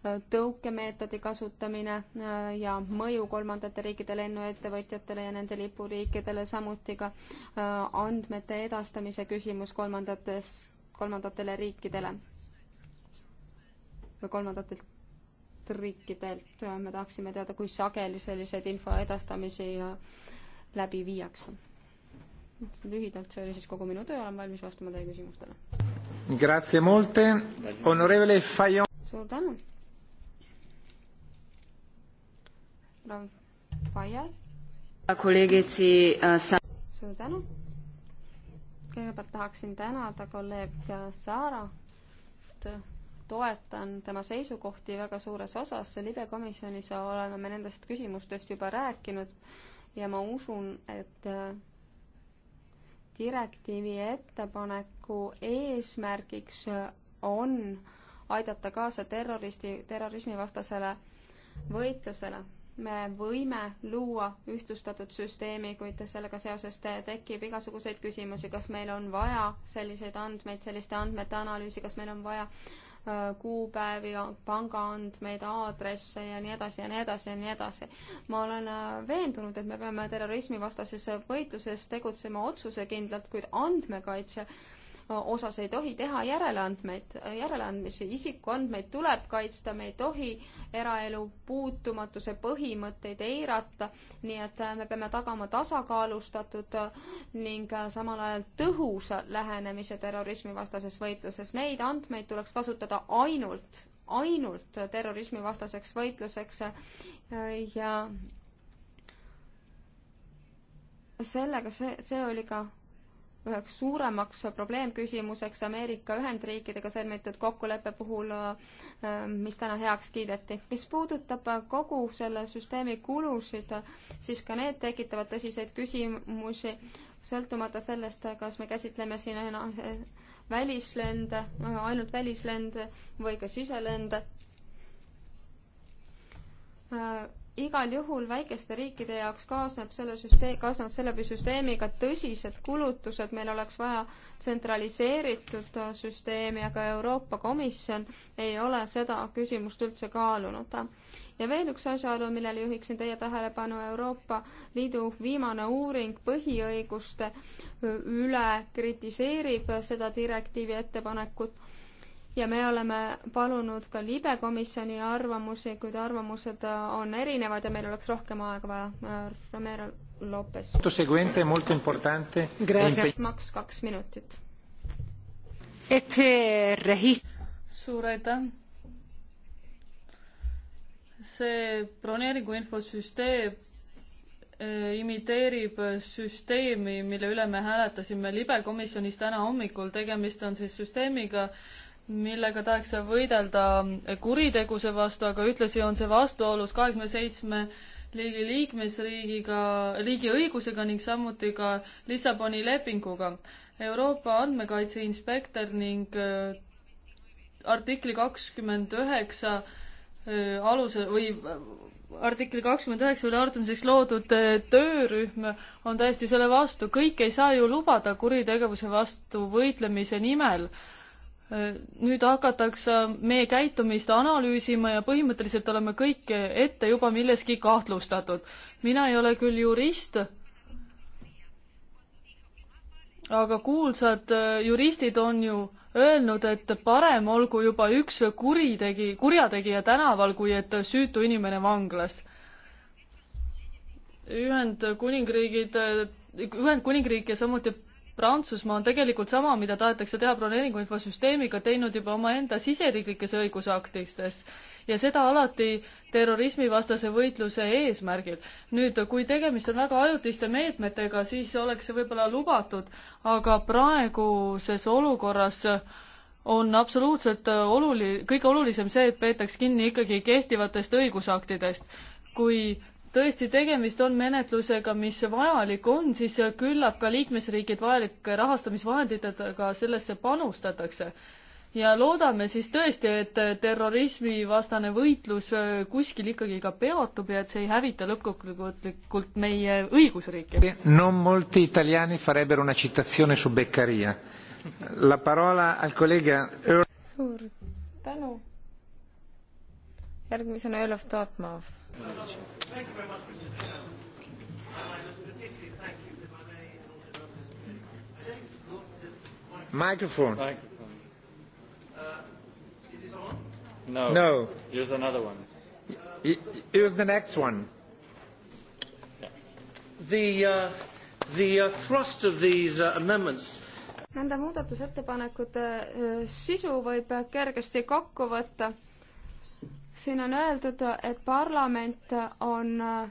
tõukemeetodi kasutamine äh, ja mõju kolmandate riikide lennuettevõtjatele ja nende lipuriikidele, samuti ka äh, andmete edastamise küsimus kolmandates, kolmandatele riikidele või kolmandatelt riikidelt. Äh, me tahaksime teada, kui sageli selliseid info edastamisi läbi viiakse. lühidalt, see oli siis kogu minu töö, olen valmis vastama teie küsimustele. suur tänu. Lavfaja. kolleegici äh, sa-. suur tänu. kõigepealt tahaksin tänada kolleeg Saarat toetan tema seisukohti väga suures osas, libekomisjonis oleme me nendest küsimustest juba rääkinud ja ma usun, et äh, direktiivi ettepaneku eesmärgiks on aidata kaasa terroristi, terrorismivastasele võitlusele me võime luua ühtlustatud süsteemi, kuid sellega seoses te tekib igasuguseid küsimusi, kas meil on vaja selliseid andmeid, selliste andmete analüüsi, kas meil on vaja kuupäevi, pangaandmeid, aadresse ja nii edasi ja nii edasi ja nii edasi. ma olen veendunud, et me peame terrorismivastases võitluses tegutsema otsusekindlalt, kuid andmekaitse osas ei tohi teha järeleandmeid, järeleandmisi, isikuandmeid tuleb kaitsta, me ei tohi eraelu puutumatuse põhimõtteid eirata, nii et äh, me peame tagama tasakaalustatud äh, ning äh, samal ajal tõhusa lähenemise terrorismivastases võitluses. Neid andmeid tuleks kasutada ainult, ainult terrorismivastaseks võitluseks ja sellega, see, see oli ka üheks suuremaks probleemküsimuseks Ameerika Ühendriikidega sõlmitud kokkuleppe puhul, äh, mis täna heaks kiideti. mis puudutab kogu selle süsteemi kulusid, siis ka need tekitavad tõsiseid küsimusi, sõltumata sellest, kas me käsitleme siin no, äh, välislende, ainult välislende või ka siselende äh, igal juhul väikeste riikide jaoks kaasneb selle süsteem, kaasnevad selle süsteemiga tõsised kulutused, meil oleks vaja tsentraliseeritud äh, süsteemi, aga Euroopa Komisjon ei ole seda küsimust üldse kaalunud. ja veel üks asjaolu, millele juhiksin teie tähelepanu, Euroopa Liidu viimane uuring põhiõiguste äh, üle kritiseerib äh, seda direktiivi ettepanekut ja me oleme palunud ka libekomisjoni arvamusi, kuid arvamused äh, on erinevad ja meil oleks rohkem aega vaja. Äh, Romero Lopes. maks kaks minutit. suur aitäh. see broneeringu infosüsteem äh, imiteerib süsteemi, mille üle me hääletasime libekomisjonis täna hommikul. tegemist on siis süsteemiga, millega tahaks võidelda kuritegevuse vastu, aga ühtlasi on see vastuolus kahekümne seitsme liigi liikmesriigiga, riigi õigusega ning samuti ka Lissaboni lepinguga. Euroopa andmekaitse inspektor ning äh, artikli kakskümmend üheksa äh, aluse või äh, artikli kakskümmend üheksa üle arutamiseks loodud töörühm on täiesti selle vastu, kõike ei saa ju lubada kuritegevuse vastu võitlemise nimel nüüd hakatakse meie käitumist analüüsima ja põhimõtteliselt oleme kõik ette juba milleski kahtlustatud. mina ei ole küll jurist, aga kuulsad juristid on ju öelnud, et parem olgu juba üks kuritegi, kurjategija tänaval, kui et süütu inimene vanglas. Ühendkuningriigid, Ühendkuningriik ja samuti Prantsusmaa on tegelikult sama, mida tahetakse teha broneeringu infosüsteemiga, teinud juba omaenda siseriiklikes õigusaktides ja seda alati terrorismivastase võitluse eesmärgil. nüüd, kui tegemist on väga ajutiste meetmetega, siis oleks see võib-olla lubatud, aga praeguses olukorras on absoluutselt oluli-, kõige olulisem see, et peetaks kinni ikkagi kehtivatest õigusaktidest. kui tõesti tegemist on menetlusega, mis vajalik on, siis küllap ka liikmesriigid vajalike rahastamisvahenditega sellesse panustatakse. ja loodame siis tõesti, et terrorismivastane võitlus kuskil ikkagi ka peatub ja et see ei hävita lõppkokkuvõtlikult meie õigusriiki. Non molti italiani farebbero una citazione su Beccaria. La parola al collega Ör-. suur tänu. järgmisena Ölof Tootmaov Microphone. Microphone. Uh, is this on? No. No. Here's another one. Here's the next one. Yeah. The, uh, the uh, thrust of these uh, amendments Nende muudatusettepanekute uh, sisu võib kergesti kokku võtta siin on öeldud, et parlament on äh,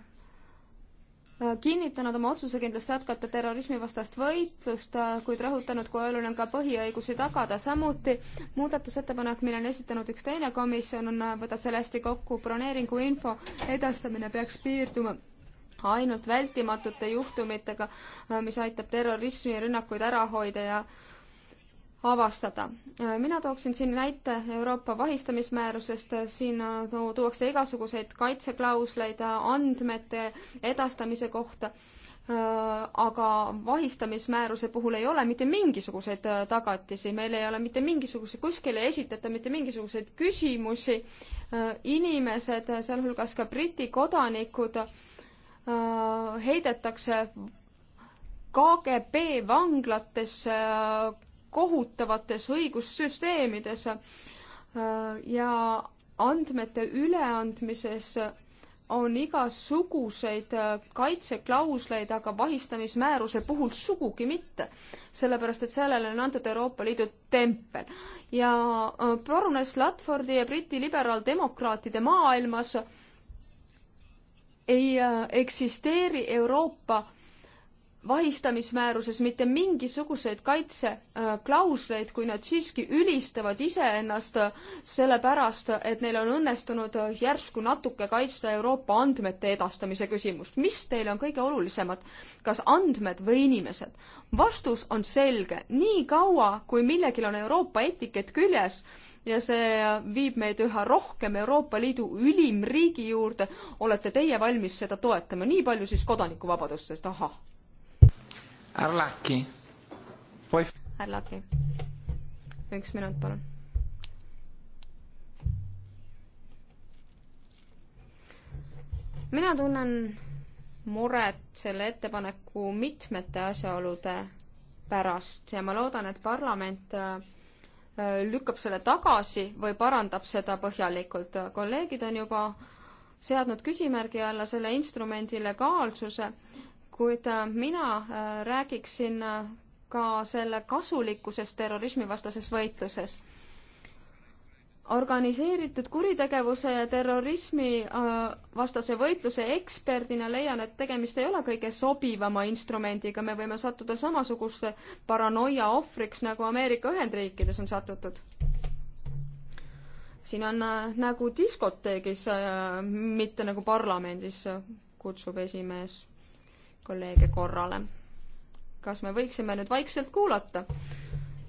kinnitanud oma otsusekindlust jätkata terrorismivastast võitlust, äh, kuid rõhutanud, kui oluline on ka põhiõigusi tagada. samuti muudatusettepanek, mille on esitanud üks teine komisjon, on, äh, võtab selle hästi kokku, broneeringu info edastamine peaks piirduma ainult vältimatute juhtumitega, mis aitab terrorismirünnakuid ära hoida ja äh, avastada. mina tooksin siin näite Euroopa vahistamismäärusest, siin tuuakse igasuguseid kaitseklausleid andmete edastamise kohta, aga vahistamismääruse puhul ei ole mitte mingisuguseid tagatisi, meil ei ole mitte mingisuguseid, kuskil ei esitata mitte mingisuguseid küsimusi, inimesed, sealhulgas ka Briti kodanikud, heidetakse KGB vanglatesse kohutavates õigussüsteemides äh, ja andmete üleandmises on igasuguseid äh, kaitseklausleid, aga vahistamismääruse puhul sugugi mitte. sellepärast, et sellele on antud Euroopa Liidu tempel. ja Baroness äh, Ladfordi ja Briti liberaaldemokraatide maailmas ei eksisteeri Euroopa vahistamismääruses mitte mingisuguseid kaitseklausleid, kui nad siiski ülistavad iseennast sellepärast, et neil on õnnestunud järsku natuke kaitsta Euroopa andmete edastamise küsimust. mis teile on kõige olulisemad, kas andmed või inimesed? vastus on selge, nii kaua, kui millelgi on Euroopa etikett küljes, ja see viib meid üha rohkem Euroopa Liidu ülimriigi juurde, olete teie valmis seda toetama, nii palju siis kodanikuvabadustest, ahah Arlaki. Arlaki. üks minut, palun. mina tunnen muret selle ettepaneku mitmete asjaolude pärast ja ma loodan, et parlament äh, lükkab selle tagasi või parandab seda põhjalikult. kolleegid on juba seadnud küsimärgi alla selle instrumendi legaalsuse kuid äh, mina äh, räägiksin äh, ka selle kasulikkusest terrorismivastases võitluses. organiseeritud kuritegevuse ja terrorismi vastase võitluse eksperdina leian, et tegemist ei ole kõige sobivama instrumendiga, me võime sattuda samasuguste paranoia ohvriks, nagu Ameerika Ühendriikides on satutud siin on nagu diskoteegis, mitte nagu parlamendis, kutsub esimees kolleege korrale. kas me võiksime nüüd vaikselt kuulata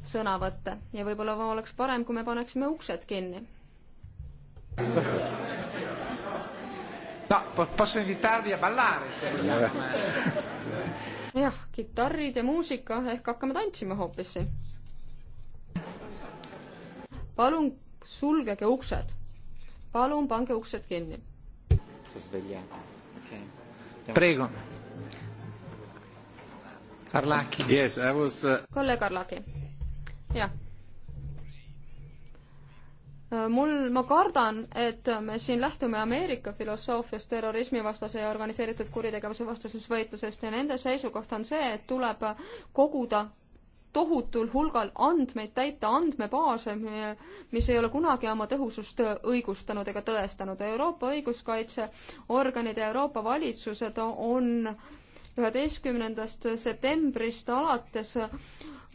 sõnavõtte ja võib-olla oleks parem, kui me paneksime uksed kinni? no posso invitarvi a ballare se vogliamo. jah, kitarrid ja muusika, ehk hakkame tantsima hoopis siin. palun sulgege uksed. palun pange uksed kinni. Prego. Arlaki. Yes, I was uh.... kolleeg Arlaki, jah. mul, ma kardan, et me siin lähtume Ameerika filosoofiast terrorismivastase ja organiseeritud kuritegevuse vastases võitluses ja nende seisukoht on see, et tuleb koguda tohutul hulgal andmeid, täita andmebaase, mis ei ole kunagi oma tõhusust õigustanud ega tõestanud. Euroopa õiguskaitseorganid ja Euroopa valitsused on äh, üheteistkümnendast septembrist alates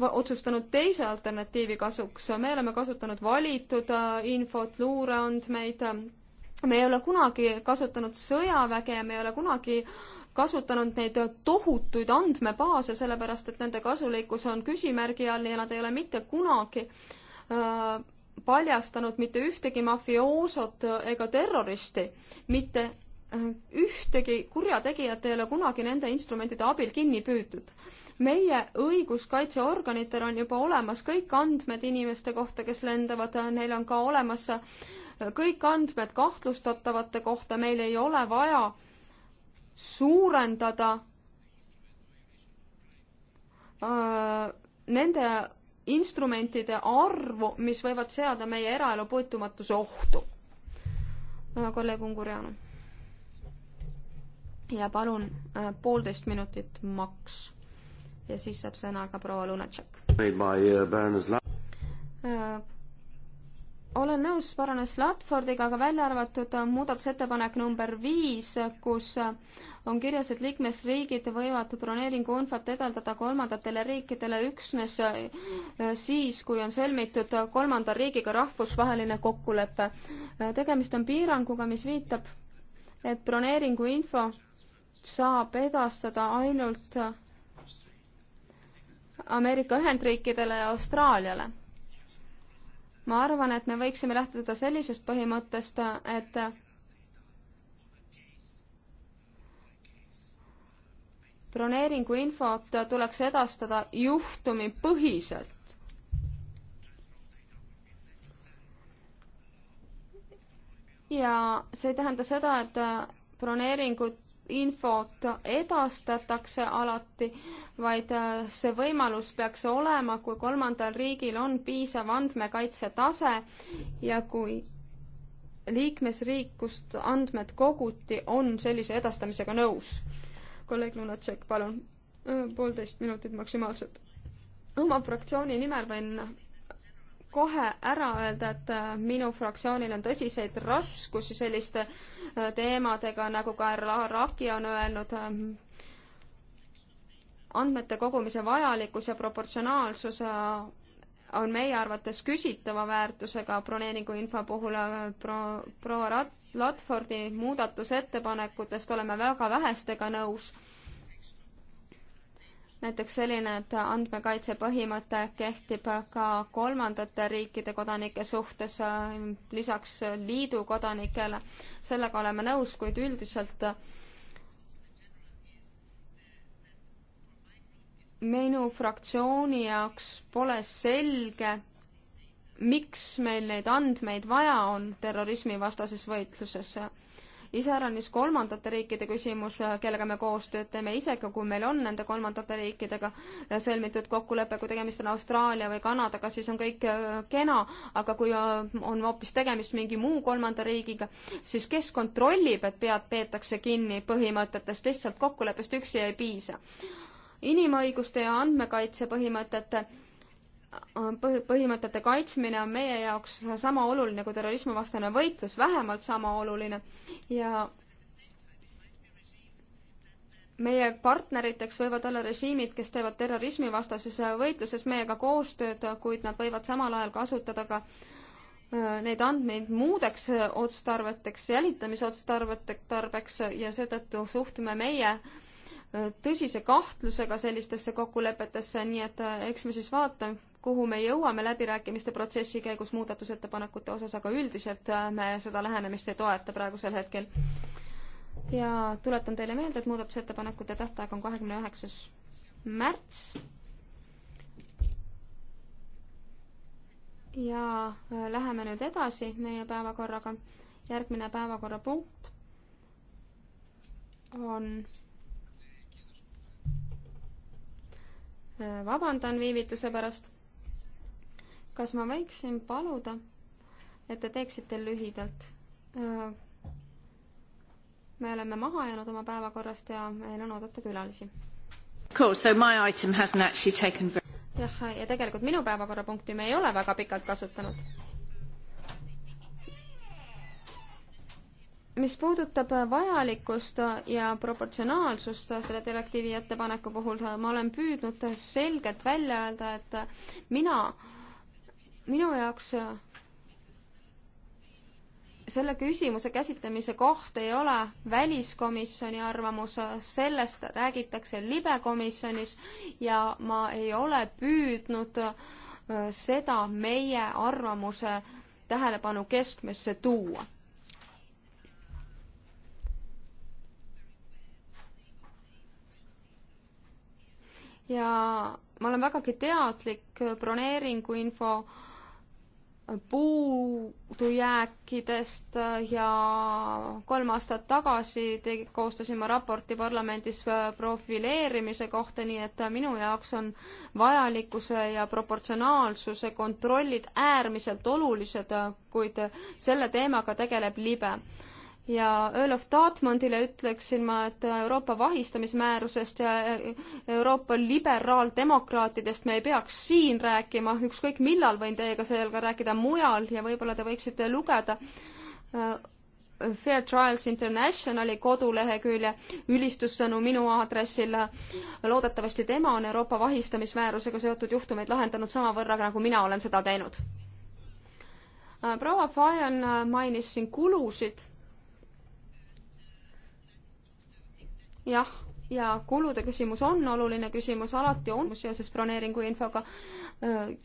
otsustanud teise alternatiivi kasuks. me oleme kasutanud valitud äh, infot, luureandmeid, me ei ole kunagi kasutanud sõjaväge, me ei ole kunagi kasutanud neid tohutuid andmebaase, sellepärast et nende kasulikkus on küsimärgi all ja nad ei ole mitte kunagi äh, paljastanud mitte ühtegi mafioosot ega terroristi, mitte ühtegi kurjategijat ei ole kunagi nende instrumentide abil kinni püütud. meie õiguskaitseorganitel on juba olemas kõik andmed inimeste kohta, kes lendavad, neil on ka olemas kõik andmed kahtlustatavate kohta, meil ei ole vaja suurendada öö, äh, nende instrumentide arvu, mis võivad seada meie eraelu puutumatuse ohtu. Äh, kolleeg Ungurjanu ja palun äh, poolteist minutit maks. ja siis saab sõna ka proua Lunatšek. Äh, äh, olen nõus Baroness Ladfordiga, aga välja arvatud muudatusettepanek number viis, kus on kirjas, et liikmesriigid võivad broneeringu infot edendada kolmandatele riikidele üksnes siis, kui on sõlmitud kolmanda riigiga rahvusvaheline kokkulepe. tegemist on piiranguga, mis viitab et broneeringu info saab edastada ainult Ameerika Ühendriikidele ja Austraaliale. ma arvan, et me võiksime lähtuda sellisest põhimõttest, et broneeringu infot tuleks edastada juhtumipõhiselt. ja see ei tähenda seda, et äh, broneeringut infot edastatakse alati, vaid äh, see võimalus peaks olema, kui kolmandal riigil on piisav andmekaitse tase ja kui liikmesriik, kust andmed koguti, on sellise edastamisega nõus. kolleeg Lunatšek, palun, poolteist minutit maksimaalselt. oma fraktsiooni nimel võin kohe ära öelda, et äh, minu fraktsioonil on tõsiseid raskusi selliste äh, teemadega, nagu ka Raki on öelnud, ähm, andmete kogumise vajalikkus ja proportsionaalsus äh, on meie arvates küsitava väärtusega broneeringuinfo puhul pro-, proua Rat-, Ladfordi muudatusettepanekutest oleme väga vähestega nõus näiteks selline, et andmekaitse põhimõte kehtib ka kolmandate riikide kodanike suhtes, lisaks liidu kodanikele. sellega oleme nõus, kuid üldiselt minu fraktsiooni jaoks pole selge, miks meil neid andmeid vaja on terrorismivastases võitluses iseäranis kolmandate riikide küsimus, äh, kellega me koostööd teeme, isegi kui meil on nende kolmandate riikidega äh, sõlmitud kokkulepe, kui tegemist on Austraalia või Kanadaga, siis on kõik äh, kena, aga kui on hoopis tegemist mingi muu kolmanda riigiga, siis kes kontrollib, et pead peetakse kinni põhimõtetest, lihtsalt kokkuleppest üksi ei piisa inimõiguste ja andmekaitse põhimõtete põhi, põhimõtete kaitsmine on meie jaoks sama oluline kui terrorismivastane võitlus, vähemalt sama oluline ja meie partneriteks võivad olla režiimid, kes teevad terrorismivastases võitluses meiega koostööd, kuid nad võivad samal ajal kasutada ka äh, neid andmeid muudeks otstarveteks, jälitamisotstarveteks tarbeks ja seetõttu suhtume meie äh, tõsise kahtlusega sellistesse kokkulepetesse, nii et äh, eks me siis vaatame, kuhu me jõuame läbirääkimiste protsessi käigus muudatusettepanekute osas, aga üldiselt äh, me seda lähenemist ei toeta praegusel hetkel. ja tuletan teile meelde, et muudatusettepanekute tähtaeg on kahekümne üheksas märts. ja äh, läheme nüüd edasi meie päevakorraga. järgmine päevakorrapunkt on äh, vabandan viivituse pärast kas ma võiksin paluda, et te teeksite lühidalt? Äh, me oleme maha jäänud oma päevakorrast ja meil on oodata külalisi. jah, ja tegelikult minu päevakorrapunkti me ei ole väga pikalt kasutanud. mis puudutab vajalikkust ja proportsionaalsust selle direktiivi ettepaneku puhul, ma olen püüdnud selgelt välja öelda, et mina äh, minu jaoks äh, selle küsimuse käsitlemise koht ei ole väliskomisjoni arvamus, sellest räägitakse libekomisjonis ja ma ei ole püüdnud äh, seda meie arvamuse tähelepanu keskmesse tuua. ja ma olen vägagi teadlik broneeringuinfo puudujääkidest äh, ja kolm aastat tagasi tegi, koostasin ma raporti parlamendis äh, profileerimise kohta, nii et äh, minu jaoks on vajalikkuse ja proportsionaalsuse kontrollid äärmiselt olulised, kuid selle teemaga tegeleb libe ja Earl of Dartmouthile ütleksin ma, et Euroopa vahistamismäärusest ja Euroopa liberaaldemokraatidest me ei peaks siin rääkima, ükskõik millal võin teiega sellega rääkida mujal ja võib-olla te võiksite lugeda äh, Fair Trials Internationali kodulehekülje ülistussõnu minu aadressil. loodetavasti tema on Euroopa vahistamismäärusega seotud juhtumeid lahendanud samavõrra, nagu mina olen seda teinud. Äh, proua Fajon äh, mainis siin kulusid jah, ja kulude küsimus on oluline küsimus, alati on seoses broneeringu infoga.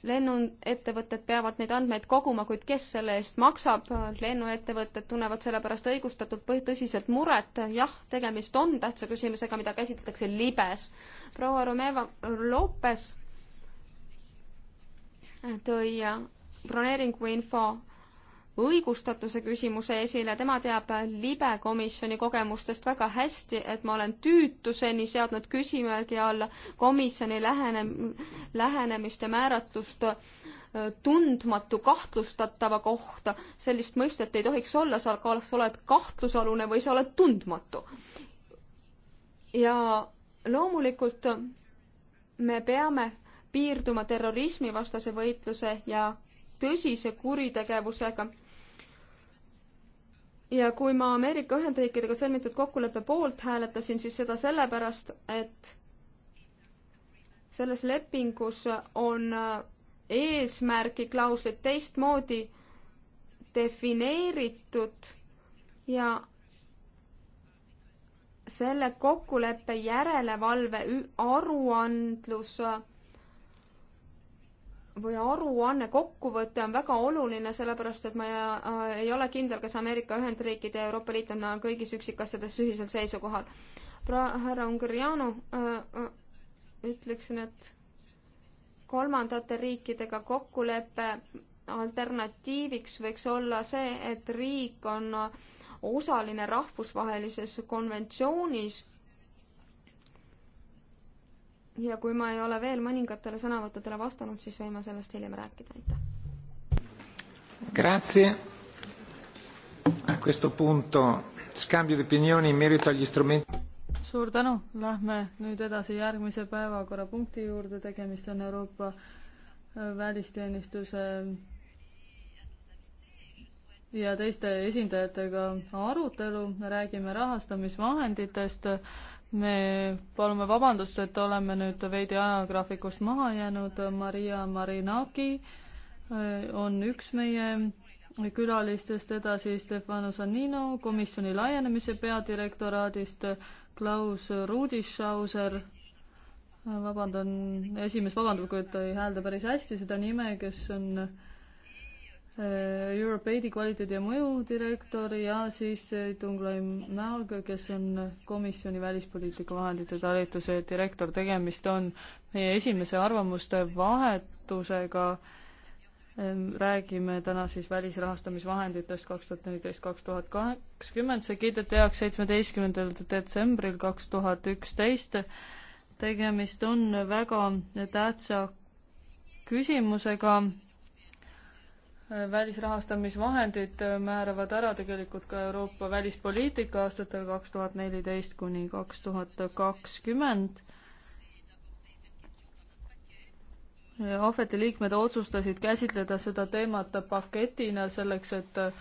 lennuettevõtted peavad neid andmeid koguma, kuid kes selle eest maksab? lennuettevõtted tunnevad selle pärast õigustatult või tõsiselt muret. jah, tegemist on tähtsa küsimusega, mida käsitletakse libes. proua Romeva Lopes tõi broneeringu info õigustatuse küsimuse esile, tema teab libe komisjoni kogemustest väga hästi, et ma olen tüütuseni seadnud küsimärgi alla komisjoni lähene, lähenemist ja määratlust äh, tundmatu kahtlustatava kohta, sellist mõistet ei tohiks olla, sa kas oled kahtlusalune või sa oled tundmatu. ja loomulikult me peame piirduma terrorismivastase võitluse ja tõsise kuritegevusega ja kui ma Ameerika Ühendriikidega sõlmitud kokkuleppe poolt hääletasin, siis seda sellepärast, et selles lepingus on eesmärgi klauslid teistmoodi defineeritud ja selle kokkuleppe järelevalve aruandlus või aruanne, kokkuvõte on väga oluline, sellepärast et ma äh, ei ole kindel, kas Ameerika Ühendriigid ja Euroopa Liit on äh, kõigis üksikasjades ühisel seisukohal. Pra-, härra Ungariano äh,, äh ütleksin, et kolmandate riikidega kokkulepe alternatiiviks võiks olla see, et riik on osaline rahvusvahelises konventsioonis, ja kui ma ei ole veel mõningatele sõnavõttudele vastanud, siis võin ma sellest hiljem rääkida, aitäh. Grazie. A questo punto scambio di opinioni in merito agli strumenti suur tänu, lähme nüüd edasi järgmise päevakorrapunkti juurde, tegemist on Euroopa äh, välisteenistuse ja teiste esindajatega arutelu, räägime rahastamisvahenditest me palume vabandust, et oleme nüüd veidi ajagraafikust maha jäänud, Maria Marinaki äh, on üks meie külalistest, edasi Stefano Sannino komisjoni laienemise peadirektoraadist, Klaus Rudischauser, äh, vabandan, esimees vabandab, kui ta ei häälda päris hästi seda nime, kes on äh, Äh, Europe Aidi kvaliteedi ja mõju direktor ja siis äh, Tunglai Mäolg, kes on äh, komisjoni välispoliitika vahendite talituse direktor. tegemist on meie esimese arvamuste vahetusega. Ähm, räägime täna siis välisrahastamisvahenditest kaks tuhat neliteist, kaks tuhat kakskümmend. see kiideti heaks seitsmeteistkümnendal detsembril kaks tuhat üksteist. tegemist on väga tähtsa küsimusega välisrahastamisvahendid äh, määravad ära tegelikult ka Euroopa välispoliitika aastatel kaks tuhat neliteist kuni kaks tuhat kakskümmend. ohveti liikmed otsustasid käsitleda seda teemat paketina selleks, et äh,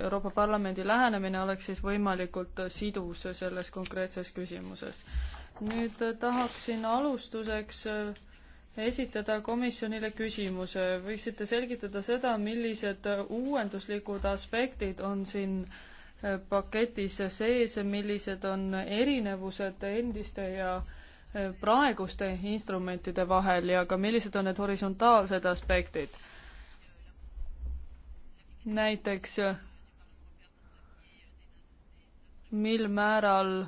Euroopa Parlamendi lähenemine oleks siis võimalikult äh, sidus selles konkreetses küsimuses. nüüd tahaksin alustuseks esitada komisjonile küsimuse. võiksite selgitada seda, millised uuenduslikud aspektid on siin äh, paketis sees, millised on erinevused endiste ja äh, praeguste instrumentide vahel ja ka millised on need horisontaalsed aspektid? näiteks äh, mil määral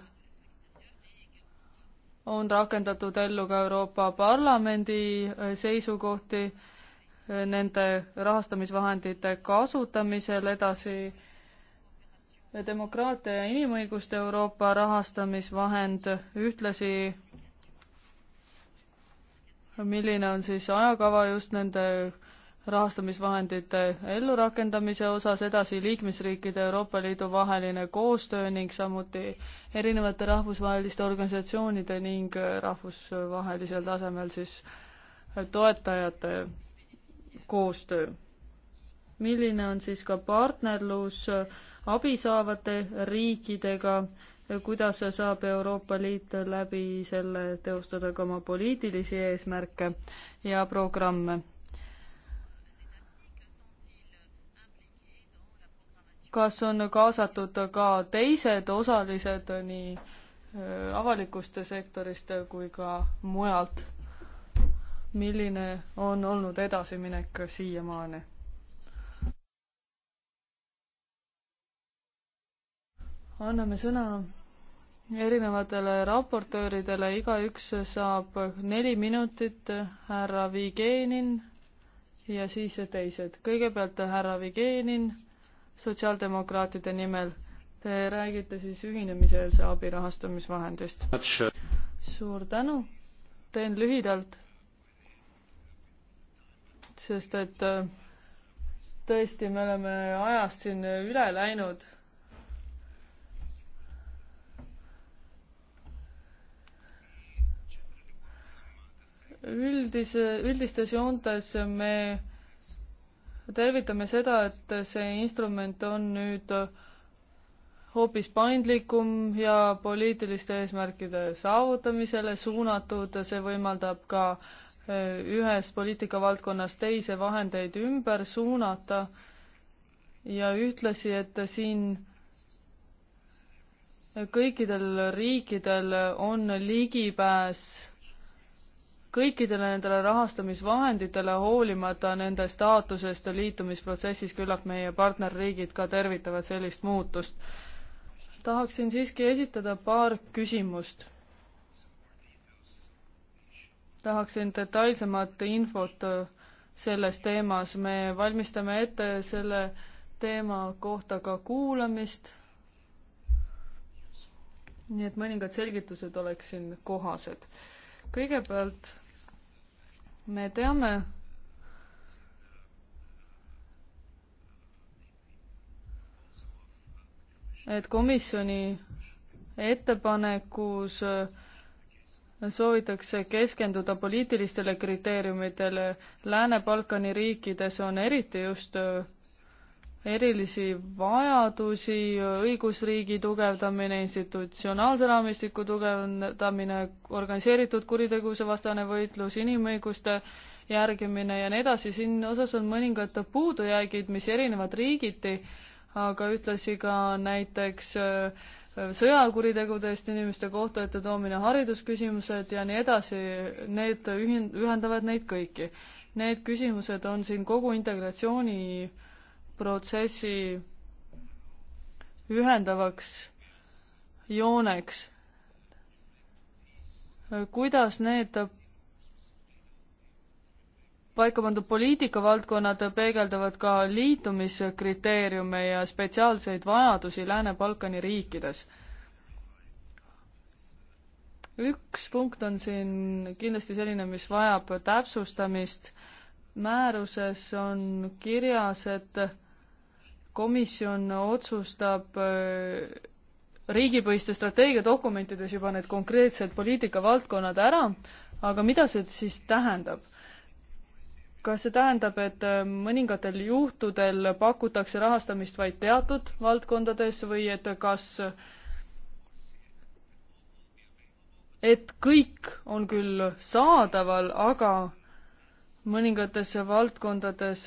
on rakendatud ellu ka Euroopa Parlamendi eh, seisukohti eh, nende rahastamisvahendite kasutamisel edasi demokraatia ja inimõiguste Euroopa rahastamisvahend ühtlasi milline on siis ajakava just nende rahastamisvahendite ellurakendamise osas, edasi liikmesriikide Euroopa Liidu vaheline koostöö ning samuti erinevate rahvusvaheliste organisatsioonide ning rahvusvahelisel tasemel siis toetajate koostöö. milline on siis ka partnerlus abi saavate riikidega, kuidas saab Euroopa Liit läbi selle teostada ka oma poliitilisi eesmärke ja programme kas on kaasatud ka teised osalised nii äh, avalikust sektorist kui ka mujalt? milline on olnud edasiminek siiamaani? anname sõna erinevatele raportööridele, igaüks saab neli minutit, härra Vigenin ja siis teised. kõigepealt härra Vigenin sotsiaaldemokraatide nimel. Te räägite siis ühinemiseelse abi rahastamisvahendist. suur tänu, teen lühidalt, sest et äh, tõesti, me oleme ajast siin üle läinud üldise, üldistes joontes me tervitame seda, et see instrument on nüüd hoopis paindlikum ja poliitiliste eesmärkide saavutamisele suunatud, see võimaldab ka e, ühest poliitikavaldkonnast teise vahendeid ümber suunata ja ühtlasi, et siin kõikidel riikidel on ligipääs kõikidele nendele rahastamisvahenditele, hoolimata nende staatusest liitumisprotsessis, küllap meie partnerriigid ka tervitavad sellist muutust. tahaksin siiski esitada paar küsimust. tahaksin detailsemat infot selles teemas, me valmistame ette selle teema kohta ka kuulamist. nii et mõningad selgitused oleksin kohased kõigepealt me teame, et komisjoni ettepanekus soovitakse keskenduda poliitilistele kriteeriumitele. Lääne-Balkani riikides on eriti just erilisi vajadusi, õigusriigi tugevdamine, institutsionaalse raamistiku tugevdamine, organiseeritud kuritegevuse vastane võitlus, inimõiguste järgimine ja nii edasi, siin osas on mõningad puudujäägid, mis erinevad riigiti, aga ühtlasi ka näiteks äh, sõjakuritegude eest inimeste kohtu ette toomine, haridusküsimused ja nii edasi, need ühin-, ühendavad neid kõiki. Need küsimused on siin kogu integratsiooni äh, protsessi ühendavaks jooneks. kuidas need paika pandud poliitikavaldkonnad peegeldavad ka liitumiskriteeriume ja spetsiaalseid vajadusi Lääne-Balkani riikides? üks punkt on siin kindlasti selline, mis vajab täpsustamist. määruses on kirjas, et komisjon otsustab äh, riigipõhiste strateegiadokumentides juba need konkreetsed poliitikavaldkonnad ära, aga mida see siis tähendab? kas see tähendab, et äh, mõningatel juhtudel pakutakse rahastamist vaid teatud valdkondades või et kas et kõik on küll saadaval, aga mõningates valdkondades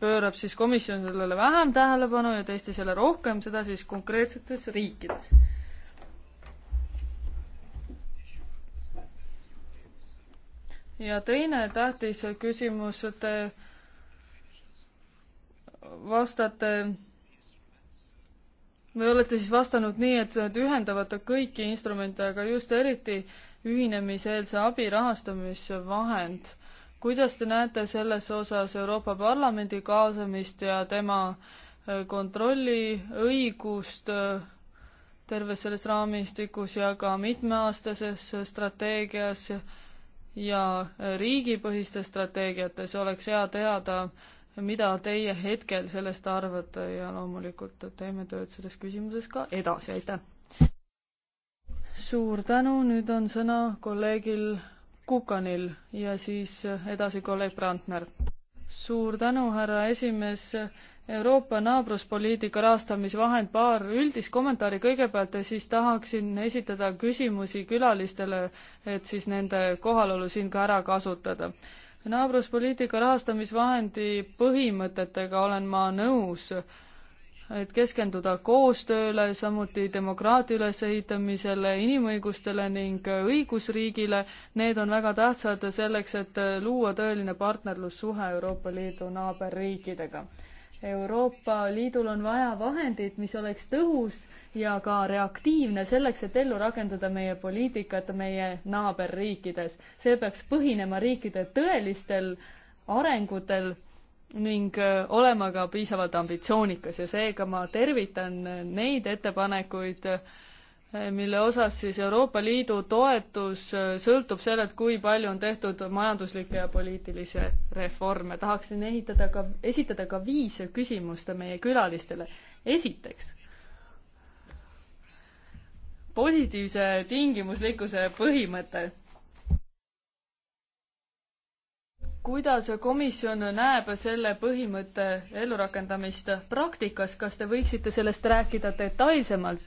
pöörab siis komisjon sellele vähem tähelepanu ja testisele rohkem, seda siis konkreetsetes riikides. ja teine tähtis küsimus, te vastate või olete siis vastanud nii, et need ühendavad kõiki instrumente, aga just eriti ühinemiseelse abi rahastamisvahend äh, kuidas te näete selles osas Euroopa Parlamendi kaasamist ja tema äh, kontrolli õigust äh, terves selles raamistikus ja ka mitmeaastases äh, strateegias ja riigipõhistes strateegiates oleks hea teada, mida teie hetkel sellest arvate ja loomulikult teeme tööd selles küsimuses ka edasi, aitäh! suur tänu, nüüd on sõna kolleegil Kukanil ja siis edasi kolleeg Brandner. suur tänu, härra esimees. Euroopa naabruspoliitika rahastamisvahend, paar üldist kommentaari kõigepealt ja siis tahaksin esitada küsimusi külalistele, et siis nende kohalolu siin ka ära kasutada. naabruspoliitika rahastamisvahendi põhimõtetega olen ma nõus et keskenduda koostööle, samuti demokraatia ülesehitamisele, inimõigustele ning õigusriigile. Need on väga tähtsad selleks, et luua tõeline partnerlussuhe Euroopa Liidu naaberriikidega. Euroopa Liidul on vaja vahendit, mis oleks tõhus ja ka reaktiivne selleks, et ellu rakendada meie poliitikat meie naaberriikides. see peaks põhinema riikide tõelistel arengutel ning äh, olema ka piisavalt ambitsioonikas ja seega ma tervitan äh, neid ettepanekuid, äh, mille osas siis Euroopa Liidu toetus sõltub sellelt, kui palju on tehtud majanduslikke ja poliitilisi reforme. tahaksin ehitada ka, esitada ka viis küsimust meie külalistele. esiteks, positiivse tingimuslikkuse põhimõte kuidas komisjon näeb selle põhimõtte ellurakendamist praktikas, kas te võiksite sellest rääkida detailsemalt?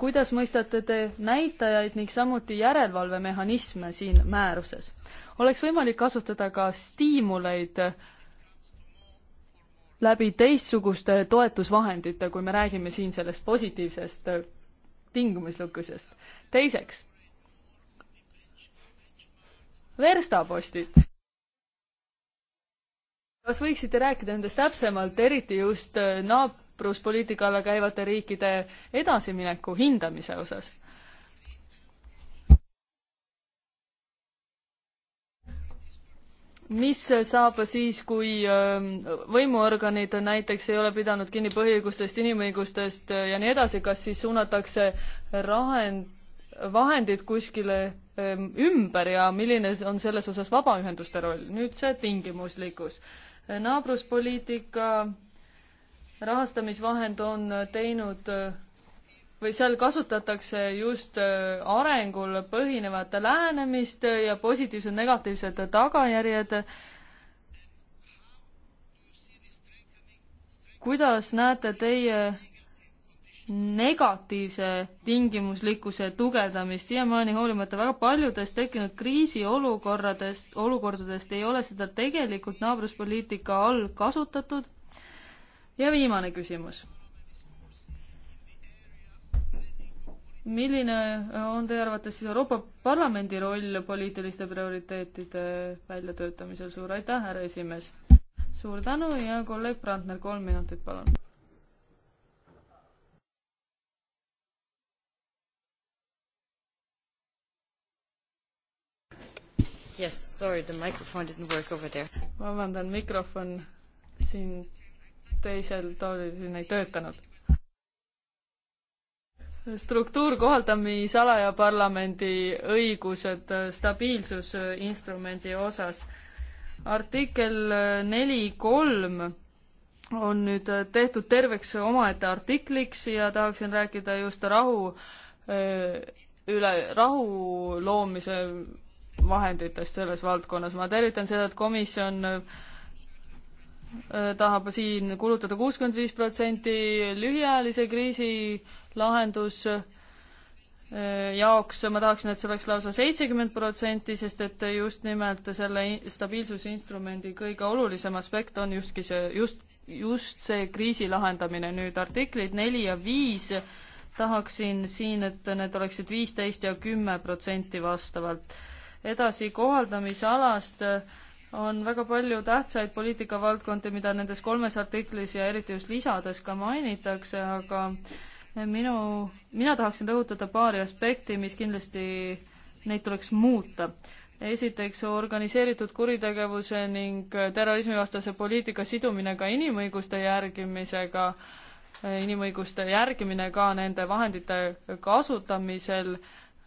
kuidas mõistate te näitajaid ning samuti järelevalvemehhanisme siin määruses? oleks võimalik kasutada ka stiimuleid läbi teistsuguste toetusvahendite, kui me räägime siin sellest positiivsest tingimuslukkusest. teiseks, verstapostid kas võiksite rääkida nendest täpsemalt, eriti just äh, naabruspoliitika alla käivate riikide edasimineku hindamise osas? mis saab siis, kui ähm, võimuorganid näiteks ei ole pidanud kinni põhiõigustest, inimõigustest äh, ja nii edasi, kas siis suunatakse rahend, vahendid kuskile ähm, ümber ja milline on selles osas vabaühenduste roll? nüüd see tingimuslikkus naabruspoliitika rahastamisvahend on teinud või seal kasutatakse just arengul põhinevat lähenemist ja positiivsed, negatiivsed tagajärjed. kuidas näete teie negatiivse tingimuslikkuse tugevdamist, siiamaani hoolimata väga paljudest tekkinud kriisiolukorradest, olukordadest ei ole seda tegelikult naabruspoliitika all kasutatud. ja viimane küsimus. milline on teie arvates siis Euroopa Parlamendi roll poliitiliste prioriteetide väljatöötamisel, suur aitäh, härra esimees! suur tänu ja kolleeg Brandner, kolm minutit, palun! Yes, sorry, the microphone didn't work over there. vabandan, mikrofon siin teisel toolil siin ei töötanud. struktuur kohaldamisala ja parlamendi õigused stabiilsusinstrumendi osas. artikkel neli kolm on nüüd tehtud terveks omaette artikliks ja tahaksin rääkida just rahu äh, üle, rahu loomise vahenditest selles valdkonnas. ma tervitan seda, et komisjon äh, tahab siin kulutada kuuskümmend viis protsenti lühiajalise kriisi lahendus äh, jaoks, ma tahaksin, et see oleks lausa seitsekümmend protsenti, sest et just nimelt selle stabiilsusinstrumendi kõige olulisem aspekt on justki see, just, just see kriisi lahendamine. nüüd artiklid neli ja viis tahaksin siin, et need oleksid viisteist ja kümme protsenti vastavalt edasi kohaldamisalast eh, on väga palju tähtsaid poliitikavaldkondi, mida nendes kolmes artiklis ja eriti just lisades ka mainitakse, aga minu, mina tahaksin rõhutada paari aspekti, mis kindlasti, neid tuleks muuta. esiteks organiseeritud kuritegevuse ning terrorismivastase poliitika sidumine ka inimõiguste järgimisega, inimõiguste järgimine ka nende vahendite kasutamisel äh,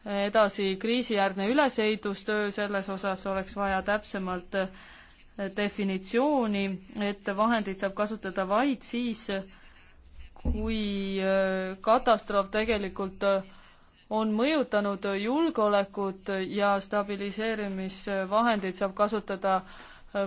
edasi kriisijärgne ülesehitustöö, selles osas oleks vaja täpsemalt eh, definitsiooni, et vahendeid saab kasutada vaid siis, kui eh, katastroof tegelikult eh, on mõjutanud julgeolekut ja stabiliseerimisvahendeid saab kasutada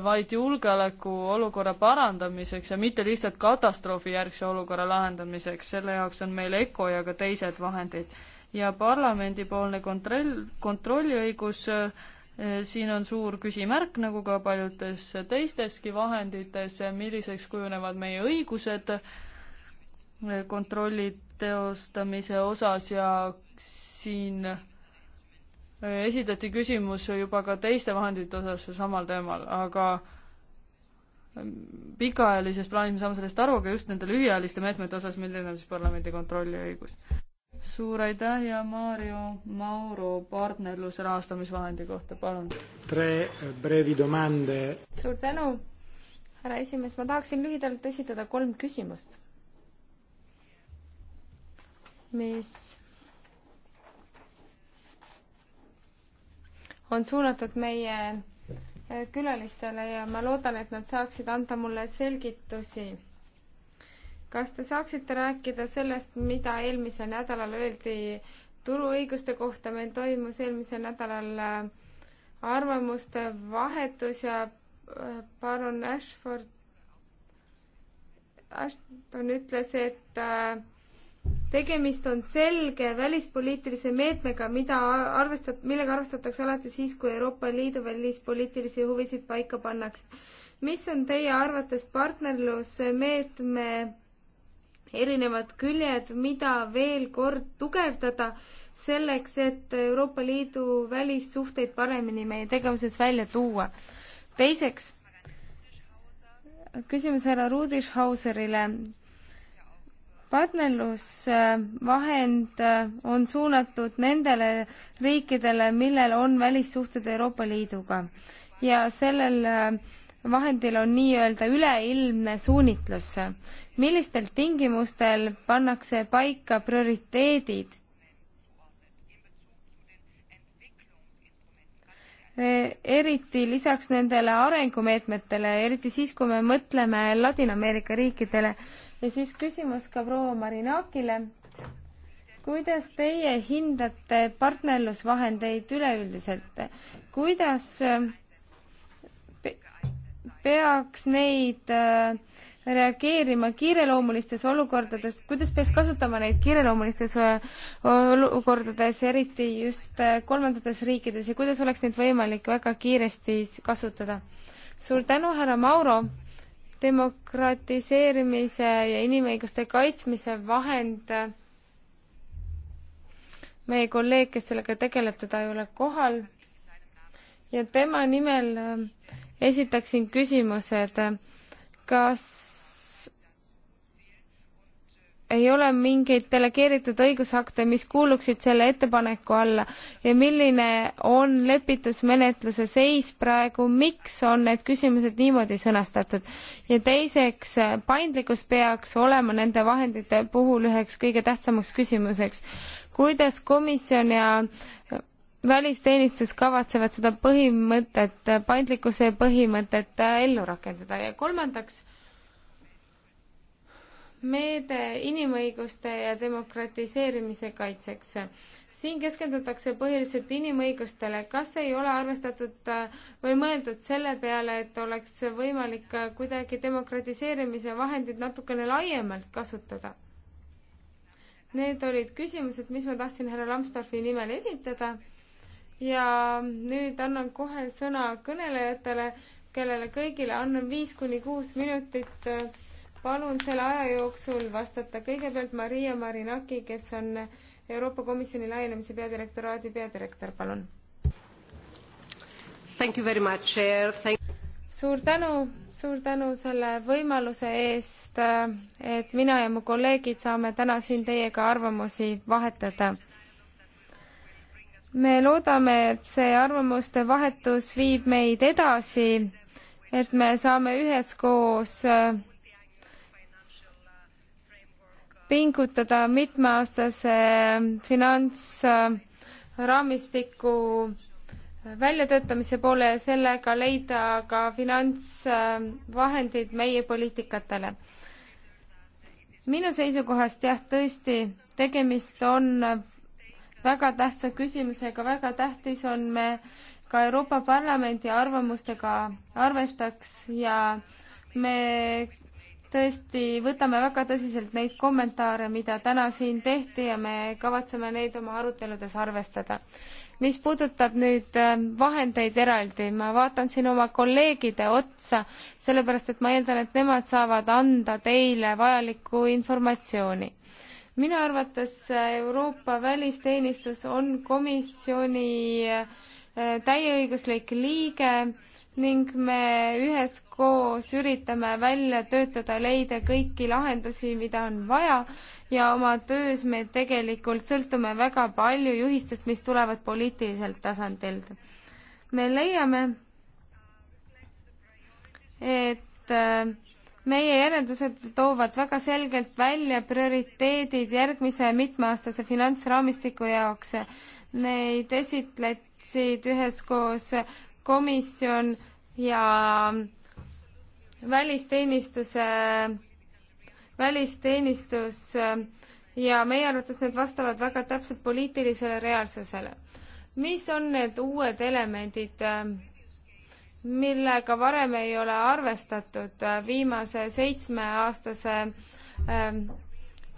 vaid julgeolekuolukorra parandamiseks ja mitte lihtsalt katastroofijärgse olukorra lahendamiseks, selle jaoks on meil ECO ja ka teised vahendid ja parlamendipoolne kontroll, kontrolliõigus, äh, siin on suur küsimärk, nagu ka paljudes teisteski vahendites, milliseks kujunevad meie õigused äh, kontrolli teostamise osas ja siin äh, esitati küsimus juba ka teiste vahendite osas samal teemal, aga ähm, pikaajalises plaanis me saame sellest aru, aga just nende lühiajaliste meetmete osas, milline on siis parlamendi kontrolliõigus? suur aitäh ja Maarjo Mauro partnerluse rahastamisvahendi kohta, palun. suur tänu, härra esimees, ma tahaksin lühidalt esitada kolm küsimust, mis on suunatud meie eh, külalistele ja ma loodan, et nad saaksid anda mulle selgitusi kas te saaksite rääkida sellest, mida eelmisel nädalal öeldi turuõiguste kohta, meil toimus eelmisel nädalal äh, arvamuste vahetus ja parun äh, Ashford, Ashton ütles, et äh, tegemist on selge välispoliitilise meetmega, mida arvestat-, millega arvestatakse alati siis, kui Euroopa Liidu välispoliitilisi huvisid paika pannakse. mis on teie arvates partnerlusmeetme erinevad küljed, mida veel kord tugevdada, selleks et Euroopa Liidu välissuhteid paremini meie tegevuses välja tuua. teiseks, küsimus härra Rudishauserile. partnerlusvahend äh, on suunatud nendele riikidele, millel on välissuhted Euroopa Liiduga ja sellel äh, vahendil on nii-öelda üleilmne suunitlus. millistel tingimustel pannakse paika prioriteedid? eriti lisaks nendele arengumeetmetele, eriti siis, kui me mõtleme Ladina-Ameerika riikidele. ja siis küsimus ka proua Marinakile. kuidas teie hindate partnerlusvahendeid üleüldiselt? kuidas äh, peaks neid äh, reageerima kiireloomulistes olukordades, kuidas peaks kasutama neid kiireloomulistes äh, olukordades, eriti just äh, kolmandates riikides ja kuidas oleks neid võimalik väga kiiresti kasutada? suur tänu, härra Mauro! demokratiseerimise ja inimõiguste kaitsmise vahend, meie kolleeg, kes sellega tegeleb, teda ei ole kohal ja tema nimel esitaksin küsimused, kas ei ole mingeid delegeeritud õigusakte, mis kuuluksid selle ettepaneku alla ja milline on lepitusmenetluse seis praegu, miks on need küsimused niimoodi sõnastatud? ja teiseks, paindlikkus peaks olema nende vahendite puhul üheks kõige tähtsamaks küsimuseks. kuidas komisjon ja välisteenistus kavatsevad seda põhimõtet, paindlikkuse põhimõtet ellu rakendada ja kolmandaks, meede inimõiguste ja demokratiseerimise kaitseks. siin keskendutakse põhiliselt inimõigustele, kas ei ole arvestatud või mõeldud selle peale, et oleks võimalik kuidagi demokratiseerimise vahendid natukene laiemalt kasutada? Need olid küsimused, mis ma tahtsin härra Lambsdorfi nimel esitada ja nüüd annan kohe sõna kõnelejatele, kellele kõigile annan viis kuni kuus minutit. palun selle aja jooksul vastata kõigepealt Maria Marinaki, kes on Euroopa Komisjoni laienemise peadirektoraadi peadirektor, palun. suur tänu, suur tänu selle võimaluse eest, et mina ja mu kolleegid saame täna siin teiega arvamusi vahetada me loodame, et see arvamuste vahetus viib meid edasi, et me saame üheskoos äh, pingutada mitmeaastase äh, finantsraamistiku äh, väljatöötamise poole ja sellega leida ka finantsvahendid meie poliitikatele. minu seisukohast jah, tõesti, tegemist on väga tähtsa küsimusega, väga tähtis on me ka Euroopa Parlamendi arvamustega arvestaks ja me tõesti võtame väga tõsiselt neid kommentaare, mida täna siin tehti ja me kavatseme neid oma aruteludes arvestada. mis puudutab nüüd ähm, vahendeid eraldi, ma vaatan siin oma kolleegide otsa, sellepärast et ma eeldan, et nemad saavad anda teile vajalikku informatsiooni minu arvates äh, Euroopa välisteenistus on komisjoni äh, täieõiguslik liige ning me üheskoos üritame välja töötada, leida kõiki lahendusi, mida on vaja ja oma töös me tegelikult sõltume väga palju juhistest, mis tulevad poliitiliselt tasandilt. me leiame, et äh, meie järeldused toovad väga selgelt välja prioriteedid järgmise mitmeaastase finantsraamistiku jaoks. Neid esitlesid üheskoos komisjon ja välisteenistuse, välisteenistus ja meie arvates need vastavad väga täpselt poliitilisele reaalsusele. mis on need uued elemendid, millega varem ei ole arvestatud äh, viimase seitsmeaastase ähm,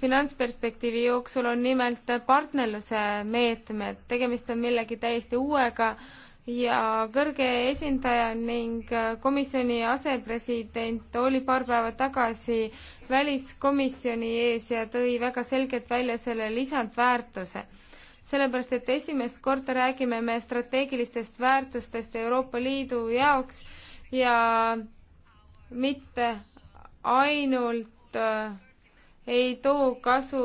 finantsperspektiivi jooksul on nimelt partnerluse meetmed, tegemist on millegi täiesti uuega ja kõrge esindaja ning äh, komisjoni asepresident oli paar päeva tagasi väliskomisjoni ees ja tõi väga selgelt välja selle lisandväärtuse sellepärast et esimest korda räägime me strateegilistest väärtustest Euroopa Liidu jaoks ja mitte ainult äh, ei too kasu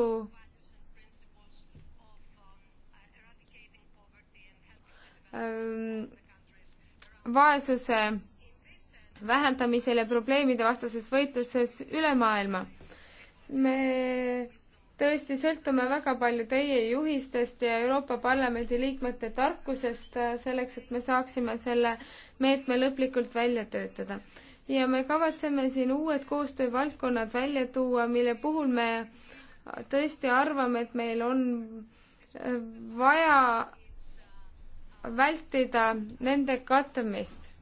ähm, vaesuse vähendamisel ja probleemide vastases võitluses üle maailma. me tõesti sõltume väga palju teie juhistest ja Euroopa Parlamendi liikmete tarkusest äh, selleks, et me saaksime selle meetme lõplikult välja töötada. ja me kavatseme siin uued koostöövaldkonnad välja tuua, mille puhul me tõesti arvame, et meil on äh, vaja vältida nende katmist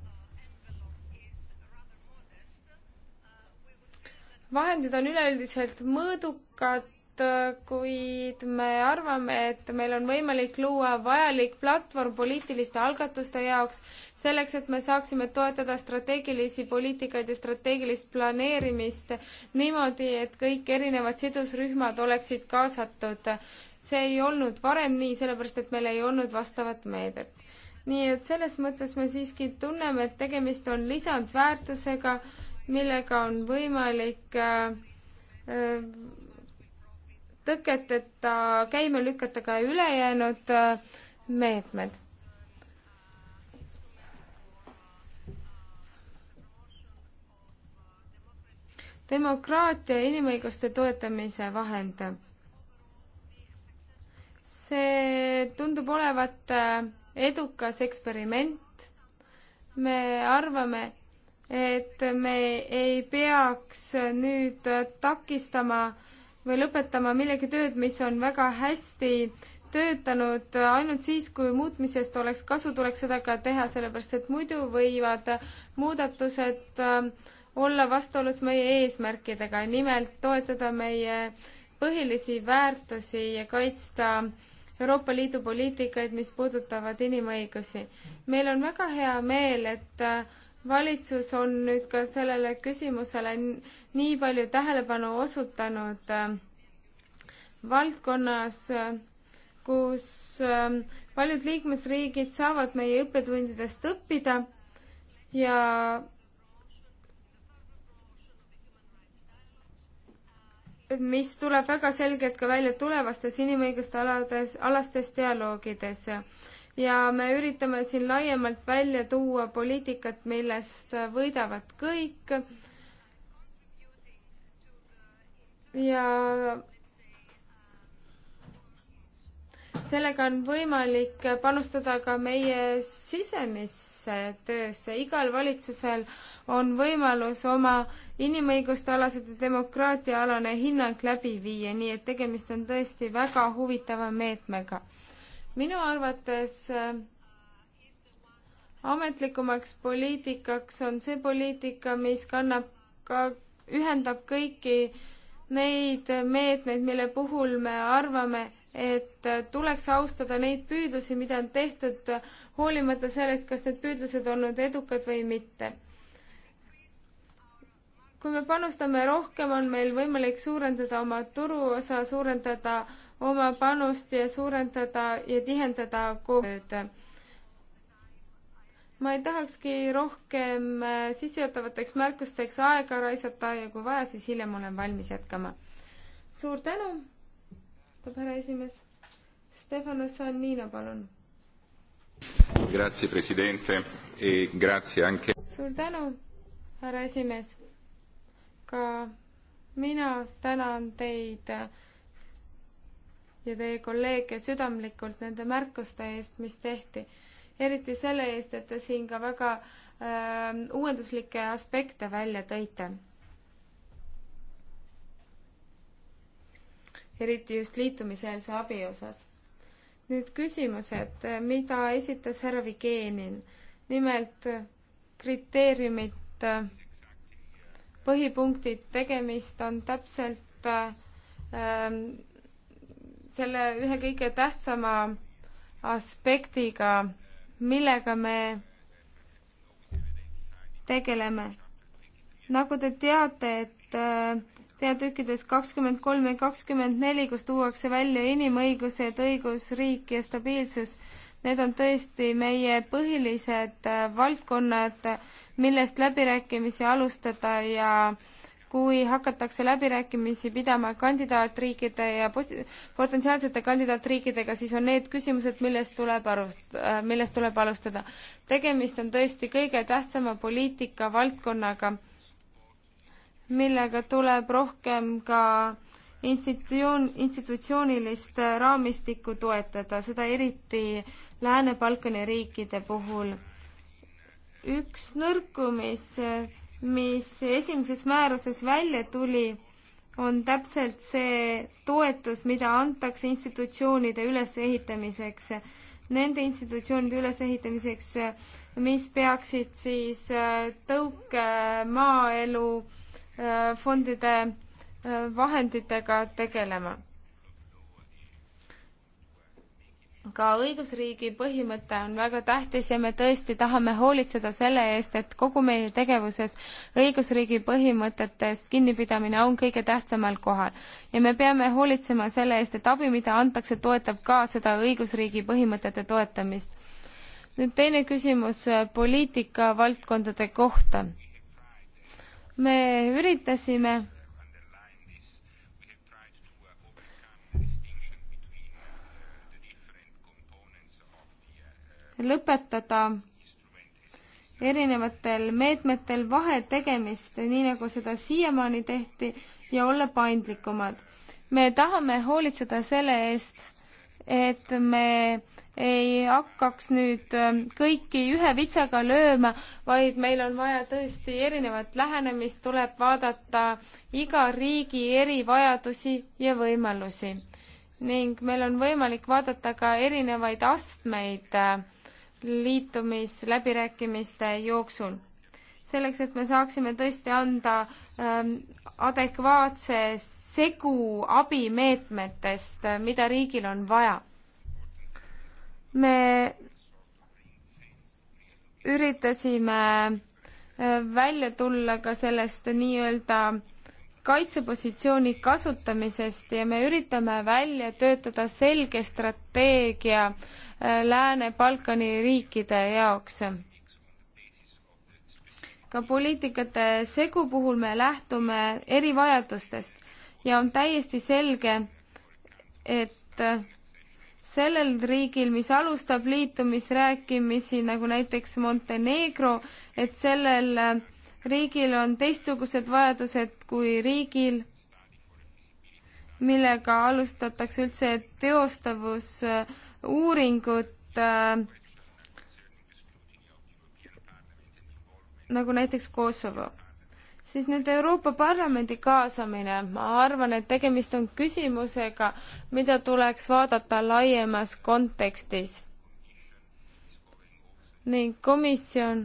vahendid on üleüldiselt mõõdukad Äh, kuid me arvame, et meil on võimalik luua vajalik platvorm poliitiliste algatuste jaoks, selleks et me saaksime toetada strateegilisi poliitikaid ja strateegilist planeerimist niimoodi, et kõik erinevad sidusrühmad oleksid kaasatud. see ei olnud varem nii, sellepärast et meil ei olnud vastavat meedet. nii et selles mõttes me siiski tunneme, et tegemist on lisandväärtusega, millega on võimalik äh, äh tõketeta käima lükata ka ülejäänud äh, meetmed. demokraatia ja inimõiguste toetamise vahend. see tundub olevat äh, edukas eksperiment. me arvame, et me ei peaks nüüd äh, takistama äh, või lõpetama millegi tööd, mis on väga hästi töötanud ainult siis, kui muutmisest oleks kasu, tuleks seda ka teha, sellepärast et muidu võivad muudatused äh, olla vastuolus meie eesmärkidega, nimelt toetada meie põhilisi väärtusi ja kaitsta Euroopa Liidu poliitikaid, mis puudutavad inimõigusi. meil on väga hea meel, et äh, valitsus on nüüd ka sellele küsimusele nii palju tähelepanu osutanud äh, valdkonnas äh,, kus äh, paljud liikmesriigid saavad meie õppetundidest õppida ja mis tuleb väga selgelt ka välja tulevastes inimõiguste alades, alastes dialoogides ja me üritame siin laiemalt välja tuua poliitikat, millest võidavad kõik. ja sellega on võimalik panustada ka meie sisemisse töösse. igal valitsusel on võimalus oma inimõiguste alased ja demokraatia alane hinnang läbi viia, nii et tegemist on tõesti väga huvitava meetmega minu arvates äh, ametlikumaks poliitikaks on see poliitika, mis kannab ka, ühendab kõiki neid meetmeid, mille puhul me arvame, et tuleks austada neid püüdlusi, mida on tehtud, hoolimata sellest, kas need püüdlused olnud edukad või mitte. kui me panustame rohkem, on meil võimalik suurendada oma turuosa, suurendada äh, oma panust ja suurendada ja tihendada koostööd. ma ei tahakski rohkem äh, sissejuhatavateks märkusteks aega raisata ja kui vaja, siis hiljem olen valmis jätkama. suur tänu, ütleb härra esimees. Stefanos Sannino, palun. Grazie, president e grazie anche. suur tänu, härra esimees. ka mina tänan teid äh, ja teie kolleege südamlikult nende märkuste eest, mis tehti. eriti selle eest, et te siin ka väga äh, uuenduslikke aspekte välja tõite. eriti just liitumiseelse abi osas. nüüd küsimused, äh, mida esitas härra Vigenin. nimelt äh, kriteeriumid, äh, põhipunktid, tegemist on täpselt äh, ähm, selle ühe kõige tähtsama aspektiga, millega me tegeleme. nagu te teate, et äh, peatükkides kakskümmend kolm ja kakskümmend neli, kus tuuakse välja inimõigused, õigusriik ja stabiilsus, need on tõesti meie põhilised äh, valdkonnad, millest läbirääkimisi alustada ja äh, kui hakatakse läbirääkimisi pidama kandidaatriikide ja potentsiaalsete kandidaatriikidega, siis on need küsimused, millest tuleb arust-, äh, millest tuleb alustada. tegemist on tõesti kõige tähtsama poliitika valdkonnaga, millega tuleb rohkem ka institutsioon, institutsioonilist raamistikku toetada, seda eriti Lääne-Balkani riikide puhul. üks nõrkumis mis esimeses määruses välja tuli, on täpselt see toetus, mida antakse institutsioonide ülesehitamiseks, nende institutsioonide ülesehitamiseks, mis peaksid siis äh, tõuke maaelu äh, fondide äh, vahenditega tegelema ka õigusriigi põhimõte on väga tähtis ja me tõesti tahame hoolitseda selle eest, et kogu meie tegevuses õigusriigi põhimõtetest kinnipidamine on kõige tähtsamal kohal. ja me peame hoolitsema selle eest, et abi, mida antakse, toetab ka seda õigusriigi põhimõtete toetamist. nüüd teine küsimus äh, poliitika valdkondade kohta. me üritasime lõpetada erinevatel meetmetel vahet tegemist, nii nagu seda siiamaani tehti, ja olla paindlikumad. me tahame hoolitseda selle eest, et me ei hakkaks nüüd ähm, kõiki ühe vitsaga lööma, vaid meil on vaja tõesti erinevat lähenemist, tuleb vaadata iga riigi erivajadusi ja võimalusi. ning meil on võimalik vaadata ka erinevaid astmeid äh, liitumisläbirääkimiste jooksul. selleks, et me saaksime tõesti anda ähm, adekvaatse segu abimeetmetest, äh, mida riigil on vaja. me üritasime äh, välja tulla ka sellest nii-öelda kaitsepositsiooni kasutamisest ja me üritame välja töötada selge strateegia äh, Lääne-Balkani riikide jaoks. ka poliitikate segu puhul me lähtume erivajadustest ja on täiesti selge, et sellel riigil, mis alustab liitumisrääkimisi, nagu näiteks Montenegro, et sellel riigil on teistsugused vajadused kui riigil, millega alustatakse üldse teostavus uuringut äh, nagu näiteks Kosovo. siis nüüd Euroopa Parlamendi kaasamine, ma arvan, et tegemist on küsimusega, mida tuleks vaadata laiemas kontekstis. ning komisjon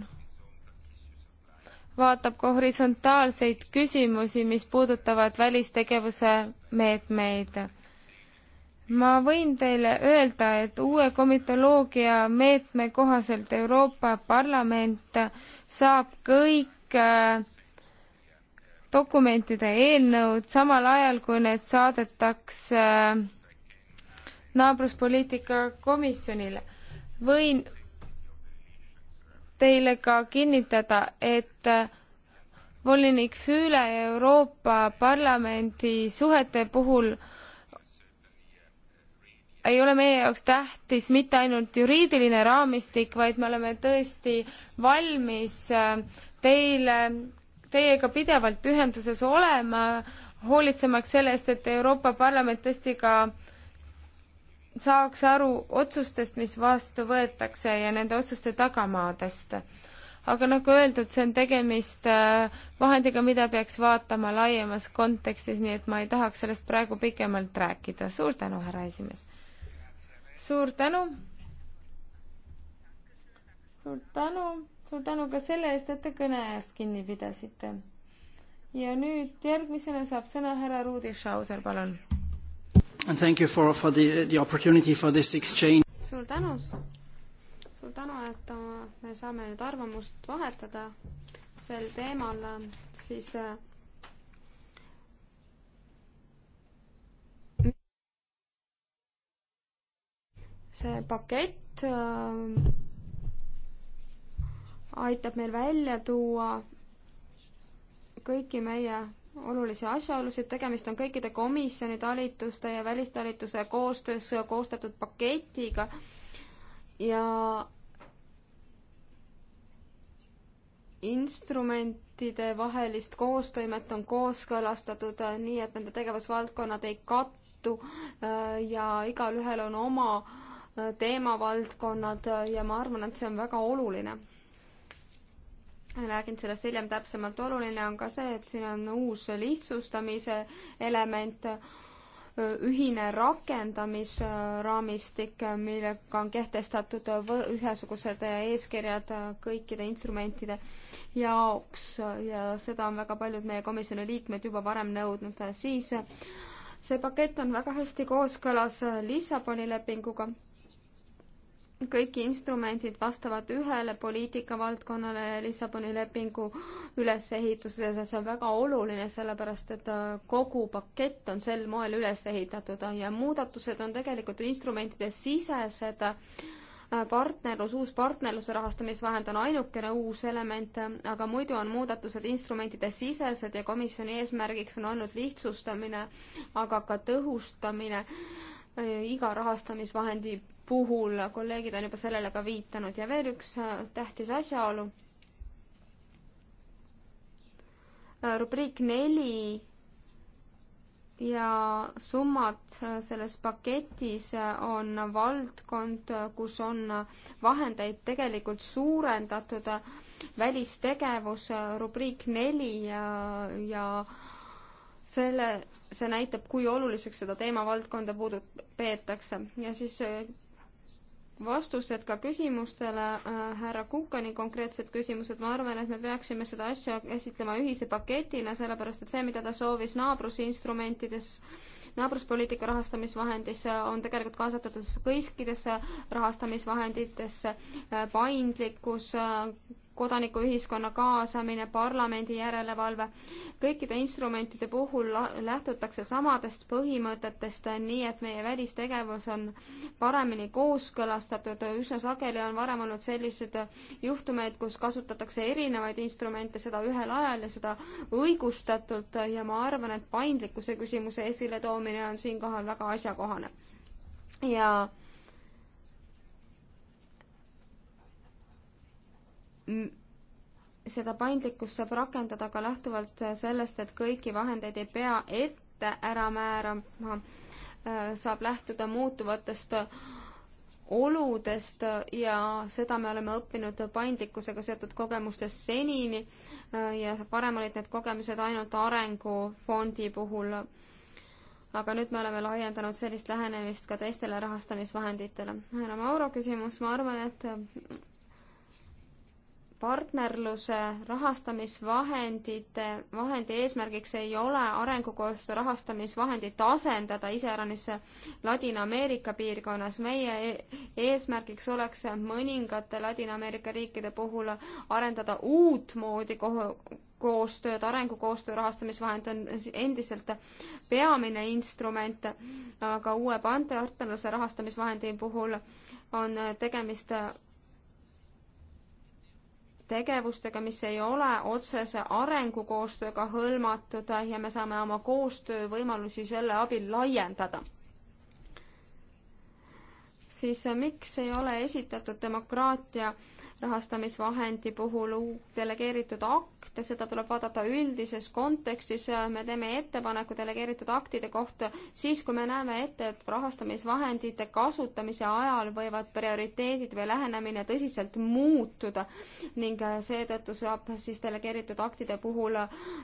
vaatab ka horisontaalseid küsimusi, mis puudutavad välistegevuse meetmeid meet ma võin teile öelda, et uue komitoloogia meetme kohaselt Euroopa Parlament saab kõik äh, dokumentide eelnõud samal ajal, kui need saadetakse äh, naabruspoliitika komisjonile. võin teile ka kinnitada, et äh, volinik Füüle Euroopa Parlamendi suhete puhul ei ole meie jaoks tähtis mitte ainult juriidiline raamistik, vaid me oleme tõesti valmis äh, teile, teiega pidevalt ühenduses olema, hoolitsemaks selle eest, et Euroopa Parlament tõesti ka saaks aru otsustest, mis vastu võetakse ja nende otsuste tagamaadest. aga nagu öeldud, see on tegemist äh, vahendiga, mida peaks vaatama laiemas kontekstis, nii et ma ei tahaks sellest praegu pikemalt rääkida. suur tänu, härra esimees! suur tänu. suur tänu, suur tänu ka selle eest, et te kõneajast kinni pidasite. ja nüüd järgmisena saab sõna härra Ruudi Schauser, palun. And thank you for, for the, the opportunity for this exchange. suur tänu, suur tänu, et äh, me saame nüüd arvamust vahetada sel teemal, äh, siis äh, see pakett äh, aitab meil välja tuua kõiki meie olulisi asjaolusid, tegemist on kõikide komisjoni talituste ja välistalituse koostöös koostatud paketiga ja instrumentide vahelist koostoimet on kooskõlastatud äh, nii, et nende tegevusvaldkonnad ei kattu äh, ja igalühel on oma äh, teemavaldkonnad ja ma arvan, et see on väga oluline. räägin sellest hiljem täpsemalt, oluline on ka see, et siin on uus lihtsustamise element, ühine rakendamisraamistik, millega on kehtestatud ühesugused eeskirjad kõikide instrumentide jaoks ja seda on väga paljud meie komisjoni liikmed juba varem nõudnud, siis see pakett on väga hästi kooskõlas Lissaboni lepinguga kõik instrumendid vastavad ühele poliitikavaldkonnale Lissaboni lepingu ülesehituses ja see on väga oluline, sellepärast et äh, kogu pakett on sel moel üles ehitatud ja muudatused on tegelikult instrumentide sisesed. Äh, partnerlus, uus partnerluse rahastamisvahend on ainukene uus element, äh, aga muidu on muudatused instrumentide sisesed ja komisjoni eesmärgiks on olnud lihtsustamine, aga ka tõhustamine iga rahastamisvahendi puhul, kolleegid on juba sellele ka viitanud ja veel üks äh, tähtis asjaolu. Äh, rubriik neli ja summad äh, selles paketis on valdkond, kus on vahendeid tegelikult suurendatud, välistegevus, rubriik neli ja, ja selle, see näitab, kui oluliseks seda teemavaldkonda puudu-, peetakse. ja siis vastused ka küsimustele äh,, härra Kukani konkreetsed küsimused, ma arvan, et me peaksime seda asja esitlema ühise paketina, sellepärast et see, mida ta soovis naabrusinstrumentides, naabruspoliitika rahastamisvahendis on tegelikult kaasatud kõikidesse rahastamisvahenditesse, äh, paindlikkus, äh, kodanikuühiskonna kaasamine, parlamendi järelevalve, kõikide instrumentide puhul lähtutakse samadest põhimõtetest, nii et meie välistegevus on paremini kooskõlastatud, üsna sageli on varem olnud sellised juhtumeid, kus kasutatakse erinevaid instrumente, seda ühel ajal ja seda õigustatult ja ma arvan, et paindlikkuse küsimuse esiletoomine on siinkohal väga asjakohane. ja seda paindlikkust saab rakendada ka lähtuvalt sellest, et kõiki vahendeid ei pea ette ära määrama, äh, saab lähtuda muutuvatest oludest ja seda me oleme õppinud paindlikkusega seotud kogemustest senini äh, ja varem olid need kogemused ainult arengufondi puhul. aga nüüd me oleme laiendanud sellist lähenemist ka teistele rahastamisvahenditele. härra Mauro küsimus, ma arvan, et partnerluse rahastamisvahendite, vahendi eesmärgiks ei ole arengukoostöö rahastamisvahendit asendada iseäranis Ladina-Ameerika piirkonnas. meie e-, eesmärgiks oleks mõningate Ladina-Ameerika riikide puhul arendada uutmoodi koostööd, arengukoostöö rahastamisvahend on endiselt peamine instrument, aga uue pandearteluse rahastamisvahendi puhul on tegemist tegevustega, mis ei ole otsese arengukoostööga hõlmatud ja me saame oma koostöövõimalusi selle abil laiendada. siis eh, miks ei ole esitatud demokraatia äh, rahastamisvahendi puhul delegeeritud akte, seda tuleb vaadata üldises kontekstis, me teeme ettepaneku delegeeritud aktide kohta siis, kui me näeme ette, et rahastamisvahendite kasutamise ajal võivad prioriteedid või lähenemine tõsiselt muutuda ning seetõttu saab siis delegeeritud aktide puhul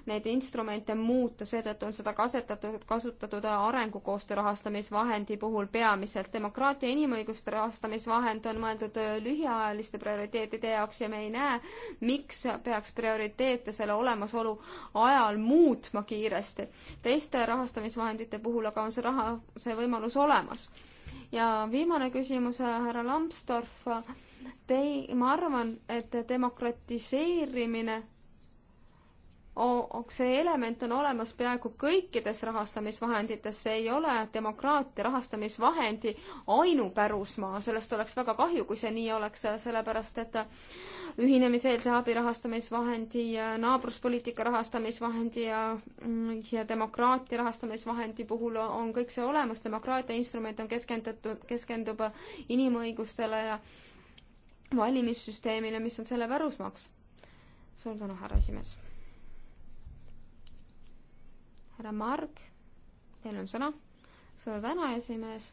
neid instrumente muuta, seetõttu on seda kasetatud, kasutatud arengukoostöö rahastamisvahendi puhul peamiselt. demokraatia ja inimõiguste rahastamisvahend on mõeldud lühiajaliste prioriteetide prioriteetide jaoks ja me ei näe, miks peaks prioriteete selle olemasolu ajal muutma kiiresti. teiste rahastamisvahendite puhul aga on see raha, see võimalus olemas. ja viimane küsimus, härra Lambsdorff, te, ma arvan, et demokratiseerimine see element on olemas peaaegu kõikides rahastamisvahendites, see ei ole demokraatia rahastamisvahendi ainupärusmaa, sellest oleks väga kahju, kui see nii oleks, sellepärast et ühinemiseelse abi rahastamisvahendi ja naabruspoliitika rahastamisvahendi ja, mm, ja demokraatia rahastamisvahendi puhul on kõik see olemas, demokraatia instrument on keskendatud, keskendub inimõigustele ja valimissüsteemile, mis on selle pärusmaaks. suur tänu, härra esimees härra Marg, teil on sõna. suur tänu, esimees.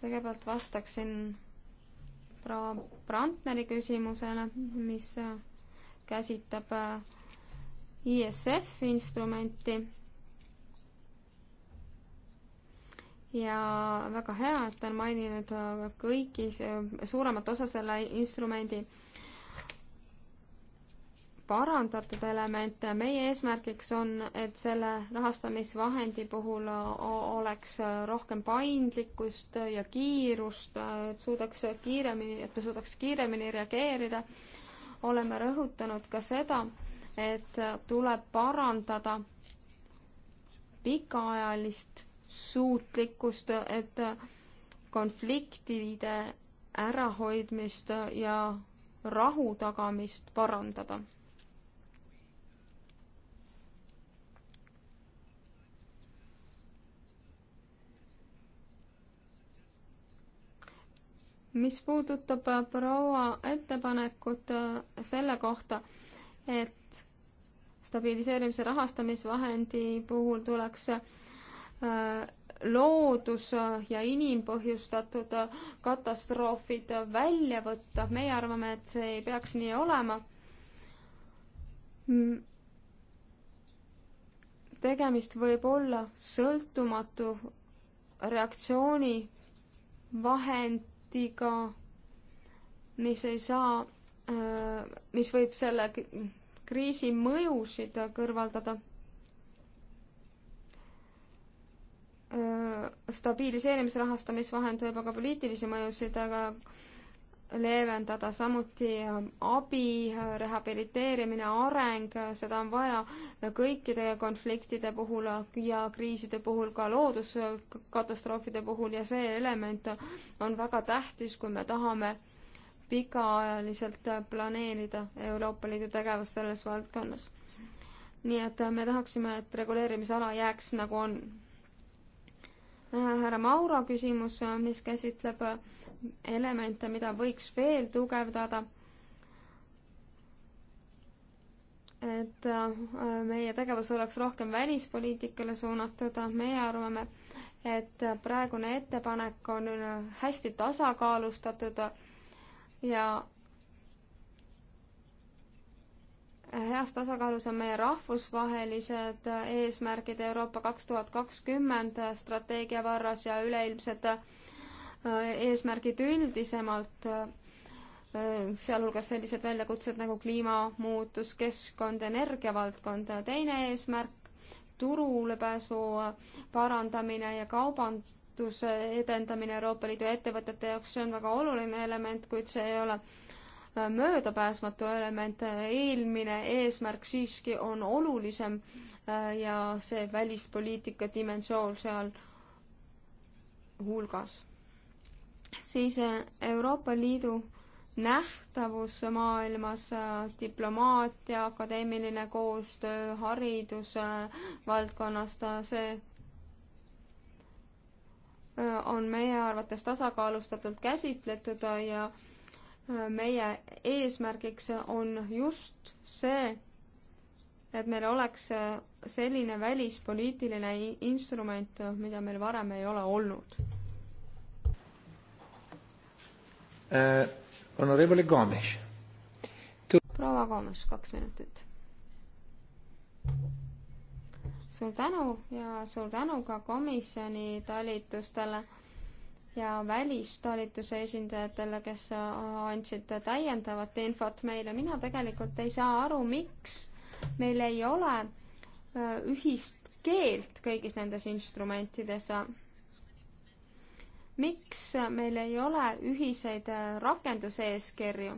kõigepealt vastaksin proua Brandneri küsimusele, mis käsitleb äh, ISF instrumenti. ja väga hea, et ta on maininud äh, kõigis, äh, suuremat osa selle instrumendi äh, parandatud elemente, meie eesmärgiks on, et selle rahastamisvahendi puhul oleks rohkem paindlikkust ja kiirust, et suudaks kiiremini, et me suudaks kiiremini reageerida. oleme rõhutanud ka seda, et tuleb parandada pikaajalist suutlikkust, et konfliktide ärahoidmist ja rahu tagamist parandada mis puudutab äh, proua ettepanekut äh, selle kohta, et stabiliseerimise rahastamisvahendi puhul tuleks äh, loodus- ja inimpõhjustatud katastroofid välja võtta, meie arvame, et see ei peaks nii olema. tegemist võib olla sõltumatu reaktsiooni vahend, projektiga, mis ei saa, äh, mis võib selle kriisi mõjusid kõrvaldada. Äh, stabiliseerimisrahastamisvahend võib aga poliitilisi mõjusid, aga leevendada, samuti ähm, abi, äh, rehabiliteerimine, areng, äh, seda on vaja äh, kõikide konfliktide puhul ja kriiside puhul, ka looduskatastroofide puhul ja see element on väga tähtis, kui me tahame pikaajaliselt planeerida Euroopa Liidu tegevust selles valdkonnas. nii et me tahaksime, et reguleerimisala jääks nagu on. härra Mauro küsimus, mis käsitleb elemente, mida võiks veel tugevdada. et äh, meie tegevus oleks rohkem välispoliitikale suunatud, meie arvame, et praegune ettepanek on äh, hästi tasakaalustatud ja heas tasakaalus on meie rahvusvahelised eesmärgid Euroopa kaks tuhat kakskümmend strateegia varras ja üleilmsed Äh, eesmärgid üldisemalt, äh, sealhulgas sellised väljakutsed nagu kliimamuutus, keskkond, energiavaldkond. teine eesmärk, turulepääsu parandamine ja kaubanduse edendamine Euroopa Liidu ettevõtete jaoks, see on väga oluline element, kuid see ei ole äh, möödapääsmatu element, eelmine eesmärk siiski on olulisem ja see välispoliitika dimensioon seal hulgas siis äh, Euroopa Liidu nähtavus maailmas, äh, diplomaatia, akadeemiline koostöö, haridus äh, valdkonnas, see on meie arvates tasakaalustatult käsitletud ja meie eesmärgiks on just see, et meil oleks selline välispoliitiline instrument, mida meil varem ei ole olnud äh,. Eh, Honorable Gomes tu.... proua Gomes, kaks minutit. suur tänu ja suur tänu ka komisjoni talitustele ja välistalituse esindajatele, kes andsid täiendavat infot meile. mina tegelikult ei saa aru, miks meil ei ole eh, ühist keelt kõigis nendes instrumentides miks meil ei ole ühiseid äh, rakenduseeskirju?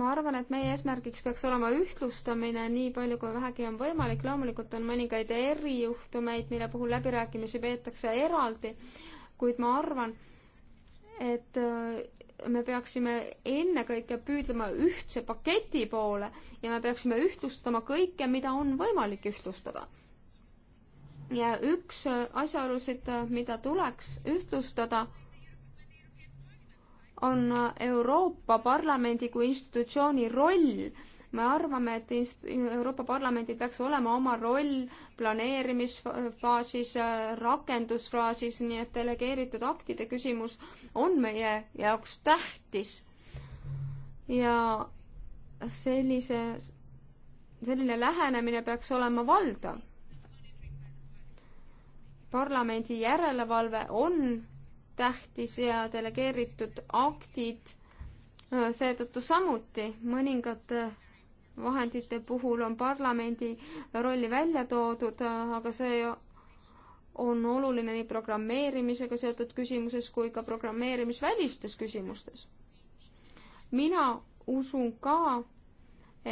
ma arvan, et meie eesmärgiks peaks olema ühtlustamine nii palju kui vähegi on võimalik, loomulikult on mõningaid erijuhtumeid, mille puhul läbirääkimisi peetakse eraldi, kuid ma arvan, et äh, me peaksime ennekõike püüdlema ühtse paketi poole ja me peaksime ühtlustama kõike, mida on võimalik ühtlustada ja üks äh, asjaolusid, äh, mida tuleks ühtlustada, on äh, Euroopa Parlamendi kui institutsiooni roll. me arvame, et inst-, Euroopa Parlamendil peaks olema oma roll planeerimisfaasis, rakendusfaasis, nii et delegeeritud aktide küsimus on meie jaoks tähtis. ja sellise, selline lähenemine peaks olema valdav parlamendi järelevalve on tähtis ja delegeeritud aktid äh, seetõttu samuti mõningate äh, vahendite puhul on parlamendi rolli välja toodud, äh, aga see on oluline nii programmeerimisega seotud küsimuses kui ka programmeerimisvälistes küsimustes. mina usun ka,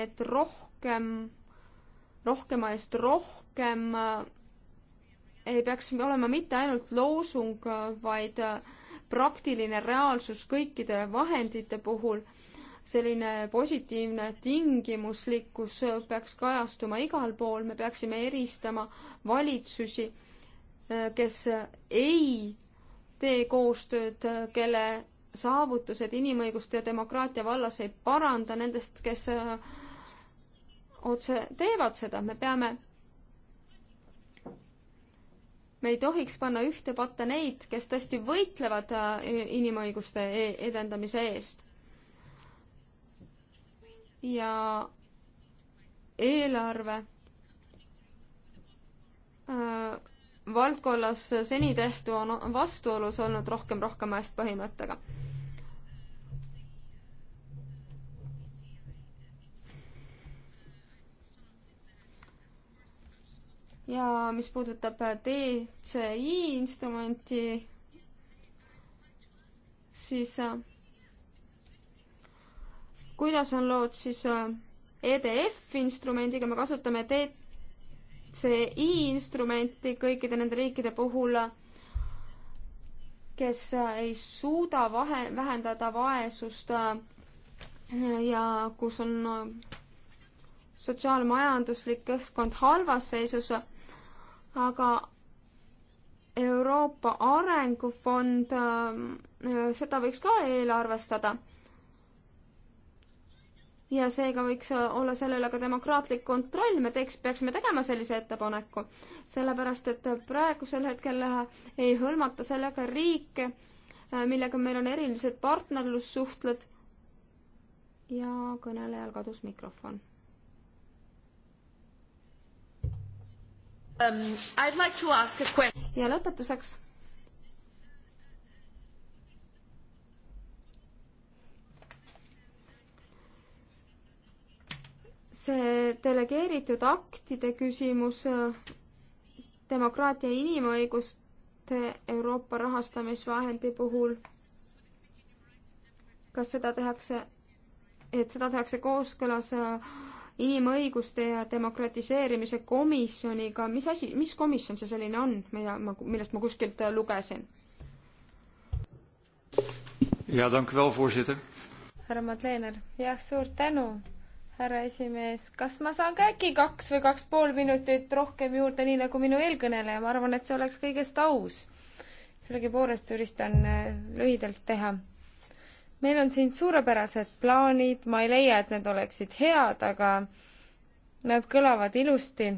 et rohkem, rohkema eest rohkem ei peaks olema mitte ainult loosung, vaid äh, praktiline reaalsus kõikide vahendite puhul. selline positiivne tingimuslikkus peaks kajastuma igal pool, me peaksime eristama valitsusi, äh, kes ei tee koostööd, äh, kelle saavutused inimõiguste ja demokraatia vallas ei paranda nendest, kes otse teevad seda, me peame me ei tohiks panna ühte patta neid, kes tõesti võitlevad äh, inimõiguste e-, edendamise eest. ja eelarve äh, valdkonnas seni tehtu on vastuolus olnud rohkem rohkem hästi põhimõttega ja mis puudutab DCI instrumenti, siis äh, kuidas on lood siis äh, EDF instrumendiga, me kasutame DCI instrumenti kõikide nende riikide puhul, kes äh, ei suuda vahe, vähendada vaesust ja kus on sotsiaalmajanduslik keskkond halvas seisus aga Euroopa Arengufond, ähm, äh, seda võiks ka eelarvestada. ja seega võiks äh, olla sellele ka demokraatlik kontroll, me teeks, peaksime tegema sellise ettepaneku, sellepärast et praegusel hetkel äh, ei hõlmata sellega riike, millega meil on erilised partnerlussuhtled. ja kõnelejal kadus mikrofon Um, ja lõpetuseks. see delegeeritud aktide küsimus, demokraatia ja inimõiguste Euroopa rahastamisvahendi puhul, kas seda tehakse, et seda tehakse kooskõlas äh, inimõiguste ja demokratiseerimise komisjoniga, mis asi, mis komisjon see selline on, mida ma, millest ma kuskilt lugesin? ja tänk veel, voorzitter. härra Madlener, jah, suur tänu, härra esimees. kas ma saan ka äkki kaks või kaks pool minutit rohkem juurde, nii nagu minu eelkõneleja, ma arvan, et see oleks kõigest aus. sellegipoolest üritan äh, lühidalt teha meil on siin suurepärased plaanid, ma ei leia, et need oleksid head, aga nad kõlavad ilusti.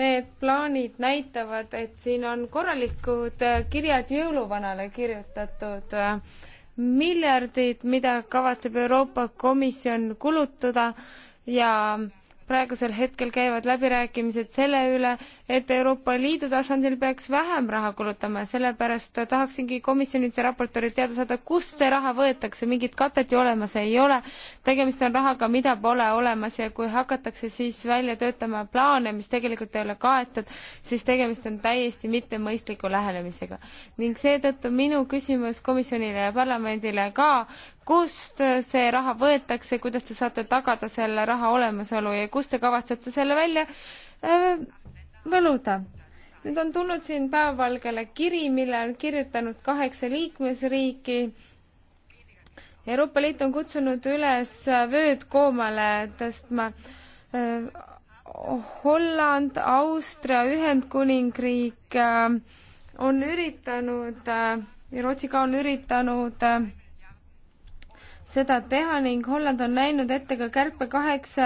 Need plaanid näitavad, et siin on korralikud kirjad jõuluvanale kirjutatud, miljardid, mida kavatseb Euroopa Komisjon kulutada ja praegusel hetkel käivad läbirääkimised selle üle, et Euroopa Liidu tasandil peaks vähem raha kulutama ja sellepärast tahaksingi komisjonilt ja raportöörilt teada saada, kust see raha võetakse, mingit katet ju olemas ei ole. tegemist on rahaga, mida pole olemas ja kui hakatakse siis välja töötama plaane, mis tegelikult ei ole kaetud, siis tegemist on täiesti mittemõistliku lähenemisega. ning seetõttu minu küsimus komisjonile ja parlamendile ka, kust see raha võetakse, kuidas te saate tagada selle raha olemasolu ja kust te kavatsete selle välja äh, võluda? nüüd on tulnud siin päevavalgele kiri, mille on kirjutanud kaheksa liikmesriiki. Euroopa Liit on kutsunud üles vööd koomale tõstma äh, Holland, Austria, Ühendkuningriik äh, on üritanud äh,, Rootsi ka on üritanud äh, seda teha ning Holland on näinud ette ka kärpe kaheksa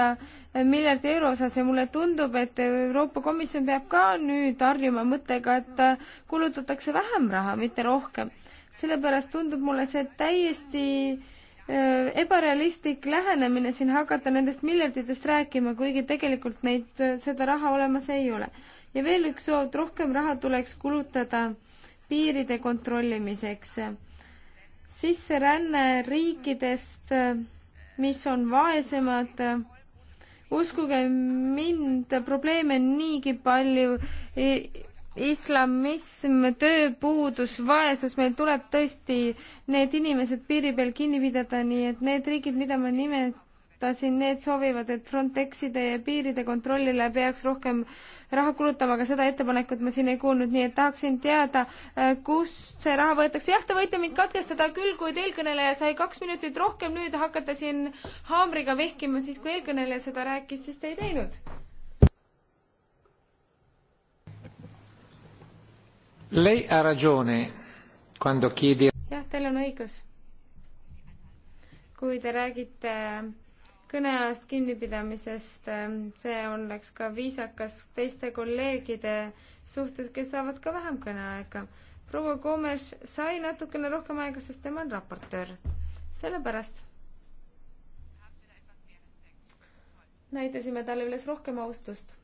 miljardi euro osas ja mulle tundub, et Euroopa Komisjon peab ka nüüd harjuma mõttega, et kulutatakse vähem raha, mitte rohkem. sellepärast tundub mulle see täiesti äh, ebarealistlik lähenemine siin hakata nendest miljarditest rääkima, kuigi tegelikult neid, äh, seda raha olemas ei ole. ja veel üks soov, et rohkem raha tuleks kulutada piiride kontrollimiseks sisseränne riikidest, mis on vaesemad, uskuge mind, probleeme on niigi palju, islamism, tööpuudus, vaesus, meil tuleb tõesti need inimesed piiri peal kinni pidada, nii et need riigid, mida ma nimet-, nimetasin, need soovivad, et Frontexide ja piiride kontrollile peaks rohkem raha kulutama, aga seda ettepanekut ma siin ei kuulnud, nii et tahaksin teada, äh, kust see raha võetakse. jah, te võite mind katkestada küll, kuid eelkõneleja sai kaks minutit rohkem, nüüd hakata siin haamriga vehkima, siis kui eelkõneleja seda rääkis, siis te ei teinud. Lei ha ragione quando chiede jah, teil on õigus. kui te räägite kõneajast kinnipidamisest, see oleks ka viisakas teiste kolleegide suhtes, kes saavad ka vähem kõneaega. proua Gomes sai natukene rohkem aega, sest tema on raportöör. sellepärast näitasime talle üles rohkem austust.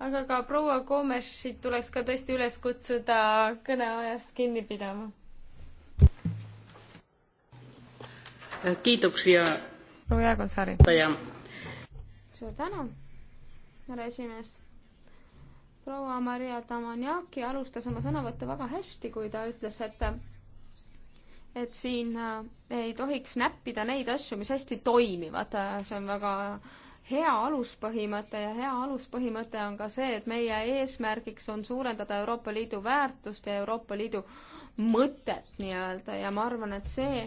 aga ka proua Gomesit tuleks ka tõesti üles kutsuda kõneajast kinni pidama. kiitoksia proua Jaagonsaari. suur tänu, härra esimees. proua Maria Tamanjaki alustas oma sõnavõttu väga hästi, kui ta ütles, et et siin äh, ei tohiks näppida neid asju, mis hästi toimivad, see on väga hea aluspõhimõte ja hea aluspõhimõte on ka see, et meie eesmärgiks on suurendada Euroopa Liidu väärtust ja Euroopa Liidu mõtet nii-öelda ja ma arvan, et see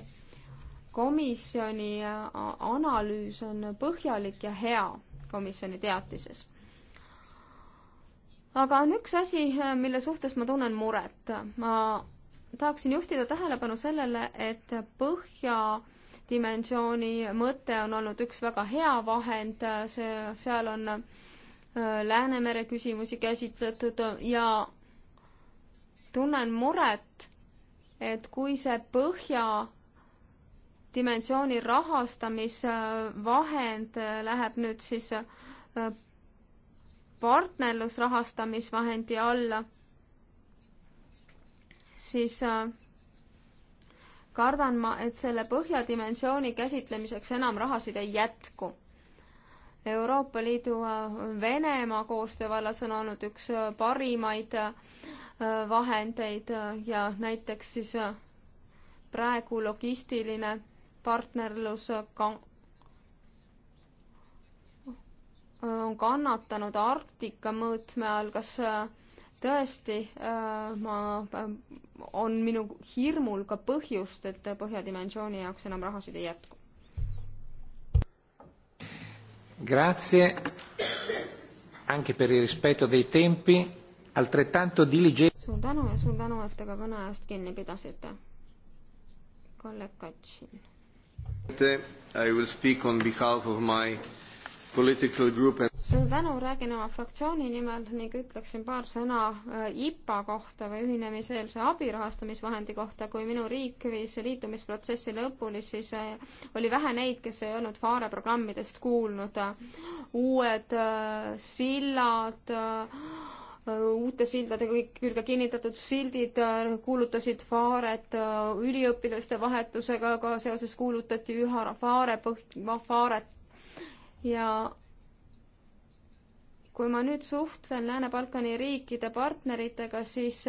komisjoni analüüs on põhjalik ja hea komisjoni teatises. aga on üks asi, mille suhtes ma tunnen muret. ma tahaksin juhtida tähelepanu sellele, et põhja dimensiooni mõte on olnud üks väga hea vahend, see, seal on äh, Läänemere küsimusi käsitletud ja tunnen muret, et kui see põhja dimensiooni rahastamisvahend äh, läheb nüüd siis äh, partnerlusrahastamisvahendi alla, siis äh, kardan ma, et selle põhjadimensiooni käsitlemiseks enam rahasid ei jätku. Euroopa Liidu Venemaa koostöö vallas on olnud üks parimaid vahendeid ja näiteks siis praegu logistiline partnerlus kan-, on kannatanud Arktika mõõtme all, kas äh, tõesti äh, ma, äh, on minu hirmul ka põhjust, et Põhjadimensiooni jaoks enam rahasid ei jätku? Grazie anche per il rispetto dei tempi, altrettanto diligente. suur tänu ja suur tänu, et te ka kõne ajast kinni pidasite. kolleeg Katsin suur tänu, räägin oma fraktsiooni nimel ning ütleksin paar sõna äh, IPA kohta või ühinemiseelse abi rahastamisvahendi kohta. kui minu riik viis liitumisprotsessi lõpuni, siis äh, oli vähe neid, kes ei olnud Faare programmidest kuulnud. uued äh, sillad Äh, uute sildade külge kinnitatud sildid äh, kuulutasid Faaret äh, üliõpilaste vahetusega, aga seoses kuulutati üha Faare põht-, Faaret ja kui ma nüüd suhtlen Lääne-Balkani riikide partneritega, siis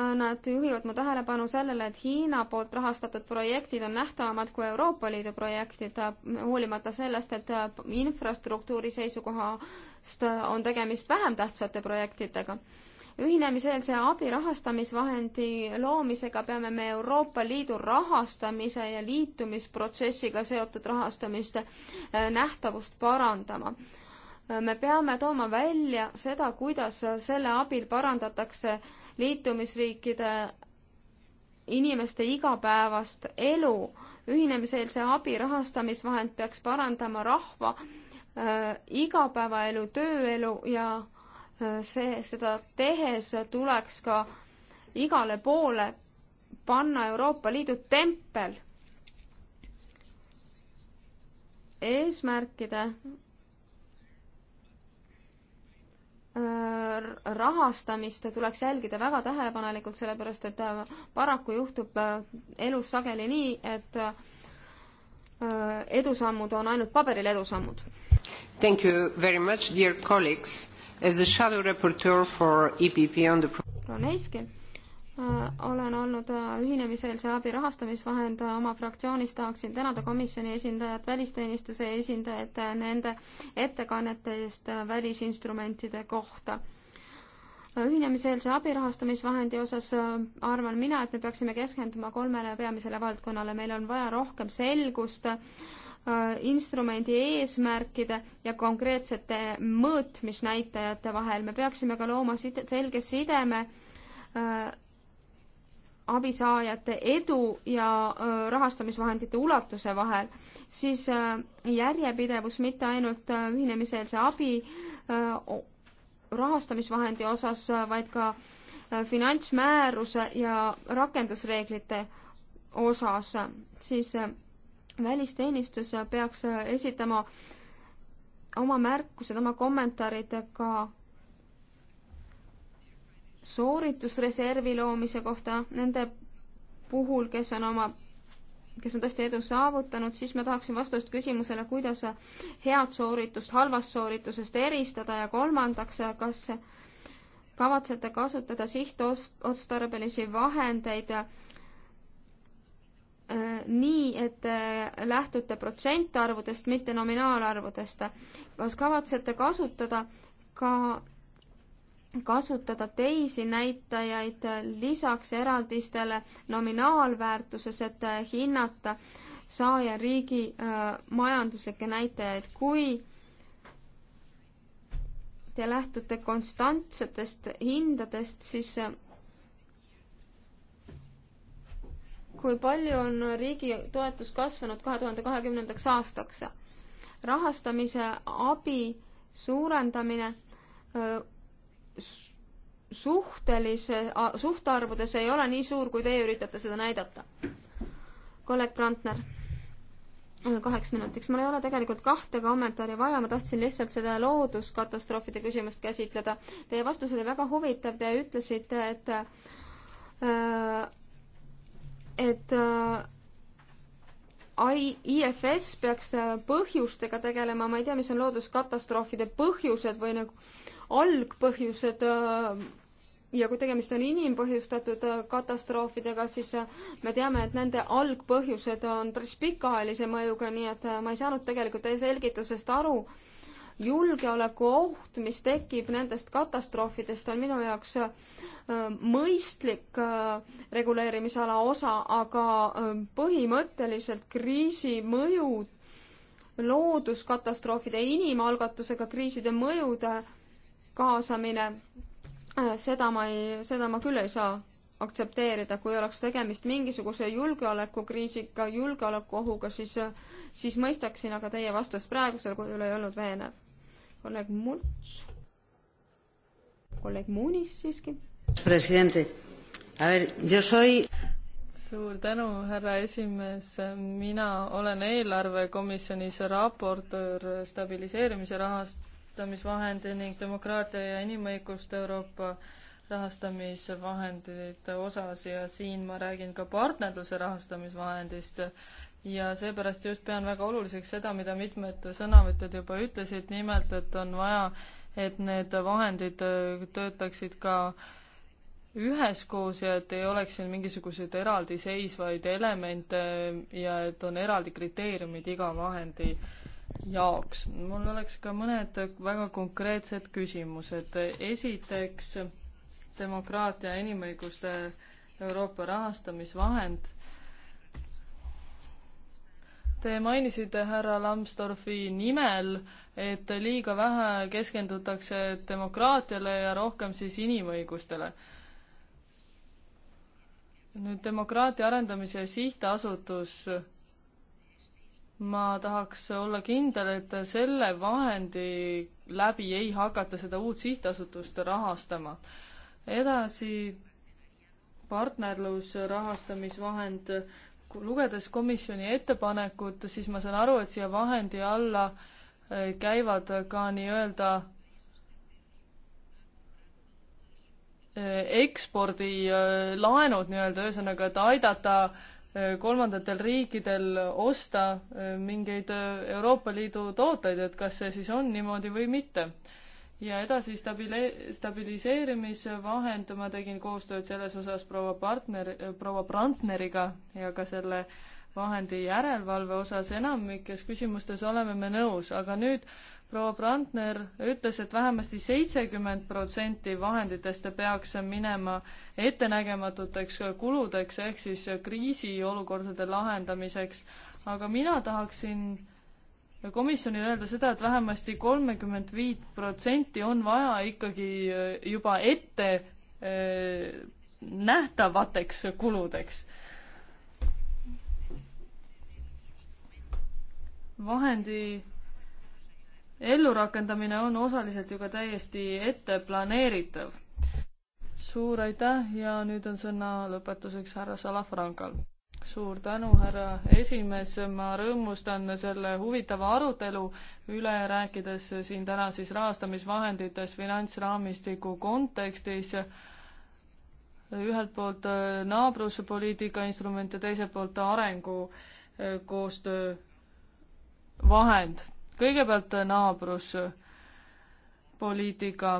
Äh, nad juhivad mu tähelepanu sellele, et Hiina poolt rahastatud projektid on nähtavamad kui Euroopa Liidu projektid, äh, hoolimata sellest, et äh, infrastruktuuri seisukohast on tegemist vähem tähtsate projektidega. ühinemiseelse abi rahastamisvahendi loomisega peame me Euroopa Liidu rahastamise ja liitumisprotsessiga seotud rahastamiste nähtavust parandama me peame tooma välja seda, kuidas selle abil parandatakse äh, liitumisriikide inimeste igapäevast elu. ühinemiseelse abi rahastamisvahend peaks parandama rahva äh, igapäevaelu, tööelu ja äh, see, seda tehes tuleks ka igale poole panna Euroopa Liidu tempel eesmärkide Äh, rahastamist tuleks jälgida väga tähelepanelikult, sellepärast et äh, paraku juhtub äh, elus sageli nii, et edusammud on ainult paberil edusammud. Thank you very much, dear colleagues. As the shadow raporteur for EPP on the Roneski Äh, olen olnud äh, ühinemiseelse abi rahastamisvahend äh, oma fraktsioonis, tahaksin tänada komisjoni esindajat, välisteenistuse esindajat nende ettekannete eest välisinstrumentide kohta ühinemiseelse abirahastamisvahendi osas arvan mina, et me peaksime keskenduma kolmele peamisele valdkonnale, meil on vaja rohkem selgust instrumendi eesmärkide ja konkreetsete mõõtmisnäitajate vahel, me peaksime ka looma side, selge sideme abisaajate edu ja rahastamisvahendite ulatuse vahel, siis järjepidevus mitte ainult ühinemiseelse abi rahastamisvahendi osas, vaid ka finantsmääruse ja rakendusreeglite osas, siis välisteenistus peaks esitama oma märkused, oma kommentaarid ka sooritusreservi loomise kohta nende puhul, kes on oma, kes on tõesti edu saavutanud, siis ma tahaksin vastust küsimusele, kuidas head sooritust halvast sooritusest eristada ja kolmandaks, kas kavatsete kasutada sihtotstarbelisi vahendeid äh, nii, et äh, lähtute protsentarvudest, mitte nominaalarvudest. kas kavatsete kasutada ka kasutada teisi näitajaid lisaks eraldistele nominaalväärtuses, et hinnata saaja riigi äh, majanduslikke näitajaid. kui te lähtute konstantsetest hindadest, siis äh, kui palju on riigi toetus kasvanud kahe tuhande kahekümnendaks aastaks? rahastamise abi suurendamine äh, suhtelise, suhtarvudes ei ole nii suur, kui teie üritate seda näidata. kolleeg Brandner kaheks minutiks, mul ei ole tegelikult kahte kommentaari vaja, ma tahtsin lihtsalt seda looduskatastroofide küsimust käsitleda. Teie vastus oli väga huvitav, te ütlesite, et äh, et äh, IFS peaks äh, põhjustega tegelema, ma ei tea, mis on looduskatastroofide põhjused või nagu algpõhjused äh, ja kui tegemist on inimpõhjustatud äh, katastroofidega, siis me teame, et nende algpõhjused on päris pikaajalise mõjuga, nii et ma ei saanud tegelikult teie selgitusest aru julgeolekuoht, mis tekib nendest katastroofidest, on minu jaoks äh, mõistlik äh, reguleerimisala osa, aga äh, põhimõtteliselt kriisi mõjud, looduskatastroofide ja inimalgatusega kriiside mõjude kaasamine, seda ma ei, seda ma küll ei saa aktsepteerida, kui oleks tegemist mingisuguse julgeolekukriisiga, julgeolekuohuga, siis, siis mõistaksin, aga teie vastus praegusel kujul ei olnud veenev kolleeg Mults. kolleeg Muunis siiski. president, soy... suur tänu, härra esimees. mina olen eelarvekomisjonis raportöör stabiliseerimise rahastamisvahendi ning demokraatia ja inimõiguste Euroopa rahastamisvahendite osas ja siin ma räägin ka partnerluse rahastamisvahendist ja seepärast just pean väga oluliseks seda, mida mitmed sõnavõtjad juba ütlesid, nimelt et on vaja, et need vahendid äh, töötaksid ka üheskoos ja et ei oleks siin mingisuguseid eraldiseisvaid elemente äh, ja et on eraldi kriteeriumid iga vahendi jaoks. mul oleks ka mõned väga konkreetsed küsimused. esiteks, demokraatia ja inimõiguste Euroopa rahastamisvahend Te mainisite härra Lambsdorfi nimel, et liiga vähe keskendutakse demokraatiale ja rohkem siis inimõigustele. nüüd demokraatia arendamise sihtasutus, ma tahaks olla kindel, et selle vahendi läbi ei hakata seda uut sihtasutust rahastama. edasi partnerlus rahastamisvahend lugedes komisjoni ettepanekut, siis ma saan aru, et siia vahendi alla äh, käivad ka nii-öelda äh, ekspordilaenud äh, nii-öelda, ühesõnaga, et aidata kolmandatel riikidel osta mingeid Euroopa Liidu tooteid, et kas see siis on niimoodi või mitte ja edasi stabile-, stabiliseerimisvahend, ma tegin koostööd selles osas proua partner, proua Brandneriga ja ka selle vahendi järelevalve osas enamikes küsimustes oleme me nõus, aga nüüd proua Brandner ütles, et vähemasti seitsekümmend protsenti vahenditest peaks minema ettenägematuteks kuludeks ehk siis kriisiolukordade lahendamiseks. aga mina tahaksin komisjonile öelda seda, et vähemasti kolmekümmend viit protsenti on vaja ikkagi eh, juba ette eh, nähtavateks kuludeks. vahendi ellurakendamine on osaliselt ju ka täiesti ette planeeritav. suur aitäh ja nüüd on sõna lõpetuseks härra Salafrankal suur tänu, härra esimees, ma rõõmustan selle huvitava arutelu üle, rääkides siin täna siis rahastamisvahenditest finantsraamistiku kontekstis. ühelt poolt äh, naabruspoliitika instrument ja teiselt poolt äh, arengukoostöö äh, vahend. kõigepealt naabruspoliitika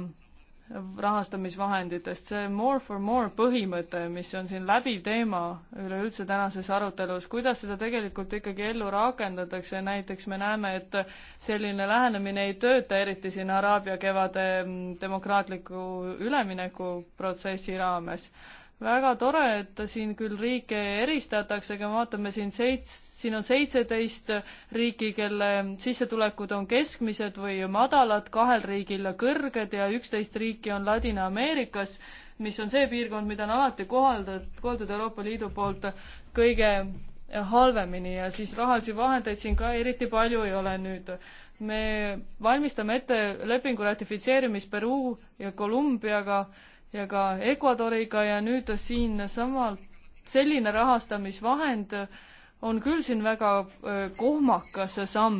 rahastamisvahenditest, see more for more põhimõte, mis on siin läbiv teema üleüldse tänases arutelus, kuidas seda tegelikult ikkagi ellu rakendatakse, näiteks me näeme, et selline lähenemine ei tööta eriti siin Araabia kevade demokraatliku üleminekuprotsessi raames väga tore, et siin küll riike eristatakse, aga vaatame siin seits-, siin on seitseteist riiki, kelle sissetulekud on keskmised või madalad, kahel riigil kõrged ja üksteist riiki on Ladina-Ameerikas, mis on see piirkond, mida on alati kohaldatud, kohaldatud Euroopa Liidu poolt kõige halvemini ja siis rahalisi vahendeid siin ka eriti palju ei ole nüüd. me valmistame ette lepingu ratifitseerimist Peruu ja Kolumbiaga ja ka Ecuadoriga ja nüüd siinsamal selline rahastamisvahend on küll siin väga kohmakas samm.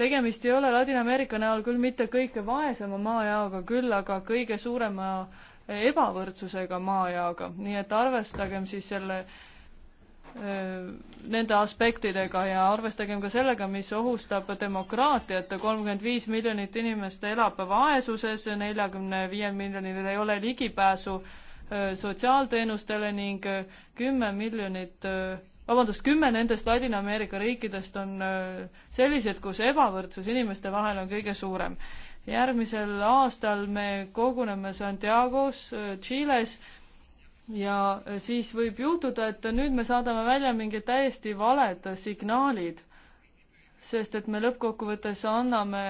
tegemist ei ole Ladina-Ameerika näol küll mitte kõige vaesema maajaoga, küll aga kõige suurema ebavõrdsusega maajaoga, nii et arvestagem siis selle äh, nende aspektidega ja arvestagem ka sellega, mis ohustab demokraatiat. kolmkümmend viis miljonit inimest elab vaesuses, neljakümne viiel miljonil ei ole ligipääsu sotsiaalteenustele ning kümme miljonit, vabandust, kümme nendest Ladina-Ameerika riikidest on sellised, kus ebavõrdsus inimeste vahel on kõige suurem. järgmisel aastal me koguneme Santiago's, Tšiiles ja eh, siis võib juhtuda, et nüüd me saadame välja mingid täiesti valed signaalid, sest et me lõppkokkuvõttes anname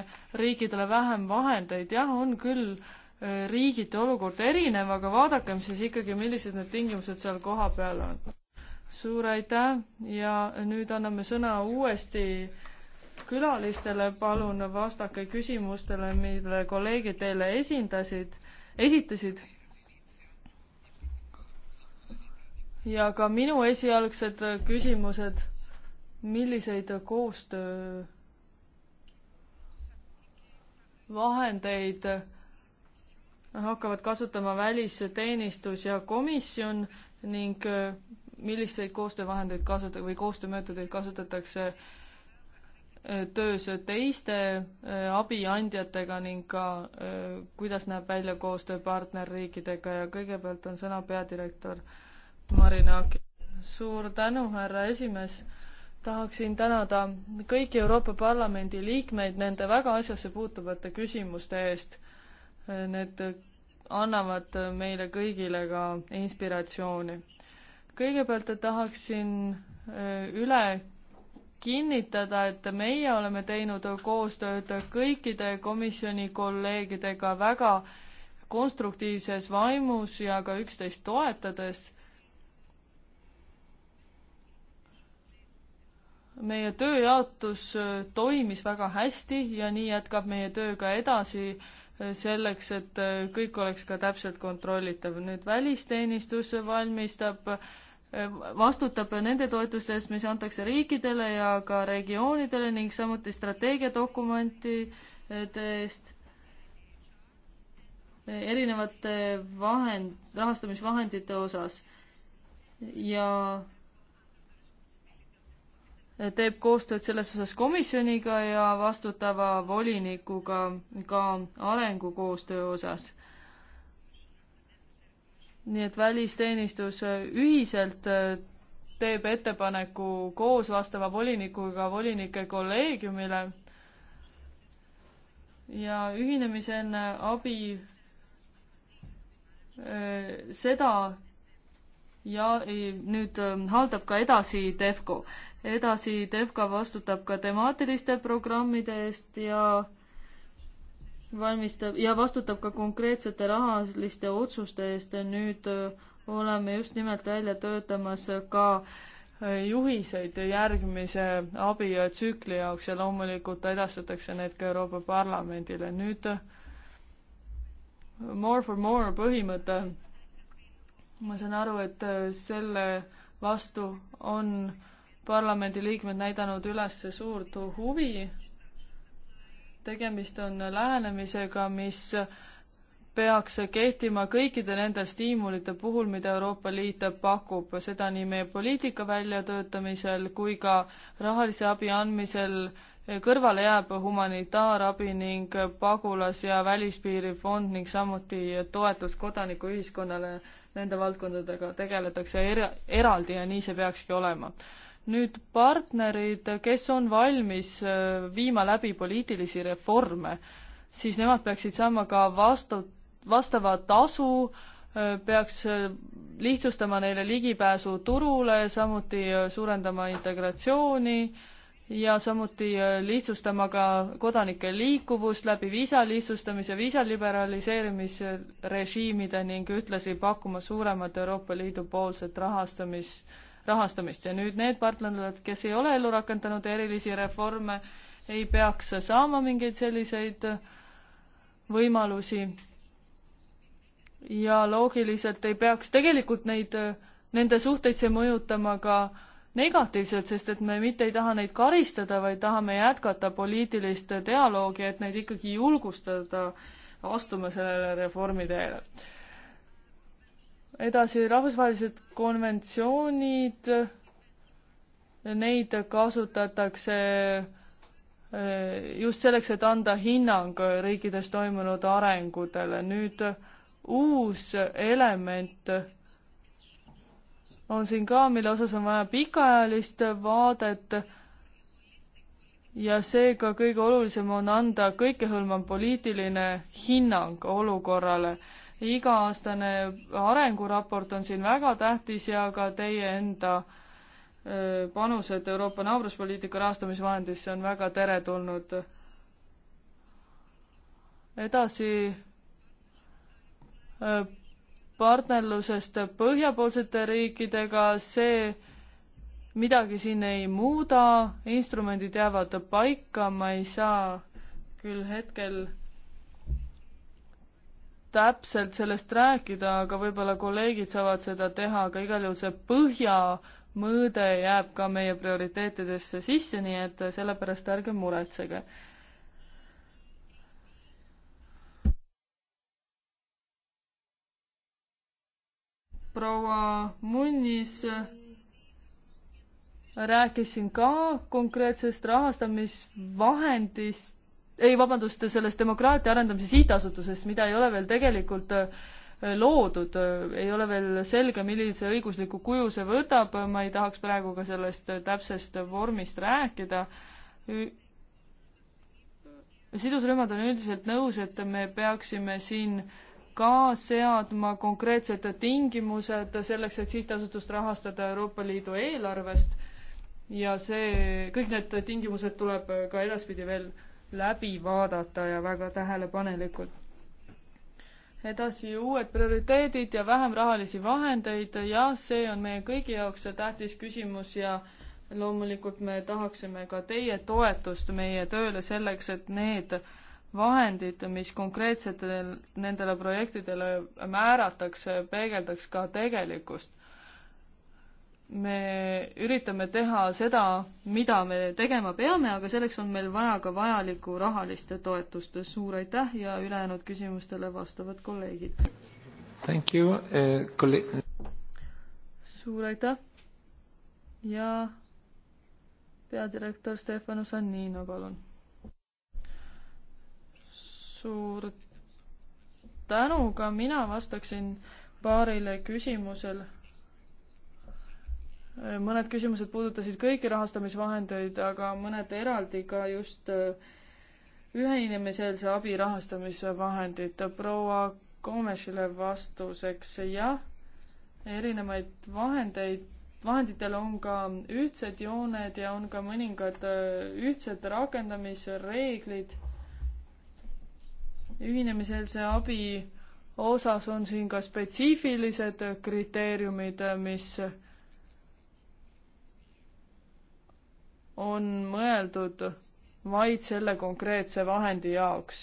riikidele vähem vahendeid, jah, on küll eh, riigiti olukord erinev, aga vaadakem siis ikkagi, millised need tingimused seal kohapeal on. suur aitäh ja nüüd anname sõna uuesti külalistele, palun vastake küsimustele, mille kolleegid teile esindasid, esitasid ja ka minu esialgsed äh, küsimused, milliseid koostöö vahendeid äh, hakkavad kasutama välisteenistus ja komisjon ning äh, milliseid koostöövahendeid kasuta- või koostöömeetodeid kasutatakse töös teiste abiandjatega ning ka kuidas näeb välja koostöö partnerriikidega ja kõigepealt on sõna peadirektor äh, Marinak. suur tänu, härra esimees. tahaksin tänada kõiki Euroopa Parlamendi liikmeid nende väga asjasse puutuvate küsimuste eest. Need annavad meile kõigile ka inspiratsiooni. kõigepealt tahaksin äh, üle kinnitada, et meie oleme teinud koostööd kõikide komisjoni kolleegidega väga konstruktiivses vaimus ja ka üksteist toetades meie tööjaotus äh, toimis väga hästi ja nii jätkab meie töö ka edasi, äh, selleks, et äh, kõik oleks ka täpselt kontrollitav. nüüd välisteenistus valmistab, vastutab nende toetuste eest, mis antakse riikidele ja ka regioonidele ning samuti strateegiadokumentide eest erinevate vahend, rahastamisvahendite osas ja teeb koostööd selles osas komisjoniga ja vastutava volinikuga ka arengukoostöö osas. nii et välisteenistus ühiselt äh, teeb ettepaneku koos vastava volinikuga volinike kolleegiumile ja ühinemisenne abi äh, seda ja nüüd äh, haldab ka edasi Defco edasi Defka vastutab ka temaatiliste programmide eest ja valmistab ja vastutab ka konkreetsete rahaliste otsuste eest. nüüd äh, oleme just nimelt välja töötamas ka äh, juhiseid järgmise abitsükli jaoks ja loomulikult edastatakse need ka Euroopa Parlamendile. nüüd äh, more for more põhimõte. ma saan aru, et selle vastu on äh, parlamendiliikmed näidanud üles suurt huvi. tegemist on lähenemisega, mis peaks kehtima kõikide nende stiimulite puhul, mida Euroopa Liit pakub, seda nii meie poliitika väljatöötamisel kui ka rahalise abi andmisel. kõrvale jääb humanitaarabi ning pagulas- ja välispiirifond ning samuti toetus kodanikuühiskonnale, nende valdkondadega tegeletakse era-, eraldi ja nii see peakski olema nüüd partnerid, kes on valmis äh, viima läbi poliitilisi reforme, siis nemad peaksid saama ka vastu, vastava tasu, äh, peaks äh, lihtsustama neile ligipääsu turule, samuti suurendama integratsiooni ja samuti lihtsustama ka kodanike liikuvust läbi viisa lihtsustamise, viisa liberaliseerimise režiimide ning ühtlasi pakkuma suuremat Euroopa Liidu poolset rahastamist rahastamist ja nüüd need partnerid, kes ei ole ellu rakendanud erilisi reforme, ei peaks saama mingeid selliseid võimalusi. ja loogiliselt ei peaks tegelikult neid, nende suhteid see mõjutama ka negatiivselt, sest et me mitte ei taha neid karistada, vaid tahame jätkata poliitilist dialoogi, et neid ikkagi julgustada astuma sellele reformi teele edasi, rahvusvahelised konventsioonid, neid kasutatakse eh, just selleks, et anda hinnang riikides toimunud arengutele. nüüd uus element on siin ka, mille osas on vaja pikaajalist vaadet ja seega kõige olulisem on anda kõikehõlmav poliitiline hinnang olukorrale iga-aastane arenguraport on siin väga tähtis ja ka teie enda panused Euroopa naabruspoliitika rahastamisvahendisse on väga teretulnud. edasi partnerlusest põhjapoolsete riikidega, see midagi siin ei muuda, instrumendid jäävad paika, ma ei saa küll hetkel täpselt sellest rääkida, aga võib-olla kolleegid saavad seda teha, aga igal juhul see põhjamõõde jääb ka meie prioriteetidesse sisse, nii et sellepärast ärge muretsege. proua Munnis rääkis siin ka konkreetsest rahastamisvahendist ei vabandust, selles demokraatia arendamise sihtasutuses, mida ei ole veel tegelikult äh, loodud, ei ole veel selge, millise õigusliku kuju see võtab, ma ei tahaks praegu ka sellest täpsest vormist rääkida. sidusrühmad on üldiselt nõus, et me peaksime siin ka seadma konkreetsed tingimused selleks, et sihtasutust rahastada Euroopa Liidu eelarvest ja see, kõik need tingimused tuleb ka edaspidi veel läbi vaadata ja väga tähelepanelikult. edasi uued prioriteedid ja vähem rahalisi vahendeid ja see on meie kõigi jaoks tähtis küsimus ja loomulikult me tahaksime ka teie toetust meie tööle selleks, et need vahendid, mis konkreetsetele nendele projektidele määratakse, peegeldaks ka tegelikkust me üritame teha seda, mida me tegema peame, aga selleks on meil vaja ka vajalikku rahalist toetust. suur aitäh ja ülejäänud küsimustele vastavad kolleegid. Thank you uh, kolle-. suur aitäh ja peadirektor Stefano Sannino, palun. suur tänu, ka mina vastaksin paarile küsimusele Äh, mõned küsimused puudutasid kõiki rahastamisvahendeid, aga mõned eraldi ka just äh, üheinimeseelse abi rahastamisvahendid. proua Komešile vastuseks, jah, erinevaid vahendeid, vahenditel on ka ühtsed jooned ja on ka mõningad äh, ühtsed rakendamisreeglid. ühinemiseelse abi osas on siin ka spetsiifilised kriteeriumid, mis on mõeldud vaid selle konkreetse vahendi jaoks.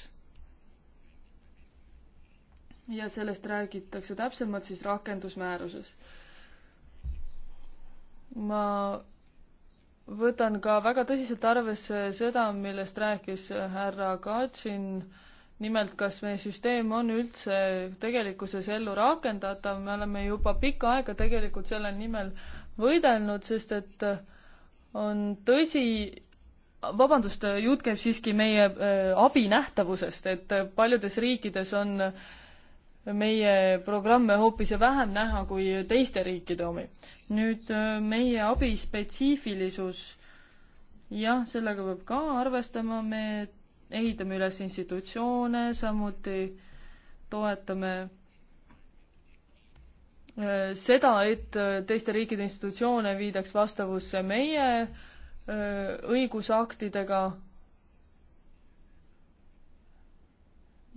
ja sellest räägitakse täpsemalt siis rakendusmääruses. ma võtan ka väga tõsiselt arvesse seda, millest rääkis härra Katsin, nimelt, kas meie süsteem on üldse tegelikkuses ellu rakendatav, me oleme juba pikka aega tegelikult selle nimel võidelnud, sest et äh, on tõsi, vabandust, jutt käib siiski meie äh, abi nähtavusest, et paljudes riikides on meie programme hoopis vähem näha kui teiste riikide omi. nüüd äh, meie abi spetsiifilisus, jah, sellega peab ka arvestama, me ehitame üles institutsioone, samuti toetame Äh, seda, et äh, teiste riikide institutsioone viidaks vastavusse meie äh, õigusaktidega.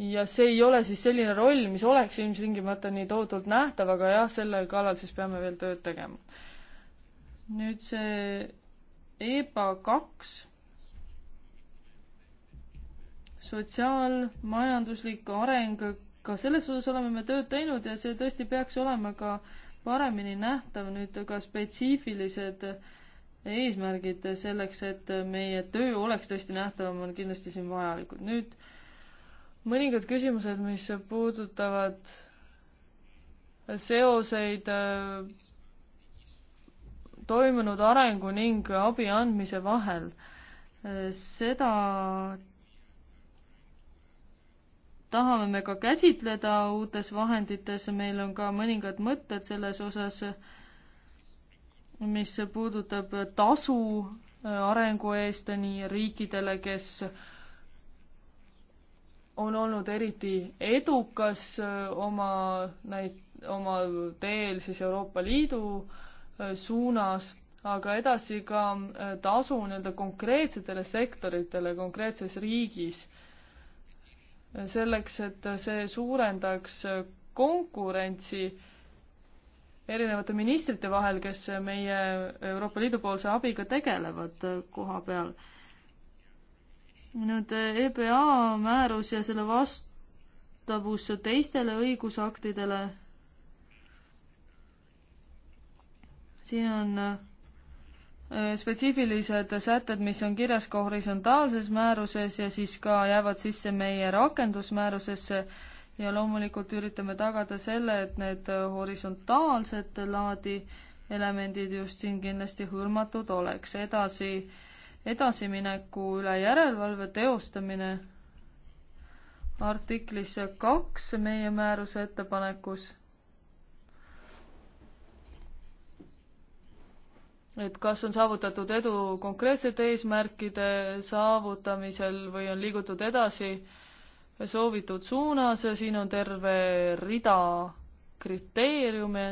ja see ei ole siis selline roll, mis oleks ilmtingimata nii tohutult nähtav, aga jah, selle kallal siis peame veel tööd tegema. nüüd see EBA kaks sotsiaalmajanduslik areng ka selles osas oleme me tööd teinud ja see tõesti peaks olema ka paremini nähtav nüüd ka spetsiifilised eesmärgid selleks, et meie töö oleks tõesti nähtavam, on kindlasti siin vajalikud. nüüd mõningad küsimused, mis puudutavad seoseid äh, toimunud arengu ning abi andmise vahel. Äh, seda tahame me ka käsitleda uutes vahendites, meil on ka mõningad mõtted selles osas, mis puudutab tasu äh, arengu eest nii riikidele, kes on olnud eriti edukas äh, oma näit-, oma teel siis Euroopa Liidu äh, suunas, aga edasi ka tasu nii-öelda konkreetsetele sektoritele konkreetses riigis selleks, et see suurendaks konkurentsi erinevate ministrite vahel, kes meie Euroopa Liidu poolse abiga tegelevad koha peal. nüüd EBA määrus ja selle vastavus teistele õigusaktidele, siin on Äh, spetsiifilised sätted, mis on kirjas ka horisontaalses määruses ja siis ka jäävad sisse meie rakendusmäärusesse ja loomulikult üritame tagada selle, et need horisontaalsed laadi elemendid just siin kindlasti hõlmatud oleks. edasi, edasimineku üle järelevalve teostamine artiklis kaks meie määruse ettepanekus et kas on saavutatud edu konkreetsete eesmärkide saavutamisel või on liigutud edasi soovitud suunas, siin on terve rida kriteeriume,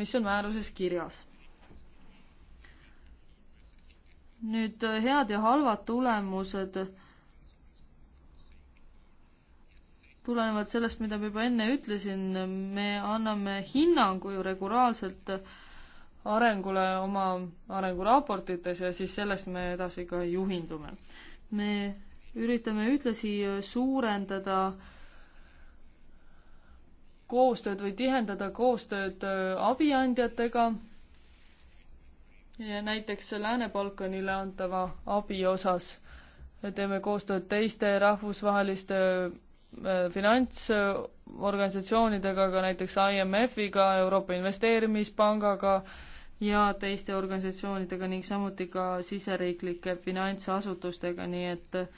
mis on määruses kirjas. nüüd head ja halvad tulemused tulenevad sellest, mida ma juba enne ütlesin, me anname hinnangu ju regulaarselt äh, arengule oma arenguraportites ja siis sellest me edasi ka juhindume. me üritame ühtlasi suurendada koostööd või tihendada koostööd abiandjatega ja näiteks Lääne-Balkanile antava abi osas teeme koostööd teiste rahvusvaheliste äh, finantsorganisatsioonidega, ka näiteks IMF-iga, Euroopa Investeerimispangaga, ja teiste organisatsioonidega ning samuti ka siseriiklike finantsasutustega, nii et eh,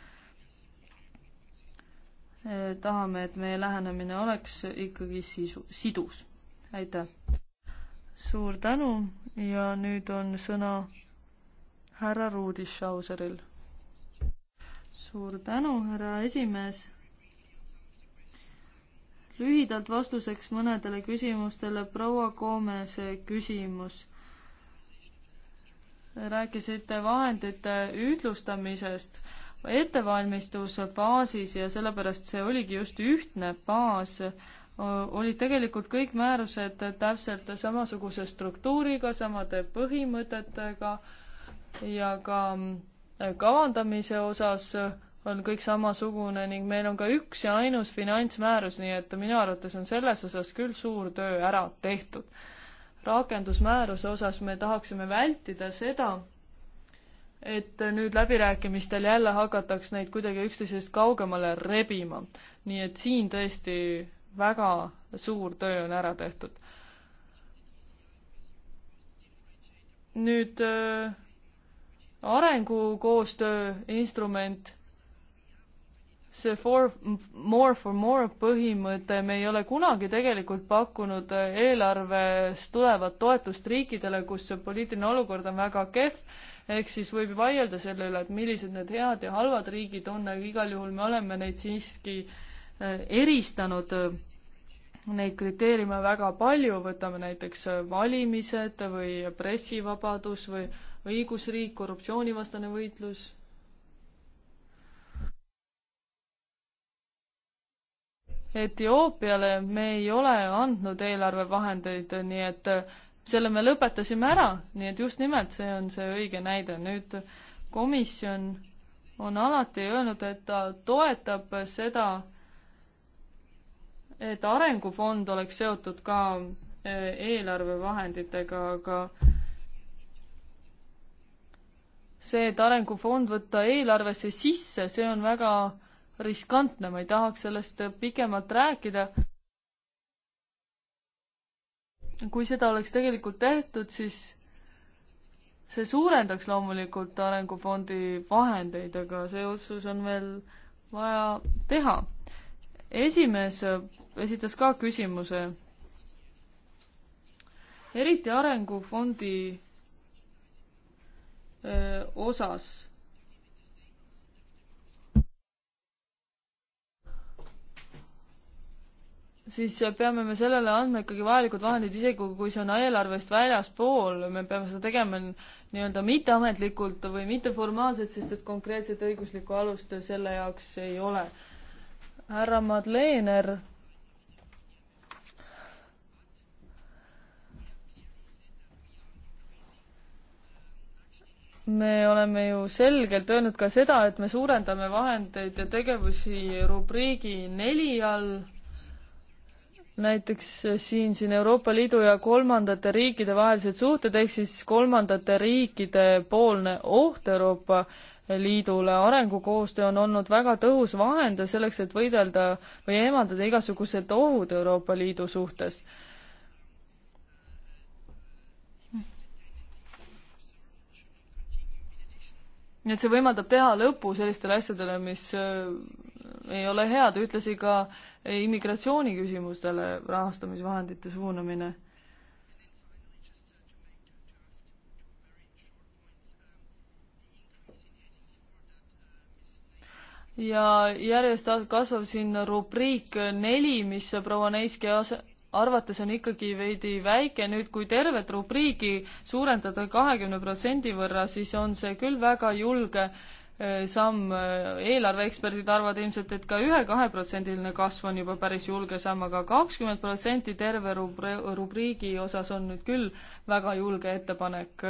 tahame, et meie lähenemine oleks ikkagi sisu, sidus. aitäh! suur tänu ja nüüd on sõna härra Ruudishauseril. suur tänu, härra esimees! lühidalt vastuseks mõnedele küsimustele proua Koomese küsimus rääkisite vahendite ühtlustamisest ettevalmistusfaasis ja sellepärast see oligi just ühtne baas, olid tegelikult kõik määrused täpselt samasuguse struktuuriga, samade põhimõtetega ja ka kavandamise osas on kõik samasugune ning meil on ka üks ja ainus finantsmäärus, nii et minu arvates on selles osas küll suur töö ära tehtud rakendusmääruse osas me tahaksime vältida seda, et nüüd läbirääkimistel jälle hakataks neid kuidagi üksteisest kaugemale rebima. nii et siin tõesti väga suur töö on ära tehtud. nüüd äh, arengukoostöö instrument see for, more for more põhimõte, me ei ole kunagi tegelikult pakkunud eelarvest tulevat toetust riikidele, kus see poliitiline olukord on väga kehv, ehk siis võib vaielda selle üle, et millised need head ja halvad riigid on, aga igal juhul me oleme neid siiski eh, eristanud, neid kriteeriume väga palju, võtame näiteks valimised või pressivabadus või õigusriik, korruptsioonivastane võitlus Etioopiale me ei ole andnud eelarvevahendeid, nii et äh, selle me lõpetasime ära, nii et just nimelt see on see õige näide. nüüd komisjon on alati öelnud, et ta toetab seda, et arengufond oleks seotud ka äh, eelarvevahenditega, aga see, et arengufond võtta eelarvesse sisse, see on väga äh, riskantne, ma ei tahaks sellest pikemalt rääkida. kui seda oleks tegelikult tehtud, siis see suurendaks loomulikult Arengufondi vahendeid, aga see otsus on veel vaja teha. esimees esitas ka küsimuse. eriti Arengufondi öö, osas siis peame me sellele andma ikkagi vajalikud vahendid, isegi kui see on eelarvest väljaspool, me peame seda tegema nii-öelda mitteametlikult või mitteformaalselt, sest et konkreetset õiguslikku alust selle jaoks ei ole. härra Madlener. me oleme ju selgelt öelnud ka seda, et me suurendame vahendeid ja tegevusi rubriigi neli all näiteks äh, siin, siin Euroopa Liidu ja kolmandate riikide vahelised suhted, ehk siis kolmandate riikide poolne oht Euroopa Liidule, arengukoostöö on olnud väga tõhus vahend selleks, et võidelda või eemaldada igasugused ohud Euroopa Liidu suhtes. nii et see võimaldab teha lõpu sellistele asjadele, mis äh, ei ole head, ühtlasi ka äh, immigratsiooniküsimustele rahastamisvahendite suunamine ja järjest kasvab siin rubriik neli, mis proua Neiski arvates on ikkagi veidi väike, nüüd kui tervet rubriigi suurendada kahekümne protsendi võrra, siis on see küll väga julge Äh, samm, äh, eelarveeksperdid arvavad ilmselt, et ka ühe-kaheprotsendiline kasv on juba päris julge samm, aga kakskümmend protsenti terve rubri-, rubriigi osas on nüüd küll väga julge ettepanek.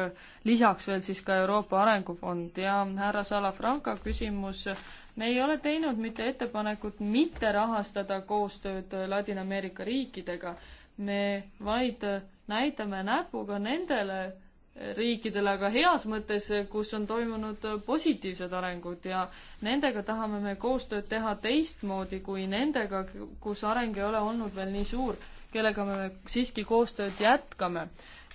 lisaks veel siis ka Euroopa Arengufond ja härra Salafranca küsimus, me ei ole teinud mitte ettepanekut mitte rahastada koostööd Ladina-Ameerika riikidega, me vaid näitame näpuga nendele riikidele, aga heas mõttes, kus on toimunud positiivsed arengud ja nendega tahame me koostööd teha teistmoodi kui nendega, kus areng ei ole olnud veel nii suur, kellega me siiski koostööd jätkame.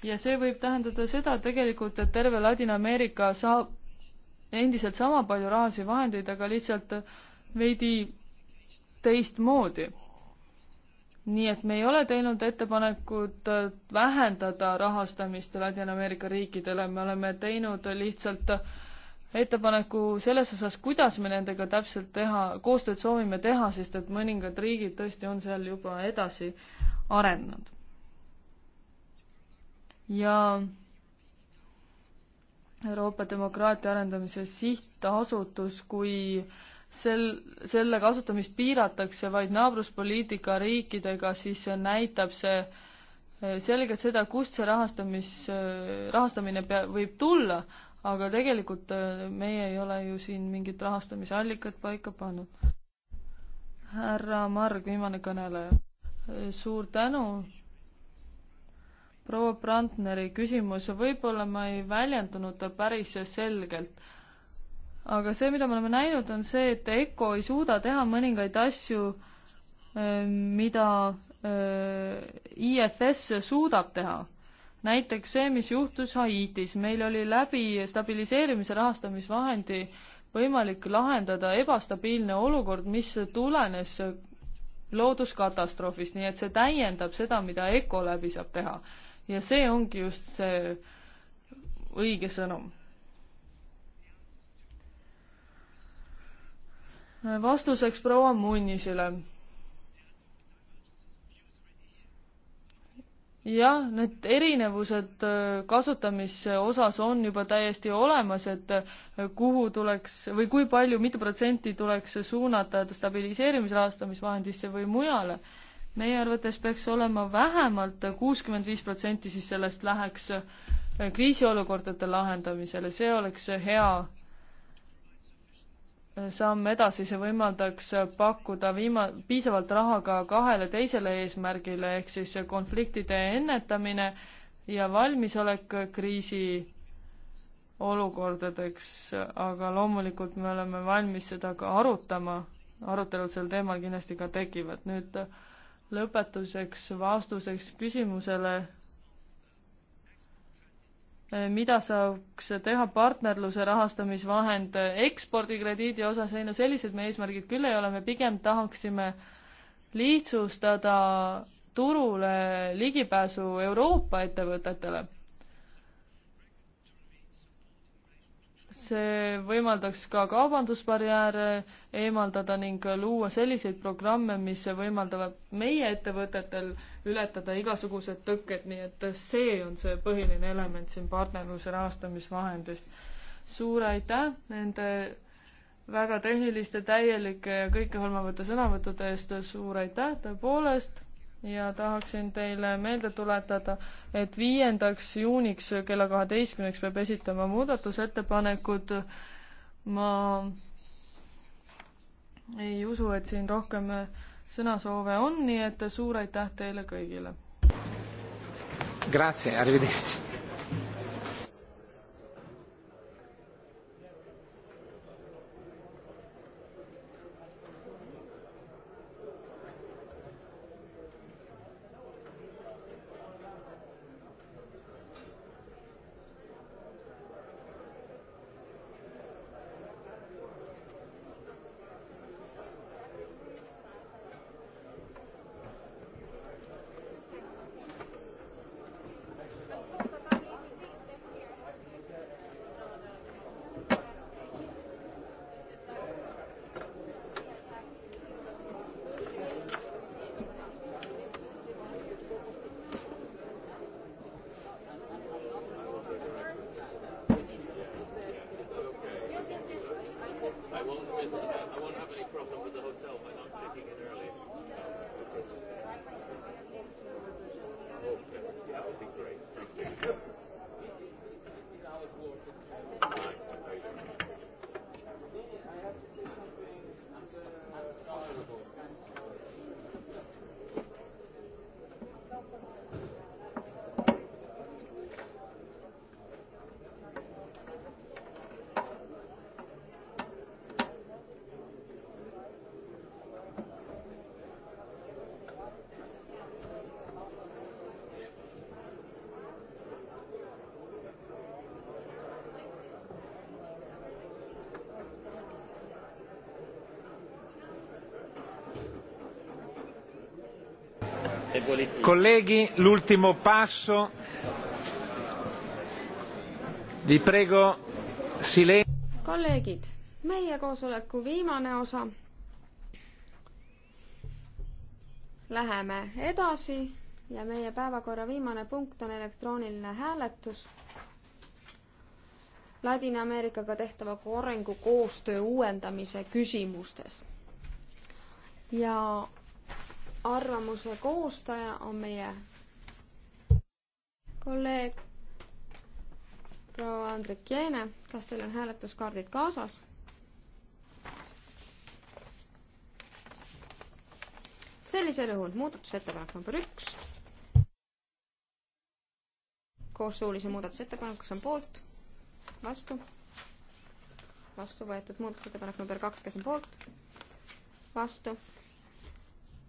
ja see võib tähendada seda tegelikult, et terve Ladina-Ameerika saab endiselt sama palju rahalisi vahendeid, aga lihtsalt veidi teistmoodi nii et me ei ole teinud ettepanekut äh, vähendada rahastamist Ladina-Ameerika riikidele, me oleme teinud lihtsalt ettepaneku selles osas, kuidas me nendega täpselt teha, koostööd soovime teha, sest et mõningad riigid tõesti on seal juba edasi arenenud. ja Euroopa demokraatia arendamise sihtasutus kui äh, sel, selle kasutamist piiratakse vaid naabruspoliitika riikidega, siis näitab see eh, selgelt seda, kust see rahastamis, rahastamine pea-, võib tulla, aga tegelikult eh, meie ei ole ju siin mingit rahastamisallikat paika pannud. härra Marg, viimane kõneleja. Eh, suur tänu. proua Brandneri küsimus, võib-olla ma ei väljendunud päris selgelt aga see, mida me oleme näinud, on see, et ECO ei suuda teha mõningaid asju, mida IFS suudab teha. näiteks see, mis juhtus Haitis, meil oli läbi stabiliseerimise rahastamisvahendi võimalik lahendada ebastabiilne olukord, mis tulenes looduskatastroofist, nii et see täiendab seda, mida ECO läbi saab teha. ja see ongi just see õige sõnum vastuseks proua Munnisele. jah, need erinevused äh, kasutamise osas on juba täiesti olemas, et äh, kuhu tuleks või kui palju, mitu protsenti tuleks suunata stabiliseerimisrahastamisvahendisse või mujale. meie arvates peaks olema vähemalt kuuskümmend viis protsenti, siis sellest läheks äh, kriisiolukordade lahendamisele, see oleks hea samm edasi, see võimaldaks pakkuda viima-, piisavalt raha ka kahele teisele eesmärgile, ehk siis konfliktide ennetamine ja valmisolek kriisi olukordadeks, aga loomulikult me oleme valmis seda ka arutama, arutelud sel teemal kindlasti ka tekivad. nüüd lõpetuseks vastuseks küsimusele, Äh, mida saaks teha partnerluse rahastamisvahend ekspordikrediidi osas, ei no sellised me eesmärgid küll ei ole, me pigem tahaksime lihtsustada turule ligipääsu Euroopa ettevõtetele. see võimaldaks ka kaubandusbarjääre eemaldada ning luua selliseid programme, mis võimaldavad meie ettevõtetel ületada igasugused tõkked, nii et see on see põhiline element siin partnerluse rahastamisvahendis. suur aitäh nende väga tehniliste, täielike ja kõikehõlmavate sõnavõttude eest, suur aitäh tõepoolest ja tahaksin teile meelde tuletada, et viiendaks juuniks kella kaheteistkümneks peab esitama muudatusettepanekud. ma ei usu, et siin rohkem sõnasoove on, nii et suur aitäh teile kõigile. Grazie, arrivederci. E Colleghi, l'ultimo passo. Vi prego silen-. kolleegid, meie koosoleku viimane osa. Läheme edasi ja meie päevakorra viimane punkt on elektrooniline hääletus. Ladina-Ameerikaga tehtava arengukoostöö uuendamise küsimustes. ja arvamuse koostaja on meie kolleeg proua Andrek Jeene. kas teil on hääletuskaardid kaasas? sellisel juhul muudatusettepanek number üks. koos suulise muudatusettepanekuga, kes on poolt, vastu, vastu võetud muudatusettepanek number kaks, kes on poolt, vastu,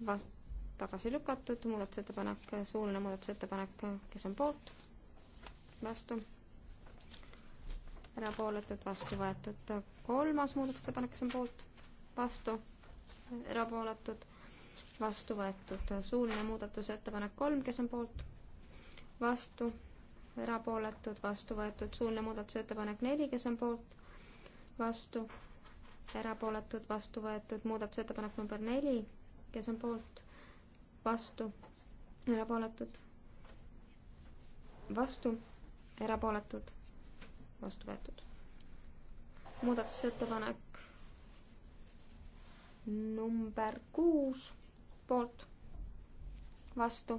vastu tagasi lükatud, muudatusettepanek, suuline muudatusettepanek, kes on poolt, vastu, erapooletud, vastu võetud. kolmas muudatusettepanek, kes on poolt, vastu, erapooletud, vastu võetud. suuline muudatusettepanek kolm, kes on poolt, vastu, erapooletud, vastu võetud. suuline muudatusettepanek neli, kes on poolt, vastu, erapooletud, vastu võetud. muudatusettepanek number neli, kes on poolt vastu, erapooletud, vastu, erapooletud, vastu võetud. muudatusettepanek number kuus, poolt, vastu,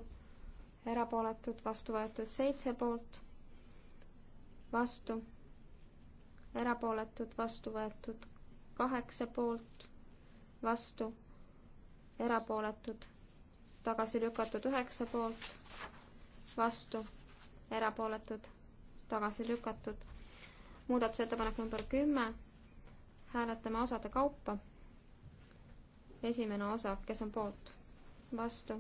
erapooletud, vastu võetud seitse poolt, vastu, erapooletud, vastu võetud kaheksa poolt, vastu, erapooletud tagasi lükatud üheksa poolt, vastu, erapooletud, tagasi lükatud. muudatusettepanek number kümme, hääletame osade kaupa. esimene osa, kes on poolt, vastu,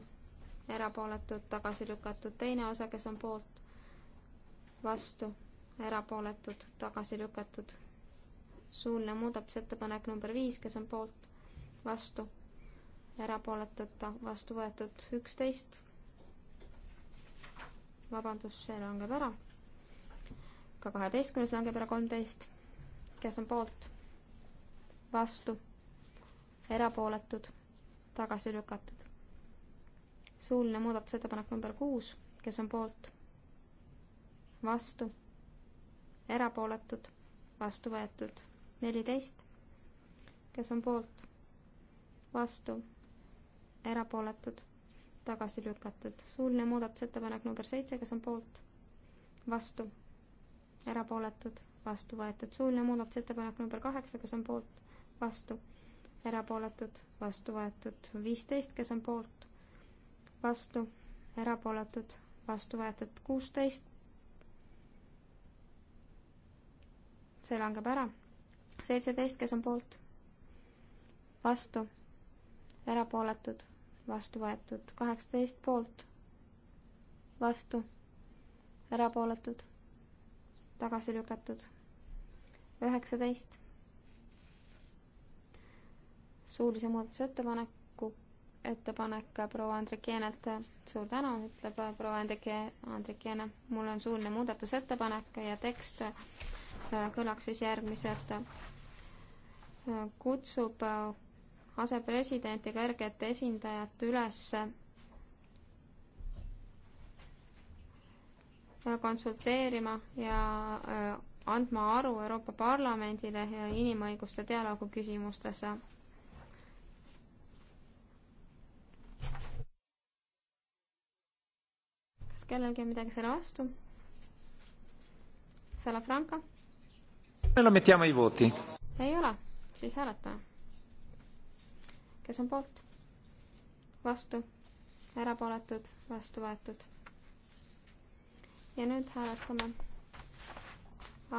erapooletud, tagasi lükatud, teine osa, kes on poolt, vastu, erapooletud, tagasi lükatud. suuline muudatusettepanek number viis, kes on poolt, vastu erapooletud, vastu võetud üksteist. vabandust, see langeb ära. ka kaheteistkümnes langeb ära kolmteist. kes on poolt? vastu, erapooletud, tagasi lükatud. suuline muudatusettepanek number kuus, kes on poolt? vastu, erapooletud, vastu võetud. neliteist, kes on poolt? vastu erapooletud, tagasi lükatud. suuline muudatusettepanek number seitse, kes on poolt, vastu, erapooletud, vastu võetud. suuline muudatusettepanek number kaheksa, kes on poolt, vastu, erapooletud, vastu võetud. viisteist, kes on poolt, vastu, erapooletud, vastu võetud. kuusteist, see langeb ära. seitseteist, kes on poolt, vastu, erapooletud vastu võetud, kaheksateist poolt, vastu, erapooletud, tagasi lükatud, üheksateist. suulise muudatusettepaneku, ettepanek proua Andrikienelt, suur tänu, ütleb proua Andrikien, Andrikiene, mul on suuline muudatusettepanek ja tekst äh, kõlaks siis järgmiselt, äh, kutsub äh, asepresidenti, kõrget esindajat üles konsulteerima ja äh, andma aru Euroopa Parlamendile ja inimõiguste dialoogu küsimustes. kas kellelgi on midagi selle vastu? Salafranca? ei ole, siis hääletame kes on poolt? vastu, erapooletud, vastu võetud. ja nüüd hääletame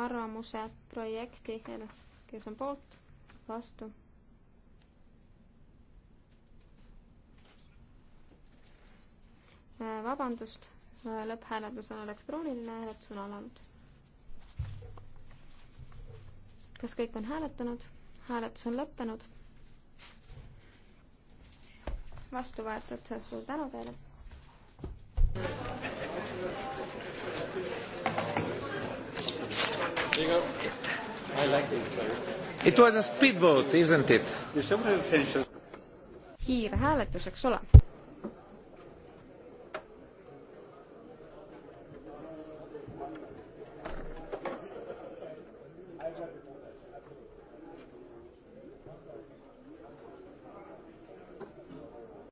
arvamuse projekti, noh, kes on poolt, vastu. Äh, vabandust, äh, lõpphääletus on elektrooniline hääletus on alanud. kas kõik on hääletanud? hääletus on lõppenud vastu võetud, suur tänu teile. It was a speed vote, isn't it? kiirhääletus, eks ole.